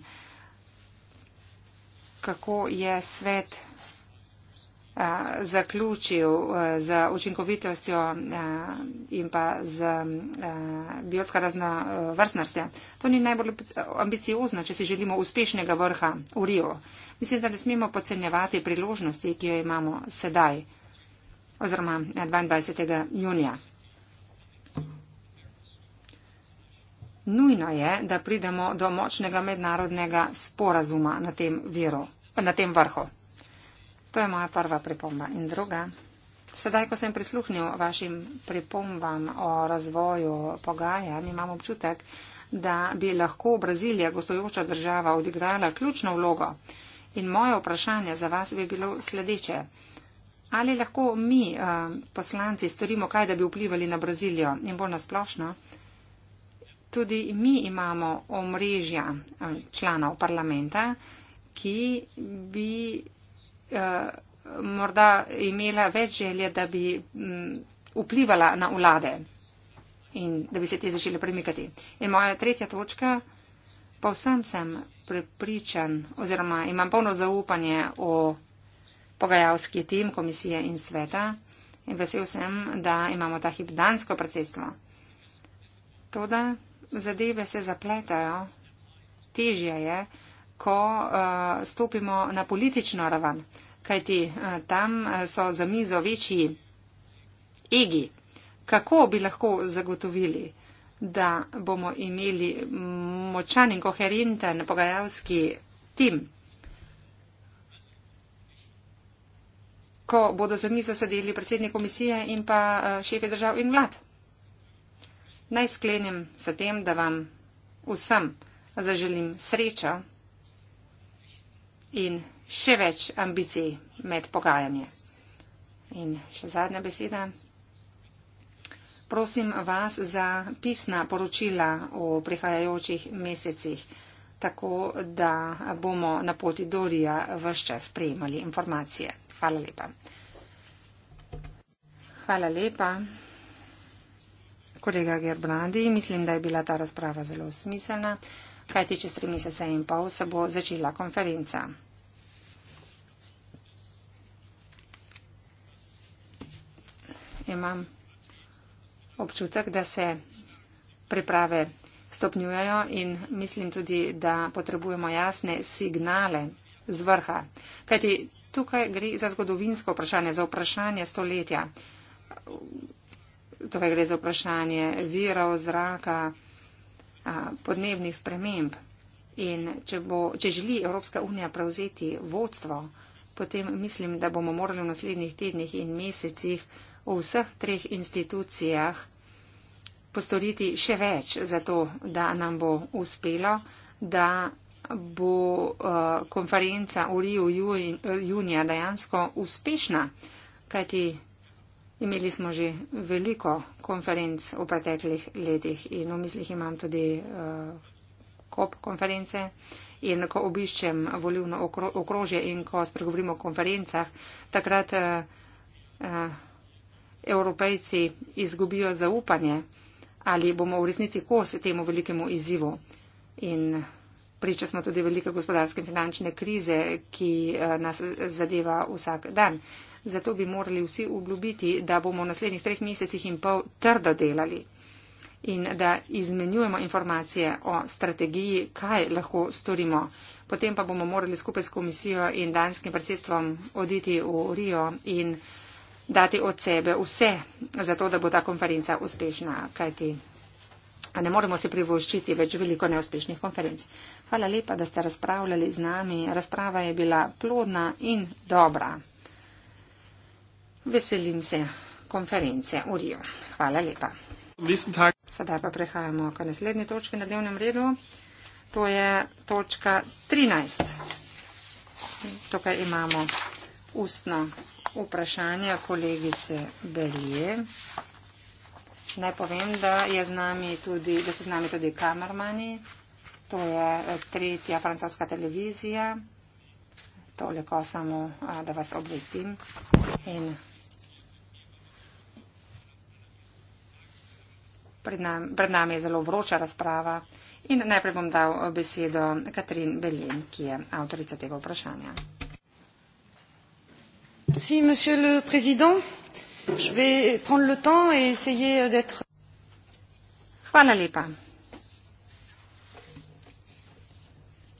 kako je svet a, zaključil a, z učinkovitostjo a, in pa z biotska raznovrstnostjo. To ni najbolj ambiciozno, če si želimo uspešnega vrha v Rio. Mislim, da ne smemo podcenjevati priložnosti, ki jo imamo sedaj oziroma 22. junija. Nujno je, da pridemo do močnega mednarodnega sporazuma na tem, viru, na tem vrhu. To je moja prva pripomba. In druga. Sedaj, ko sem prisluhnil vašim pripombam o razvoju pogajanj, imam občutek, da bi lahko Brazilija, gostujoča država, odigrala ključno vlogo. In moje vprašanje za vas bi bilo sledeče. Ali lahko mi, eh, poslanci, storimo kaj, da bi vplivali na Brazilijo in bolj nasplošno? tudi mi imamo omrežja eh, članov parlamenta, ki bi eh, morda imela več želje, da bi mm, vplivala na vlade in da bi se te začele premikati. In moja tretja točka, povsem sem prepričan oziroma imam polno zaupanje o pogajalski tim komisije in sveta in vesel sem, da imamo ta hip dansko predsedstvo. Toda zadeve se zapletajo, težje je, ko uh, stopimo na politično raven, kajti uh, tam eh, so za mizo večji egi. Kako bi lahko zagotovili, da bomo imeli močan in koherenten pogajalski tim? ko bodo za mizo sedeli predsednik komisije in pa šefi držav in vlad. Naj sklenem s tem, da vam vsem zaželim srečo in še več ambicij med pogajanje. In še zadnja beseda. Prosim vas za pisna poročila o prihajajočih mesecih, tako da bomo na poti do Rija vrščas sprejemali informacije. Hvala lepa. Hvala lepa kolega Gerbrandi, mislim, da je bila ta razprava zelo smiselna, kajti čez tri mesece in pol se bo začela konferenca. Imam občutek, da se priprave stopnjujejo in mislim tudi, da potrebujemo jasne signale z vrha. Kajti tukaj gre za zgodovinsko vprašanje, za vprašanje stoletja tukaj gre za vprašanje virov zraka, podnebnih sprememb. In če, bo, če želi Evropska unija prevzeti vodstvo, potem mislim, da bomo morali v naslednjih tednih in mesecih v vseh treh institucijah postoriti še več za to, da nam bo uspelo, da bo uh, konferenca v Riju junija dejansko uspešna, kajti Imeli smo že veliko konferenc v preteklih letih in v mislih imam tudi uh, kop konference. In ko obiščem volivno okro okrožje in ko spregovorimo o konferencah, takrat uh, uh, evropejci izgubijo zaupanje, ali bomo v resnici kos temu velikemu izzivu. In priča smo tudi velike gospodarske in finančne krize, ki uh, nas zadeva vsak dan. Uh, zato bi morali vsi obljubiti, da bomo v naslednjih treh mesecih in pol trdo delali in da izmenjujemo informacije o strategiji, kaj lahko storimo. Potem pa bomo morali skupaj s komisijo in danskim predsedstvom oditi v Rio in dati od sebe vse, zato da bo ta konferenca uspešna, kajti ne moremo se privoščiti več veliko neuspešnih konferenc. Hvala lepa, da ste razpravljali z nami. Razprava je bila plodna in dobra. Veselim se konference v Riju. Hvala lepa. Sedaj pa prehajamo k naslednji točki na dnevnem redu. To je točka 13. Tukaj imamo ustno vprašanje kolegice Belije. Naj povem, da, tudi, da so z nami tudi kamermani. To je eh, tretja francoska televizija. Toliko samo, da vas obvestim. In pred, nam, pred nami je zelo vroča razprava in najprej bom dal besedo Katrin Belin, ki je avtorica tega vprašanja. Merci, monsieur le président. Je vais prendre le temps et essayer d'être. Hvala lepa.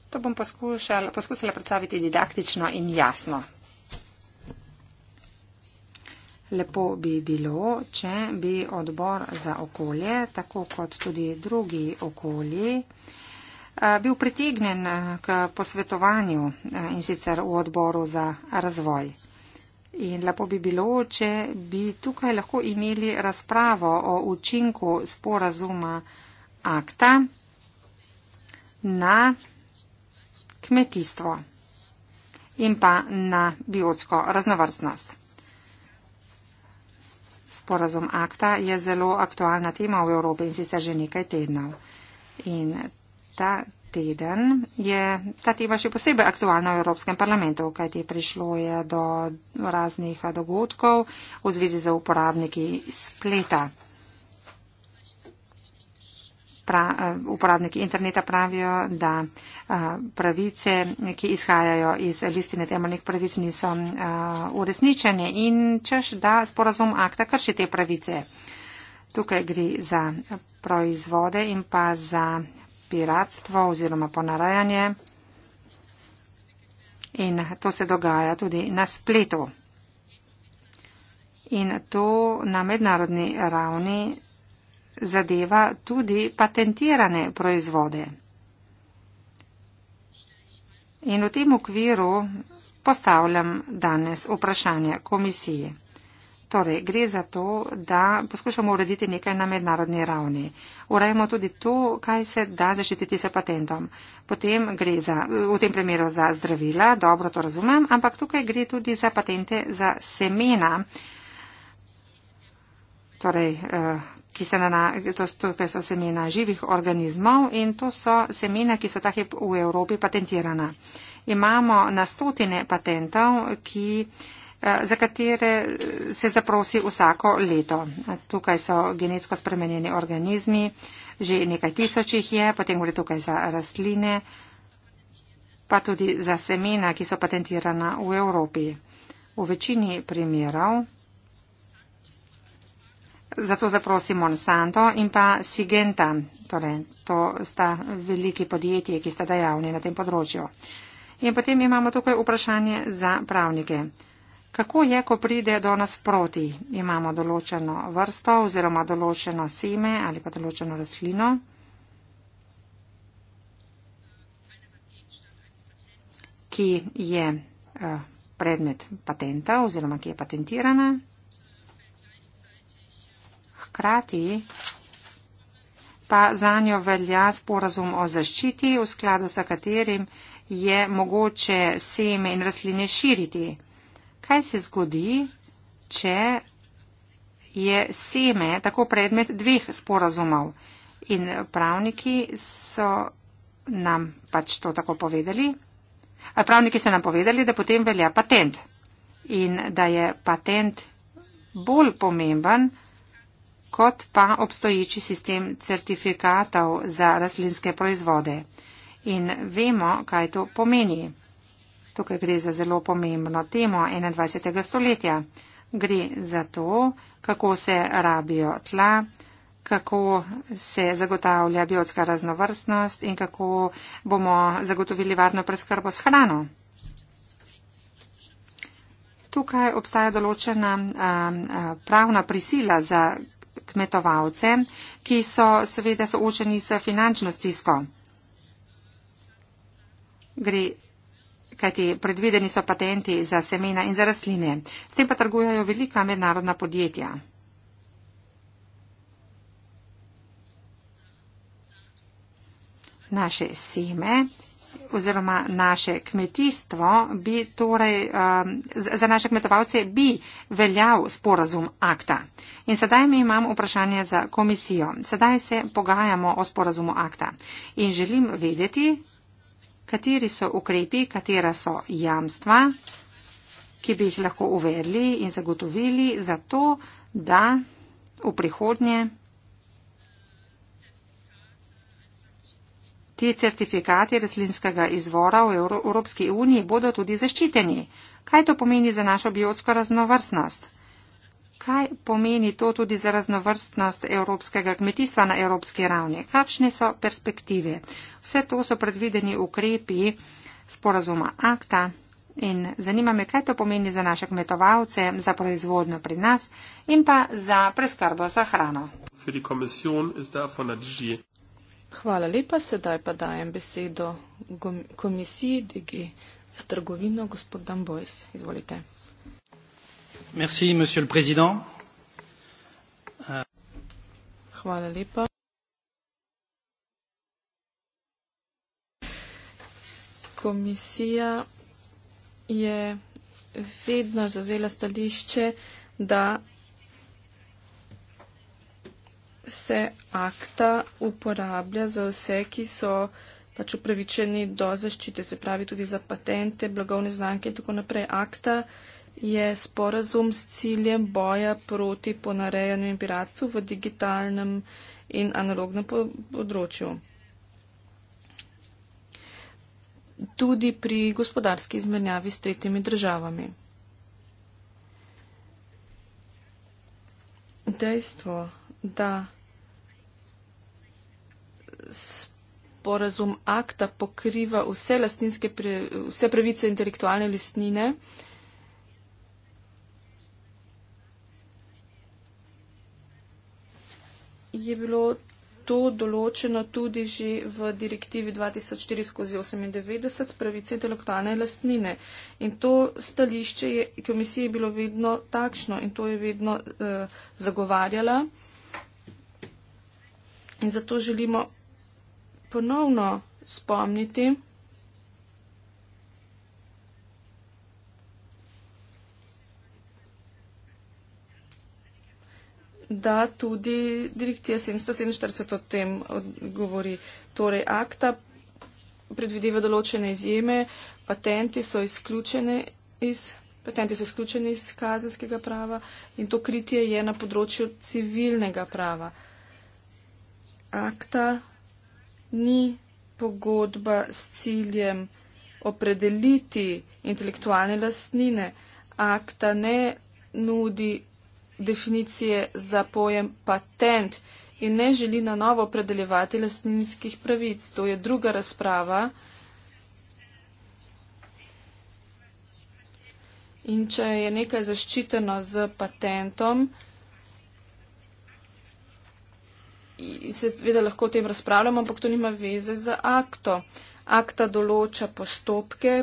To bom poskušala, poskusila predstaviti didaktično in jasno lepo bi bilo, če bi odbor za okolje, tako kot tudi drugi okolji, eh, bil pritegnen eh, k posvetovanju eh, in sicer v odboru za razvoj. In lepo bi bilo, če bi tukaj lahko imeli razpravo o učinku sporazuma akta na kmetijstvo in pa na biotsko raznovrstnost. Sporazum akta je zelo aktualna tema v Evropi in sicer že nekaj tednov. In ta teden je ta tema še posebej aktualna v Evropskem parlamentu, kajti prišlo je do raznih dogodkov v zvezi z uporabniki spleta pra, eh, uporabniki interneta pravijo, da eh, pravice, ki izhajajo iz listine temeljnih pravic, niso eh, uresničene in češ, da sporazum akta krši te pravice. Tukaj gre za proizvode in pa za piratstvo oziroma ponarajanje. In to se dogaja tudi na spletu. In to na mednarodni ravni zadeva tudi patentirane proizvode. In v tem okviru postavljam danes vprašanje komisiji. Torej, gre za to, da poskušamo urediti nekaj na mednarodni ravni. Urejamo tudi to, kaj se da zaščititi se patentom. Potem gre za, v tem primeru za zdravila, dobro to razumem, ampak tukaj gre tudi za patente za semena. Torej, eh, ki se na, to, to so semena živih organizmov in to so semena, ki so tako v Evropi patentirana. Imamo na stotine patentov, ki, eh, za katere eh, se zaprosi vsako leto. Tukaj so genetsko spremenjeni organizmi, že nekaj tisočih je, potem gre tukaj za rastline, pa tudi za semena, ki so patentirana v Evropi. V večini primerov Zato zaprosim Monsanto in pa Sigenta, torej to sta veliki podjetje, ki sta dejavni na tem področju. In potem imamo tukaj vprašanje za pravnike. Kako je, ko pride do nas proti? Imamo določeno vrsto oziroma določeno seme ali pa določeno rastlino. ki je eh, predmet patenta oziroma ki je patentirana hkrati pa za njo velja sporazum o zaščiti, v skladu s katerim je mogoče seme in rastline širiti. Kaj se zgodi, če je seme tako predmet dveh sporazumov? In pravniki so nam pač to tako povedali. Pravniki so nam povedali, da potem velja patent in da je patent bolj pomemben kot pa obstoječi sistem certifikatov za rastlinske proizvode. In vemo, kaj to pomeni. Tukaj gre za zelo pomembno temo 21. stoletja. Gre za to, kako se rabijo tla, kako se zagotavlja biotska raznovrstnost in kako bomo zagotovili varno preskrbo s hrano. Tukaj obstaja določena a, a, pravna prisila za kmetovalce, ki so seveda soočeni s finančno stisko. Gre, kajti predvideni so patenti za semena in za rastline. S tem pa trgujajo velika mednarodna podjetja. Naše seme oziroma naše kmetijstvo bi torej, um, za naše kmetovalce bi veljal sporazum akta. In sedaj mi imam vprašanje za komisijo. Sedaj se pogajamo o sporazumu akta in želim vedeti, kateri so ukrepi, katera so jamstva, ki bi jih lahko uverili in zagotovili za to, da v prihodnje Ti certifikati rastlinskega izvora v Evropski uniji bodo tudi zaščiteni. Kaj to pomeni za našo biotsko raznovrstnost? Kaj pomeni to tudi za raznovrstnost evropskega kmetijstva na evropski ravni? Kakšne so perspektive? Vse to so predvideni ukrepi sporazuma akta in zanima me, kaj to pomeni za naše kmetovalce, za proizvodno pri nas in pa za preskrbo za hrano. Hvala lepa. Sedaj pa dajem besedo komisiji DG za trgovino, gospod Dambojs. Izvolite. Merci, monsieur le président. Euh. Hvala lepa. Komisija je vedno zazela stališče, da se akta uporablja za vse, ki so pač upravičeni do zaščite, se pravi tudi za patente, blagovne znamke in tako naprej. Akta je sporazum s ciljem boja proti ponarejanju in piratstvu v digitalnem in analognem področju. Tudi pri gospodarski izmenjavi s tretjimi državami. Dejstvo, da sporazum akta pokriva vse, pre, vse pravice intelektualne lastnine. Je bilo to določeno tudi že v direktivi 2004-98 pravice intelektualne lastnine. In to stališče je, komisije je bilo vedno takšno in to je vedno eh, zagovarjala. In zato želimo ponovno spomniti, da tudi direktiva 747 o tem govori. Torej, akta predvideva določene izjeme, patenti so izključene iz. Patenti so izključeni iz kazenskega prava in to kritje je na področju civilnega prava. Akta ni pogodba s ciljem opredeliti intelektualne lastnine. Akta ne nudi definicije za pojem patent in ne želi na novo opredeljevati lastninskih pravic. To je druga razprava. In če je nekaj zaščiteno z patentom, se seveda lahko o tem razpravljamo, ampak to nima veze z akto. Akta določa postopke,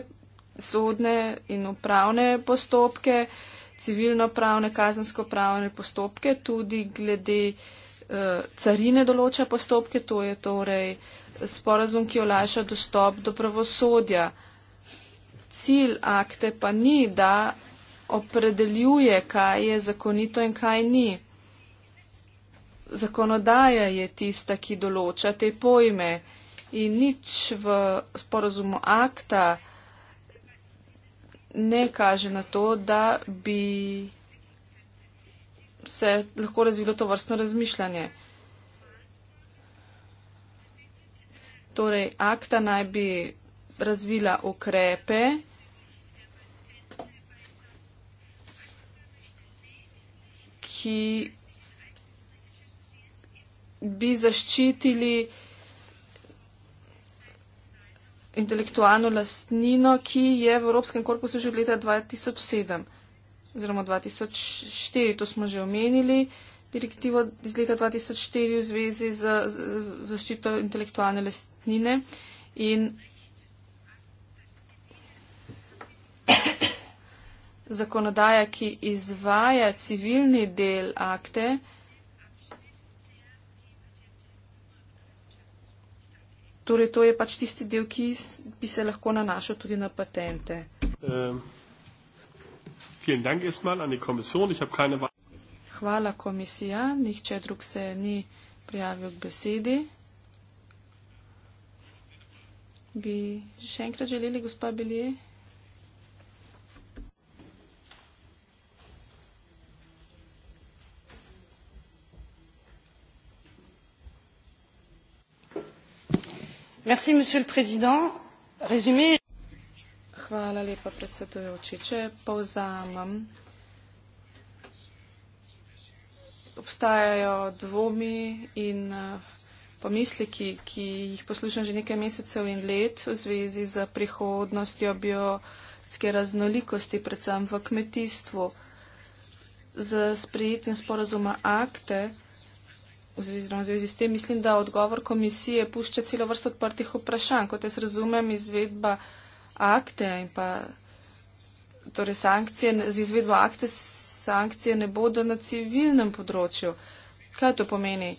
sodne in upravne postopke, civilno-pravne, kazensko-pravne postopke, tudi glede eh, carine določa postopke, to je torej sporazum, ki olajša dostop do pravosodja. Cilj akte pa ni, da opredeljuje, kaj je zakonito in kaj ni zakonodaja je tista, ki določa te pojme in nič v sporozumu akta ne kaže na to, da bi se lahko razvilo to vrstno razmišljanje. Torej, akta naj bi razvila ukrepe, ki bi zaščitili intelektualno lastnino, ki je v Evropskem korpusu že od leta 2007 oziroma 2004, to smo že omenili, direktivo iz leta 2004 v zvezi z zaščito intelektualne lastnine. In [COUGHS] zakonodaja, ki izvaja civilni del akte, Torej, to je pač tisti del, ki bi se lahko nanašal tudi na patente. Ehm, Hvala komisija, nihče drug se ni prijavil k besedi. Bi še enkrat želeli, gospa Bilje? Hvala lepa predsedujoči. Če povzamem, obstajajo dvomi in eh, pomisliki, ki jih poslušam že nekaj mesecev in let v zvezi z prihodnostjo biotske raznolikosti, predvsem v kmetijstvu. Z sprejetjem sporazuma akte v zvezi, v zvezi s tem mislim, da odgovor komisije pušča celo vrsto odprtih vprašanj. Kot jaz razumem, izvedba akte in pa torej sankcije, z izvedbo akte sankcije ne bodo na civilnem področju. Kaj to pomeni?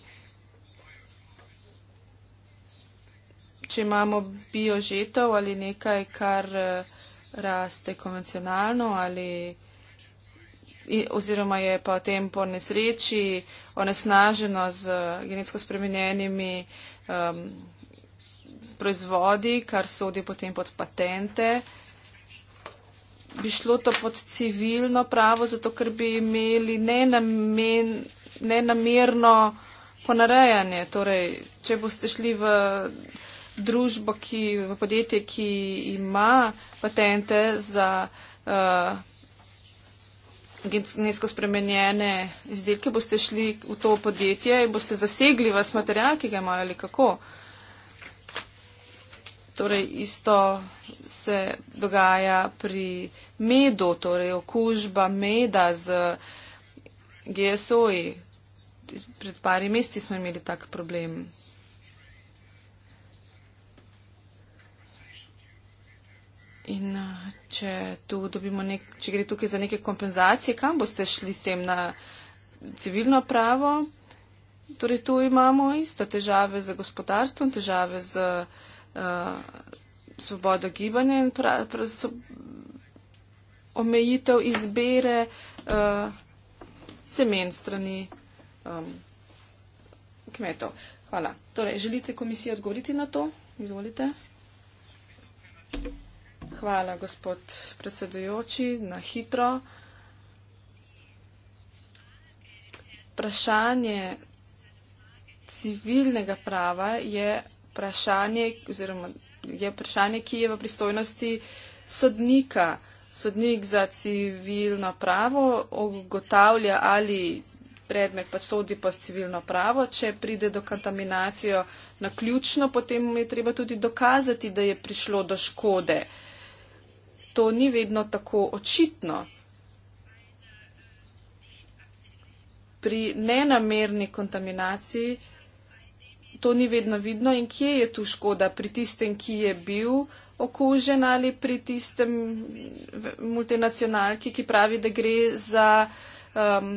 Če imamo biožetov ali nekaj, kar eh, raste konvencionalno ali oziroma je pa tem po nesreči uh, onesnaženo z eh, genetsko spremenjenimi um, proizvodi, kar sodi potem pod patente. Bi šlo to pod civilno pravo, zato ker bi imeli nenamen, nenamerno ponarejanje. Torej, če boste šli v družbo, ki, v podjetje, ki ima patente za uh, genetsko spremenjene izdelke, boste šli v to podjetje in boste zasegli vas material, ki ga imajo ali kako. Torej, isto se dogaja pri medu, torej okužba meda z GSO-ji. Pred pari meseci smo imeli tak problem. In če, tu nek, če gre tukaj za neke kompenzacije, kam boste šli s tem na civilno pravo? Torej, tu imamo isto težave z gospodarstvom, težave z uh, svobodo gibanja in pra, pra, so, omejitev izbere uh, eh, semen strani um, kmetov. Hvala. Torej, želite komisijo odgovoriti na to? Izvolite. Thank you. Hvala, gospod predsedujoči, na hitro. Vprašanje civilnega prava je vprašanje, oziroma je vprašanje, ki je v pristojnosti sodnika. Sodnik za civilno pravo ogotavlja, ali predmet pač sodi pod civilno pravo. Če pride do kontaminacijo na ključno, potem je treba tudi dokazati, da je prišlo do škode. Uh, to ni vedno tako očitno. Pri nenamerni kontaminaciji to ni vedno vidno in kje je tu škoda pri tistem, ki je bil okužen ali pri tistem multinacionalki, ki pravi, da gre za um,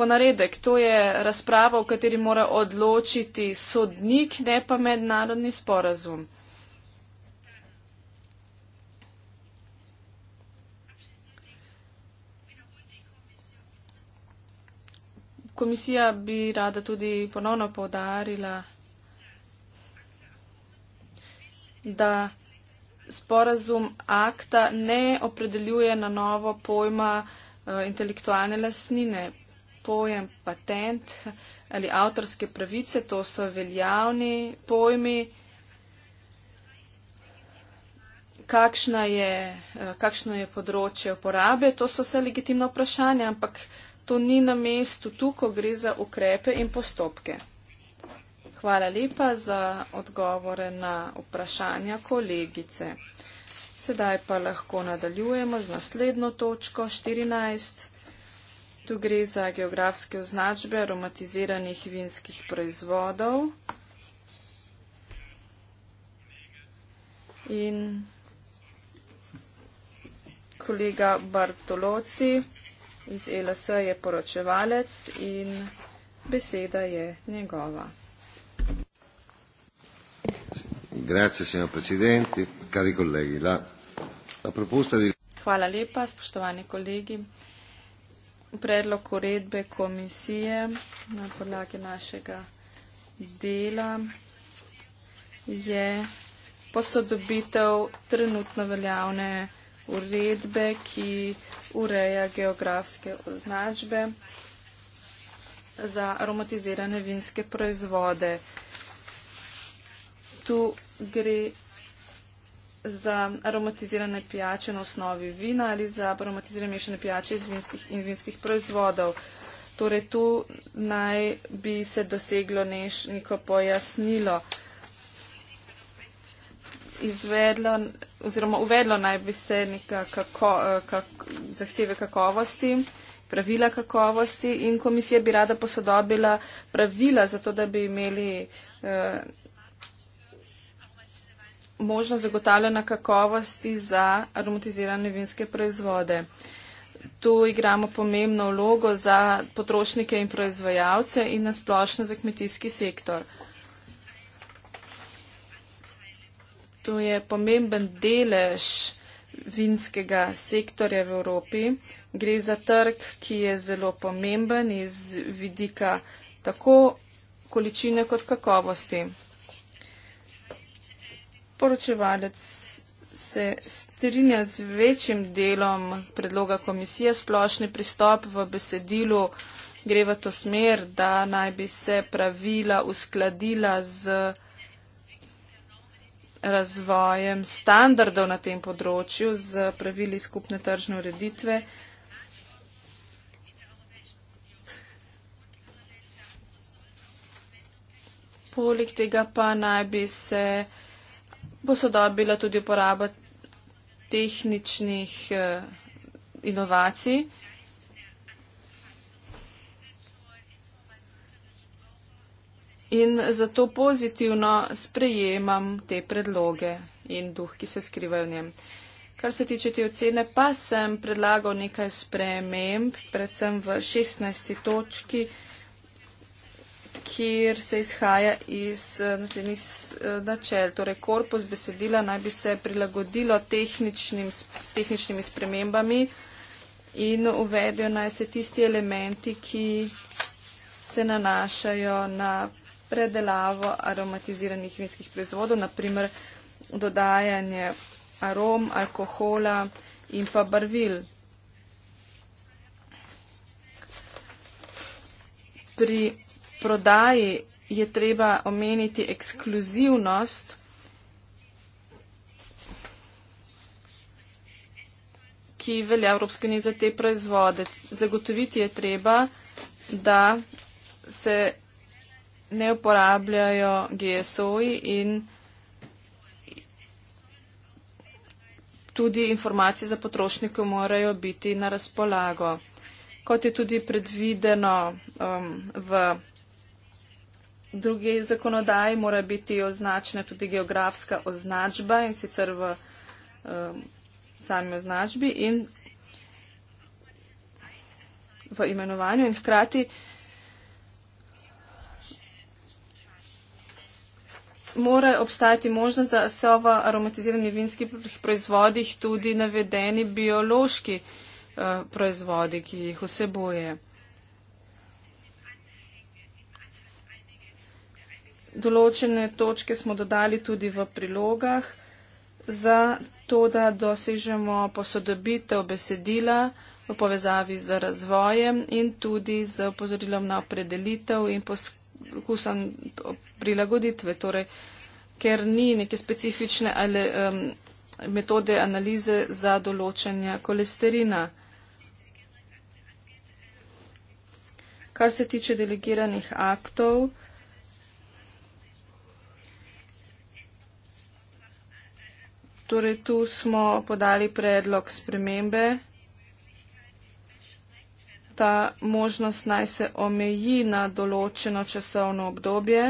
ponaredek. To je razprava, v kateri mora odločiti sodnik, ne pa mednarodni sporazum. Komisija bi rada tudi ponovno povdarila, da sporazum akta ne opredeljuje na novo pojma eh, intelektualne lasnine. Pojem patent ali avtorske pravice, to so veljavni pojmi. Kakšno je, eh, kakšno je področje uporabe, to so vse legitimno vprašanje, ampak to ni na mestu tu, ko gre za ukrepe in postopke. Hvala lepa za odgovore na vprašanja kolegice. Sedaj pa lahko nadaljujemo z naslednjo točko 14. Tu gre za geografske označbe aromatiziranih vinskih proizvodov. In kolega Bartoloci iz e LS je poročevalec in beseda je njegova. Grazie, signor Presidente, cari colleghi. La, la proposta di... Hvala lepa, spoštovani kolegi. Predlog uredbe komisije na podlagi našega dela je posodobitev trenutno veljavne uredbe, ki ureja geografske označbe za aromatizirane vinske proizvode. Tu gre za aromatizirane pijače na osnovi vina ali za aromatizirane mešane pijače iz vinskih in vinskih proizvodov. Torej, tu naj bi se doseglo neko pojasnilo izvedlo oziroma uvedlo naj bi se neka kako, eh, kak, zahteve kakovosti, pravila kakovosti in komisija bi rada posodobila pravila za to, da bi imeli eh, možnost zagotavljanja kakovosti za aromatizirane vinske proizvode. Tu igramo pomembno vlogo za potrošnike in proizvajalce in nasplošno za kmetijski sektor. Eh, to je pomemben delež vinskega sektorja v Evropi. Gre za trg, ki je zelo pomemben iz vidika tako količine kot kakovosti. Poročevalec se strinja z večjim delom predloga komisije. Splošni pristop v besedilu gre v to smer, da naj bi se pravila uskladila z razvojem standardov na tem področju, z pravili skupne tržne ureditve. Poleg tega pa naj bi se posodobila tudi uporaba tehničnih eh, inovacij. In zato pozitivno sprejemam te predloge in duh, ki se skriva v njem. Kar se tiče te ocene, pa sem predlagal nekaj sprememb, predvsem v 16. točki, kjer se izhaja iz eh, naslednjih eh, načel. Torej, korpus besedila naj bi se prilagodilo tehničnim, s tehničnimi spremembami in uvedejo naj se tisti elementi, ki se nanašajo na predelavo aromatiziranih vinskih proizvodov, naprimer dodajanje arom, alkohola in pa barvil. Pri prodaji je treba omeniti ekskluzivnost. ki velja Evropske unije za te proizvode. Zagotoviti je treba, da se ne uporabljajo GSO-ji in tudi informacije za potrošnike morajo biti na razpolago. Kot je tudi predvideno um, v drugi zakonodaji, mora biti označena tudi geografska označba in sicer v um, sami označbi in v imenovanju in hkrati uh, mora obstajati možnost, da so v aromatiziranih vinskih proizvodih tudi navedeni biološki uh, proizvodi, ki jih vsebuje. Določene točke smo dodali tudi v prilogah za to, da dosežemo posodobitev besedila v povezavi z razvojem in tudi z opozorilom na opredelitev in poskrbitev okusan prilagoditve, torej, ker ni neke specifične ali, um, metode analize za določanje kolesterina. Kar se tiče delegiranih aktov, torej tu smo podali predlog spremembe ta možnost naj se omeji na določeno časovno obdobje.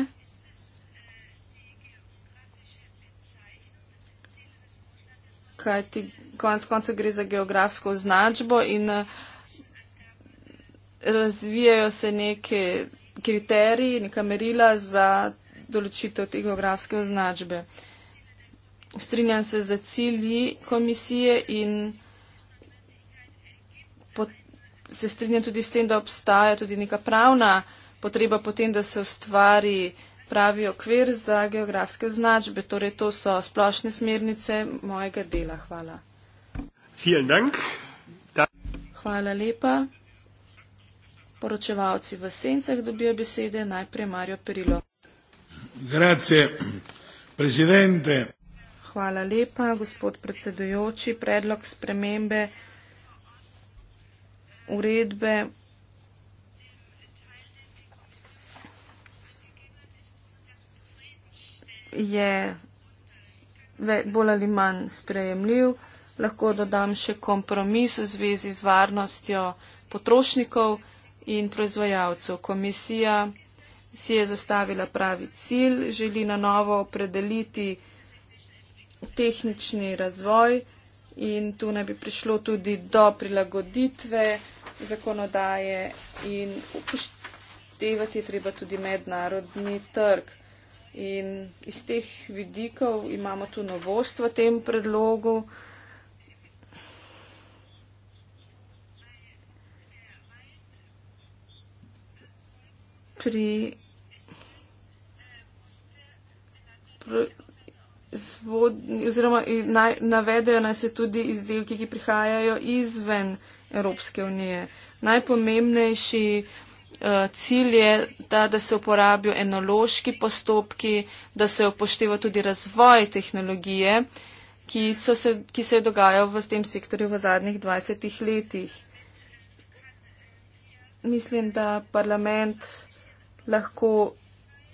Kajti konec konca gre za geografsko označbo in eh, razvijajo se neke kriteriji, neka merila za določitev te geografske označbe. Strinjam se za cilji komisije in se strinjam tudi s tem, da obstaja tudi neka pravna potreba potem, da se ustvari pravi okvir za geografske značbe. Torej, to so splošne smernice mojega dela. Hvala. Hvala lepa. Poročevalci v Sencah dobijo besede, najprej Marijo Perilo. Hvala lepa, gospod predsedujoči. Predlog spremembe uredbe je bolj ali manj sprejemljiv. Lahko dodam še kompromis v zvezi z varnostjo potrošnikov in proizvajalcev. Komisija si je zastavila pravi cilj, želi na novo opredeliti tehnični razvoj in tu naj bi prišlo tudi do prilagoditve zakonodaje in upoštevati je treba tudi mednarodni trg. In iz teh vidikov imamo tu novost v tem predlogu. Pri proizvodnji oziroma naj, navedejo naj se tudi izdelki, ki prihajajo izven. Evropske unije. Najpomembnejši eh, cilj je ta, da se uporabijo enološki postopki, da se upošteva tudi razvoj tehnologije, ki, se, ki se je dogajal v tem sektorju v zadnjih 20 letih. Mislim, da parlament lahko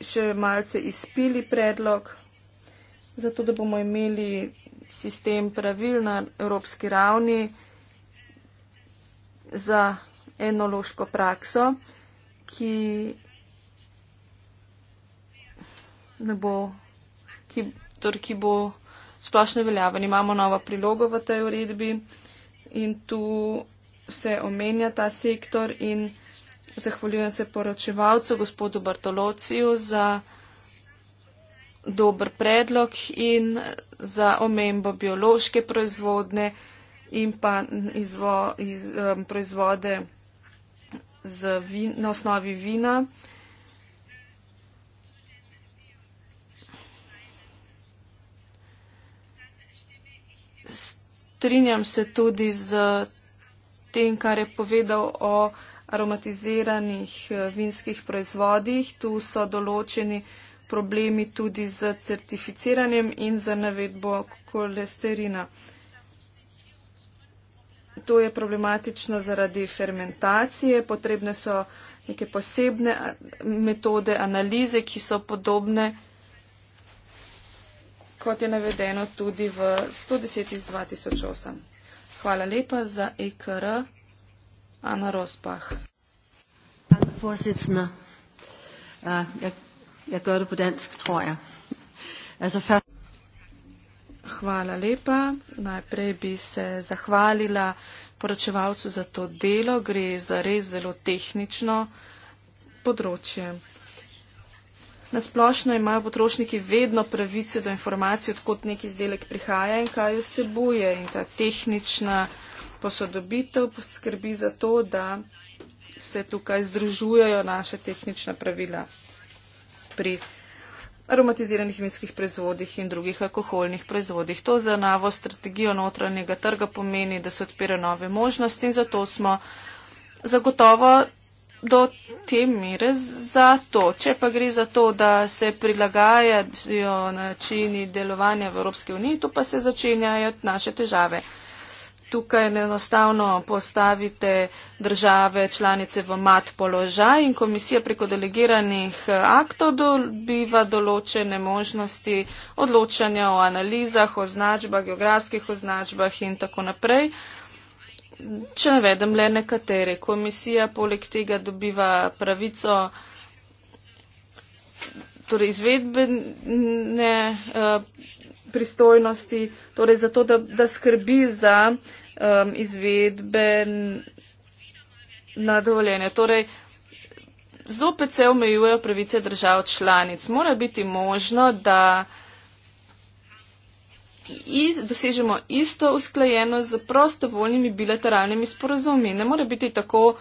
še malce izpili predlog, zato da bomo imeli sistem pravil na evropski ravni za enološko prakso, ki ne bo, ki, torej, ki bo splošno veljaven. Imamo novo prilogo v tej uredbi in tu se omenja ta sektor in zahvaljujem se poročevalcu gospodu Bartolociju za dober predlog in za omembo biološke proizvodne in pa izvo, iz, um, proizvode vin, na osnovi vina. Strinjam se tudi z tem, kar je povedal o aromatiziranih eh, vinskih proizvodih. Tu so določeni problemi tudi z certificiranjem in z navedbo kolesterina. Uh, To je problematično zaradi fermentacije, potrebne so neke posebne metode analize, ki so podobne, kot je navedeno tudi v 110 iz 2008. Hvala lepa za EKR, Ana Rospah. Tak, forsitsna. Ja, uh, jeg, jeg gør det på dansk, tror jeg. altså, Hvala lepa. Najprej bi se zahvalila poročevalcu za to delo. Gre za res zelo tehnično področje. Nasplošno imajo potrošniki vedno pravice do informacij, odkot nek izdelek prihaja in kaj vsebuje. In ta tehnična posodobitev poskrbi za to, da se tukaj združujejo naše tehnična pravila pri aromatiziranih vinskih proizvodih in drugih alkoholnih proizvodih. To za novo strategijo notranjega trga pomeni, da se odpira nove možnosti in zato smo zagotovo do te mere za to. Če pa gre za to, da se prilagajajo načini delovanja v Evropski uniji, tu pa se začenjajo naše težave tukaj enostavno postavite države članice v mat položaj in komisija preko delegiranih eh, aktov dobiva določene možnosti odločanja o analizah, označbah, geografskih označbah in tako naprej. Če navedem le nekatere, komisija poleg tega dobiva pravico torej izvedbene uh, pristojnosti, torej zato, da, da skrbi za uh, um, izvedbe na dovoljenje. Torej, zopet se omejujejo pravice držav članic. Mora biti možno, da iz, dosežemo isto usklajeno z prostovoljnimi bilateralnimi sporozumi. Ne more biti tako,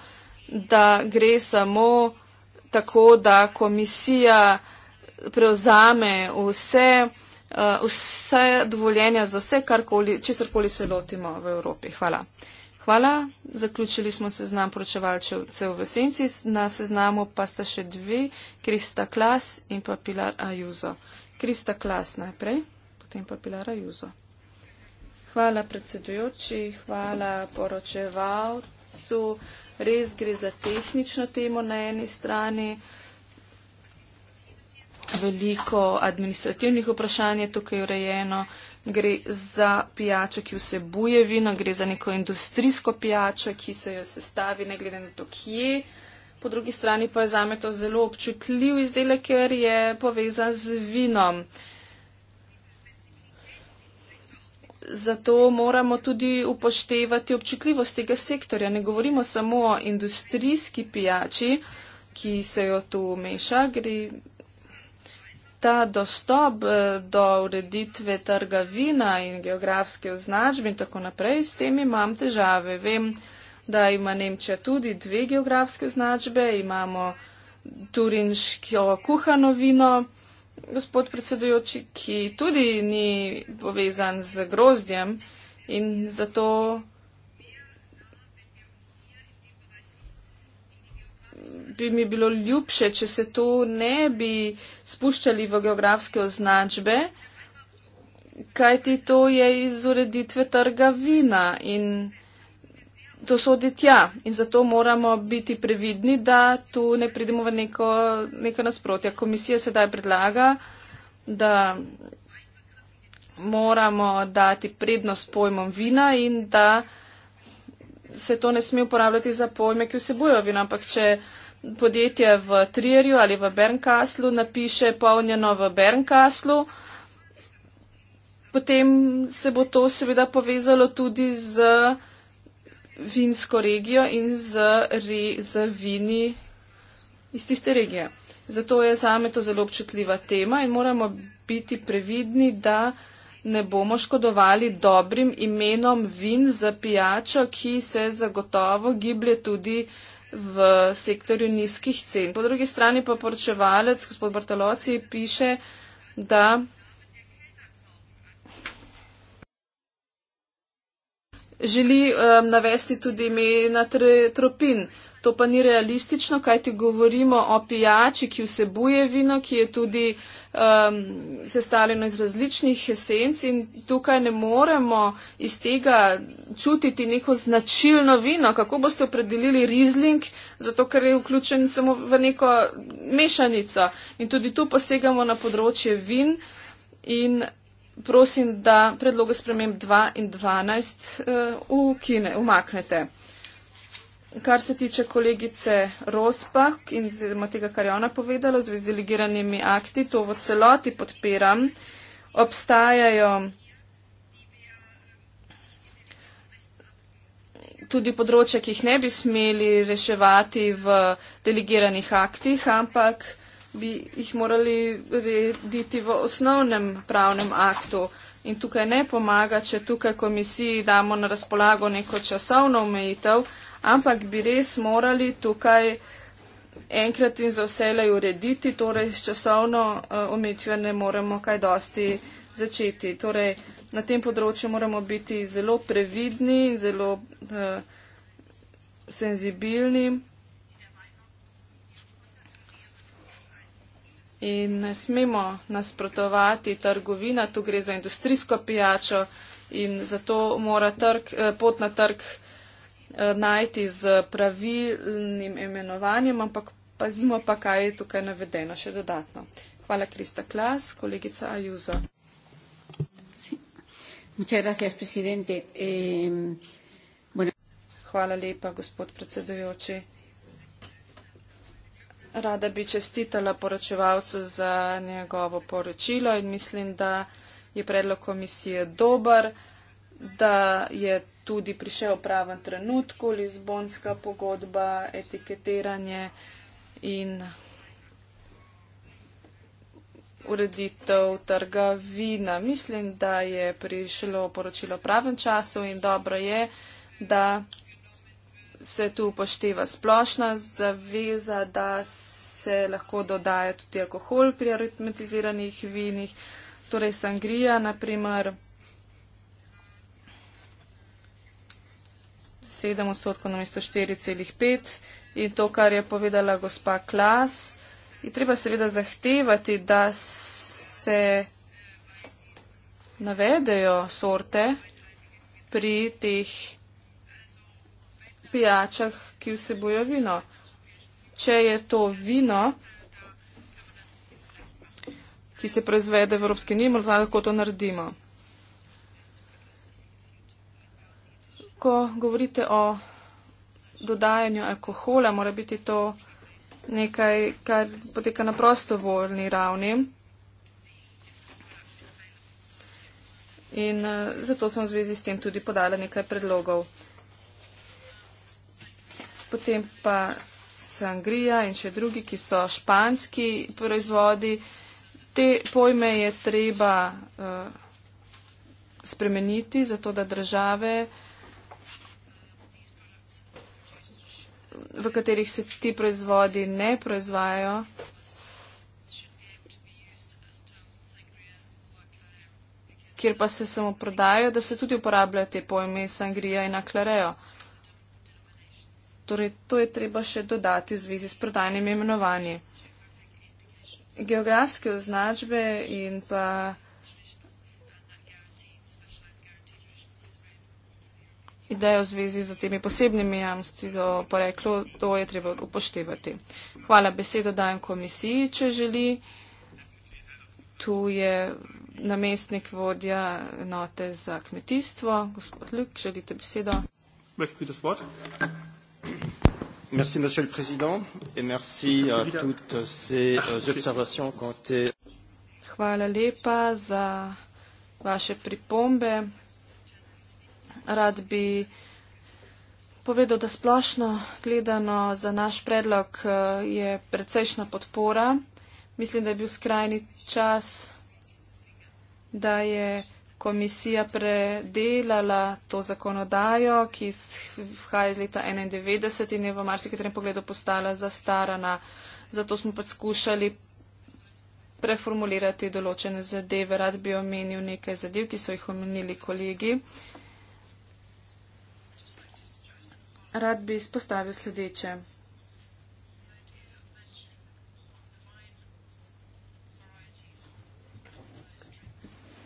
da gre samo tako, da komisija prevzame vse Eh, vse dovoljenja za vse, česarkoli se lotimo v Evropi. Hvala. Hvala. Zaključili smo seznam poročevalcev v Senci. Na seznamu pa sta še dve, Krista Klas in pa Pilar Ajuzo. Krista Klas najprej, potem pa Pilar Ajuzo. Hvala predsedujoči, hvala poročevalcu. Res gre za tehnično temo na eni strani veliko administrativnih vprašanj je tukaj urejeno. Gre za pijačo, ki vsebuje vino, gre za neko industrijsko pijačo, ki se jo sestavi, ne glede na to, kje. Po drugi strani pa je za me to zelo občutljiv izdelek, ker je povezan z vinom. Zato moramo tudi upoštevati občutljivost tega sektorja. Ne govorimo samo o industrijski pijači, ki se jo tu meša, gre ta dostop eh, do ureditve trga vina in geografske označbe in tako naprej, s tem imam težave. Vem, da ima Nemčija tudi dve geografske označbe, imamo turinško kuhano vino, gospod predsedujoči, ki tudi ni povezan z grozdjem in zato bi mi bilo ljubše, če se to ne bi spuščali v geografske označbe, kajti to je iz ureditve trga vina in to sodi tja. In zato moramo biti previdni, da tu ne pridemo v neko, neko nasprotje. Komisija sedaj predlaga, da moramo dati prednost pojmom vina in da se to ne sme uporabljati za pojme, ki vsebujejo vino, ampak če uh, podjetje v Trierju ali v Bernkaslu napiše polnjeno v Bernkaslu, potem se bo to seveda povezalo tudi z vinsko regijo in z, re, z vini iz tiste regije. Zato je zame to zelo občutljiva tema in moramo biti previdni, da ne bomo škodovali dobrim imenom vin za pijačo, ki se zagotovo giblje tudi uh, v sektorju nizkih cen. Po drugi strani pa poročevalec, gospod Bartoloci, piše, da želi um, navesti tudi ime na tropin. To pa ni realistično, kaj ti govorimo o pijači, ki vsebuje vino, ki je tudi um, sestavljeno iz različnih esenc in tukaj ne moremo iz tega čutiti neko značilno vino. Kako boste opredelili rizling, zato ker je vključen samo v neko mešanico. In tudi tu posegamo na področje vin in prosim, da predloge sprememb 2 in 12 uh, ukine, umaknete. Kar se tiče kolegice Rospah in tega, kar je ona povedala, v zvezi z delegiranimi akti, to v celoti podpiram. Obstajajo tudi področja, ki jih ne bi smeli reševati v delegiranih aktih, ampak bi jih morali rediti v osnovnem pravnem aktu. In tukaj ne pomaga, če tukaj komisiji damo na razpolago neko časovno omejitev, ampak bi res morali tukaj enkrat in za vselej urediti, torej s časovno uh, eh, omitvijo ne moremo kaj dosti začeti. Torej, na tem področju moramo biti zelo previdni in zelo uh, senzibilni. In ne smemo nasprotovati trgovina, tu gre za industrijsko pijačo in zato mora trg, eh, pot na trg Eh, najti z pravilnim imenovanjem, ampak pazimo pa, kaj je tukaj navedeno še dodatno. Hvala, Krista Klas, kolegica Ajuzo. Hvala lepa, gospod predsedujoči. Rada bi čestitala poročevalcu za njegovo poročilo in mislim, da je predlog komisije dober, da je tudi prišel v pravem trenutku, Lizbonska pogodba, etiketiranje in ureditev trga vina. Mislim, da je prišlo poročilo v pravem času in dobro je, da se tu upošteva splošna zaveza, da se lahko dodaja tudi alkohol pri aritmetiziranih vinih, torej sangrija, naprimer. 4,7 odstotkov na mesto 4,5 in to, kar je povedala gospa Klas, je treba seveda zahtevati, da se navedejo sorte pri teh pijačah, ki vsebujo vino. Če je to vino, ki se proizvede v Evropski uniji, morda lahko to naredimo. ko govorite o dodajanju alkohola, mora biti to nekaj, kar poteka na prostovoljni ravni. In eh, zato sem v zvezi s tem tudi podala nekaj predlogov. Potem pa sangrija in še drugi, ki so španski proizvodi. Te pojme je treba uh, spremeniti, zato da države uh, v katerih se ti proizvodi ne proizvajajo. kjer pa se samo prodajo, da se tudi uporabljajo te pojme sangrija in aklarejo. Torej, to je treba še dodati v zvezi s prodajnim imenovanjem. Geografske označbe in pa idejo v zvezi z temi posebnimi jamstvi za poreklo, to je treba upoštevati. Hvala, besedo dajem komisiji, če želi. Tu je namestnik vodja note za kmetijstvo. Gospod Ljuk, želite besedo? Merci, monsieur le président, et merci à euh, toutes ces euh, ah, observations qui ont été. Hvala lepa za vaše pripombe rad bi povedal, da splošno gledano za naš predlog eh, je precejšna podpora. Mislim, da je bil skrajni čas, da je komisija predelala to zakonodajo, ki vhaja iz leta 1991 in je v marsikaterem pogledu postala zastarana. Zato smo pa skušali preformulirati določene zadeve. Rad bi omenil nekaj zadev, ki so jih omenili kolegi. Uh, rad bi izpostavil sledeče.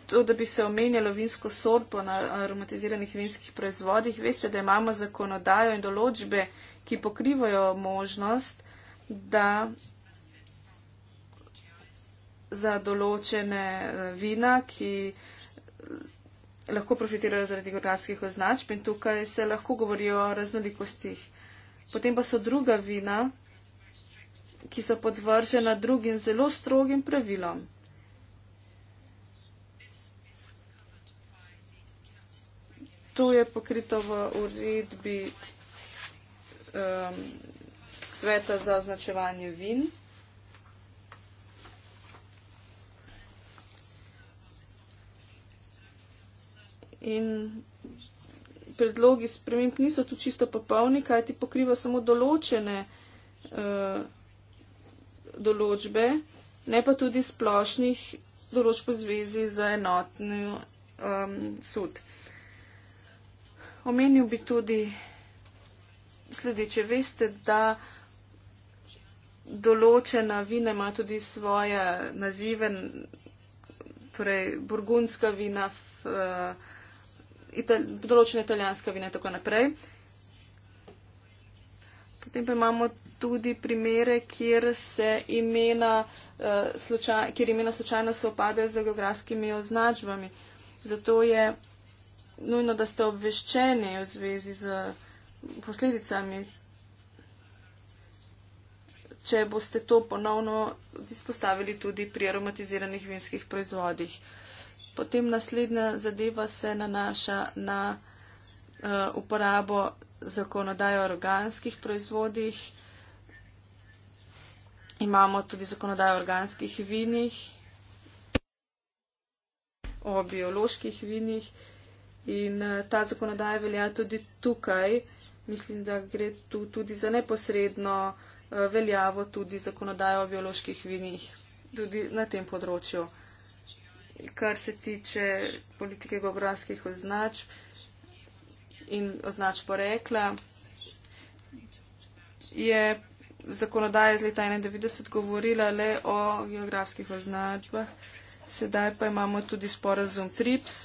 To, da bi se omenjalo vinsko sorpo na aromatiziranih vinskih proizvodih, veste, da imamo zakonodajo in določbe, ki pokrivajo možnost, da za določene eh, vina, ki lahko profitirajo zaradi geografskih označb in tukaj se lahko govorijo o raznolikostih. Potem pa so druga vina, ki so podvržena drugim zelo strogim pravilom. To je pokrito v uredbi um, sveta za označevanje vin. in predlogi sprememb niso tu čisto popolni, kaj ti pokriva samo določene uh, določbe, ne pa tudi splošnih določb v zvezi za enotni um, sud. Omenil bi tudi sledeče, veste, da določena vina ima tudi svoje nazive, torej burgundska vina, f, uh, itali, določena italijanska vina in tako naprej. Potem pa imamo tudi primere, kjer, imena, uh, sluča, kjer imena slučajno se opadajo z geografskimi označbami. Zato je nujno, da ste obveščeni v zvezi z posledicami, če boste to ponovno izpostavili tudi pri aromatiziranih vinskih proizvodih. Uh, potem naslednja zadeva se nanaša na uh, uporabo zakonodaje o organskih proizvodih. Imamo tudi zakonodajo o organskih vinih, o bioloških vinih in uh, ta zakonodaja velja tudi tukaj. Mislim, da gre tu tudi za neposredno uh, veljavo tudi zakonodajo o bioloških vinih, tudi na tem področju kar se tiče politike geografskih označb in označb porekla, je zakonodaja iz leta 1991 govorila le o geografskih označbah. Sedaj pa imamo tudi sporazum TRIPS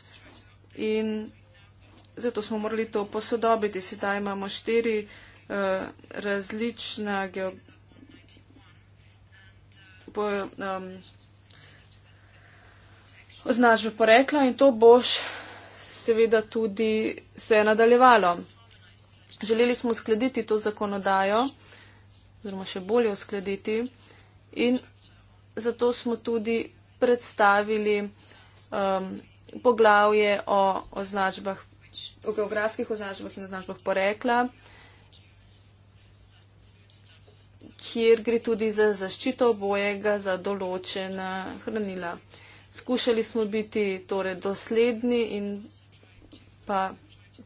in zato smo morali to posodobiti. Sedaj imamo štiri uh, različna geografska. Po, um, označbe porekla in to boš seveda tudi se nadaljevalo. Želeli smo uskladiti to zakonodajo, oziroma še bolje uskladiti in zato smo tudi predstavili um, poglavje o označbah, o geografskih označbah in označbah porekla, kjer gre tudi za zaščito obojega, za določena hranila skušali smo biti torej, dosledni in pa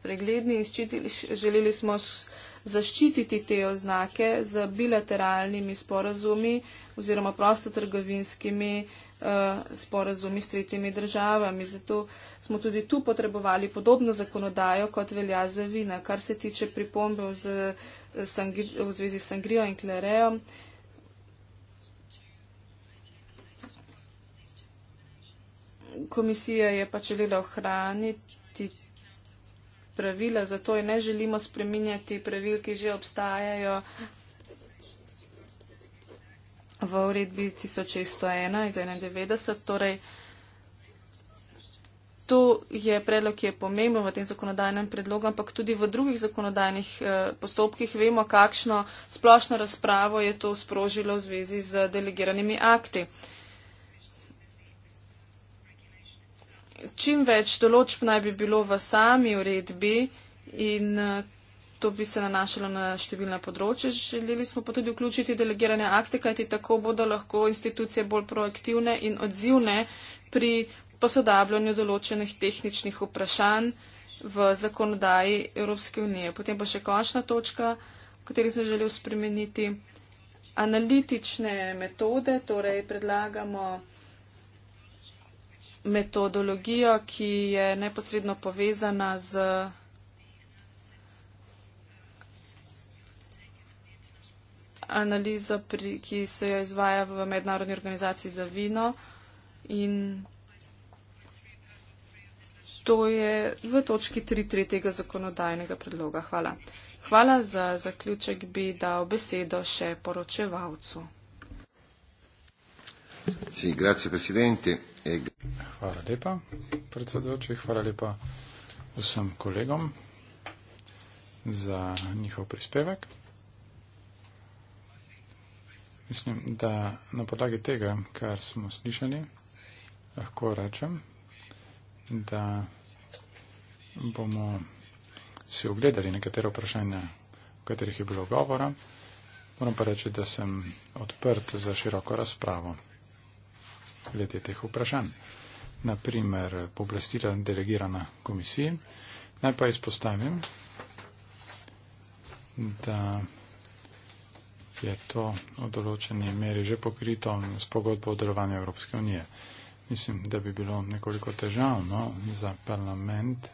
pregledni in ščitili, želeli smo zaščititi te oznake z bilateralnimi sporazumi oziroma prostotrgovinskimi eh, sporazumi s tretjimi državami. Zato smo tudi tu potrebovali podobno zakonodajo, kot velja za vina. Kar se tiče pripombe v, v zvezi s sangrijo in klerejo, eh, komisija je pač želela ohraniti pravila, zato je ne želimo spreminjati pravil, ki že obstajajo v uredbi 1601 iz 91. Torej, to je predlog, ki je pomemben v tem zakonodajnem predlogu, ampak tudi v drugih zakonodajnih eh, postopkih vemo, kakšno splošno razpravo je to sprožilo v zvezi z delegiranimi akti. čim več določb naj bi bilo v sami uredbi in eh, to bi se nanašalo na številna področja. Želeli smo pa tudi vključiti delegiranje akte, kajti tako bodo lahko institucije bolj proaktivne in odzivne pri posodabljanju določenih tehničnih vprašanj v zakonodaji Evropske unije. Potem pa še končna točka, v kateri sem želel spremeniti analitične metode, torej predlagamo metodologijo, ki je neposredno povezana z. analizo, pri, ki se jo izvaja v mednarodni organizaciji za vino in to je v točki 3 tretjega zakonodajnega predloga. Hvala. Hvala za zaključek, bi dal besedo še poročevalcu. Sì, grazie, Ege. Hvala lepa, predsedoči, hvala lepa vsem kolegom za njihov prispevek. Mislim, da na podlagi tega, kar smo slišali, lahko rečem, da bomo si ogledali nekatere vprašanja, o katerih je bilo govora. Moram pa reči, da sem odprt za široko razpravo glede teh vprašanj. Naprimer, poblastila delegirana komisije. Naj pa izpostavim, da je to v določeni meri že pokrito s pogodbo o delovanju Evropske unije. Mislim, da bi bilo nekoliko težavno za parlament,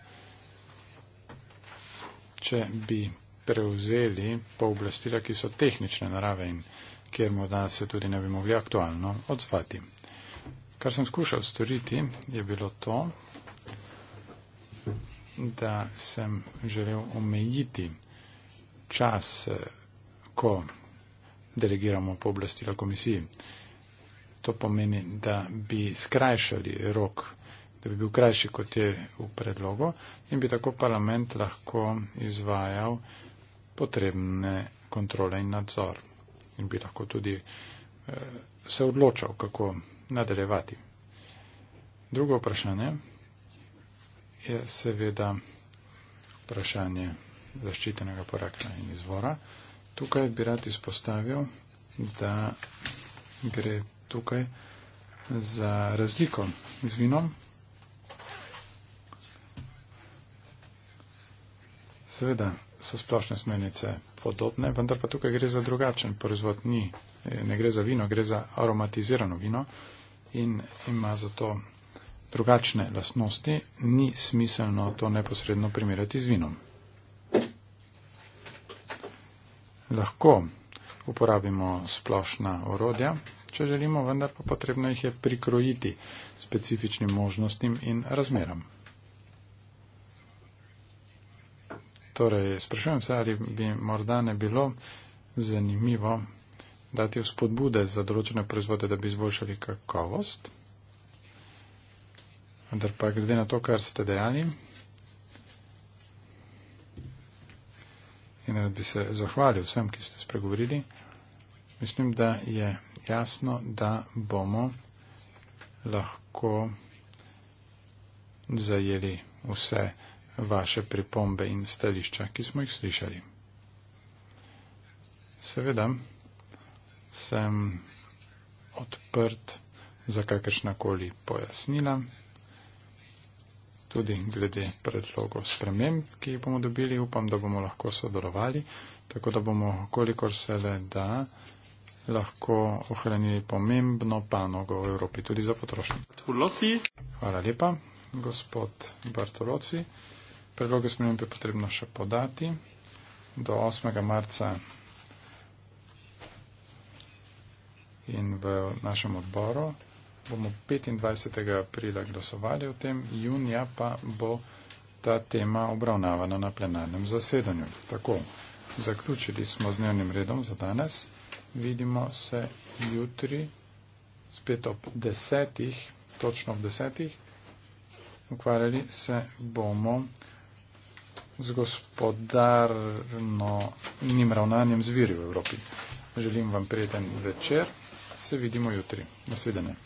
če bi prevzeli pooblastila, ki so tehnične narave in kjer morda se tudi ne bi mogli aktualno odzvati. Kar sem skušal storiti, je bilo to, da sem želel omejiti čas, ko delegiramo pooblastila komisiji. To pomeni, da bi skrajšali rok, da bi bil krajši, kot je v predlogu, in bi tako parlament lahko izvajal potrebne kontrole in nadzor. In bi lahko tudi eh, se odločal, kako nadaljevati. Drugo vprašanje je seveda vprašanje zaščitenega porekla in izvora. Tukaj bi rad izpostavil, da gre tukaj za razliko z vinom. Seveda so splošne smernice podobne, vendar pa tukaj gre za drugačen proizvod. Ni, ne gre za vino, gre za aromatizirano vino in ima zato drugačne lastnosti, ni smiselno to neposredno primerjati z vinom. Lahko uporabimo splošna orodja, če želimo, vendar pa potrebno jih je prikrojiti specifičnim možnostim in razmeram. Torej, sprašujem se, ali bi morda ne bilo zanimivo dati vzpodbude za določene proizvode, da bi izboljšali kakovost. Vendar pa glede na to, kar ste dejali, in da bi se zahvalil vsem, ki ste spregovorili, mislim, da je jasno, da bomo lahko zajeli vse vaše pripombe in stališča, ki smo jih slišali. Seveda, sem odprt za kakršnakoli pojasnila, tudi glede predlogov sprememb, ki jih bomo dobili. Upam, da bomo lahko sodelovali, tako da bomo, kolikor se le da, lahko ohranili pomembno panogo v Evropi, tudi za potrošnike. Hvala lepa, gospod Bartoloci. Predloge sprememb je potrebno še podati. Do 8. marca in v našem odboru. Bomo 25. aprila glasovali o tem, junija pa bo ta tema obravnavana na plenarnem zasedanju. Tako, zaključili smo z dnevnim redom za danes. Vidimo se jutri spet ob desetih, točno ob desetih. Ukvarjali se bomo z gospodarnim ravnanjem zviri v Evropi. Želim vam prijeten večer. Se vidimo jutri. Na svidenje.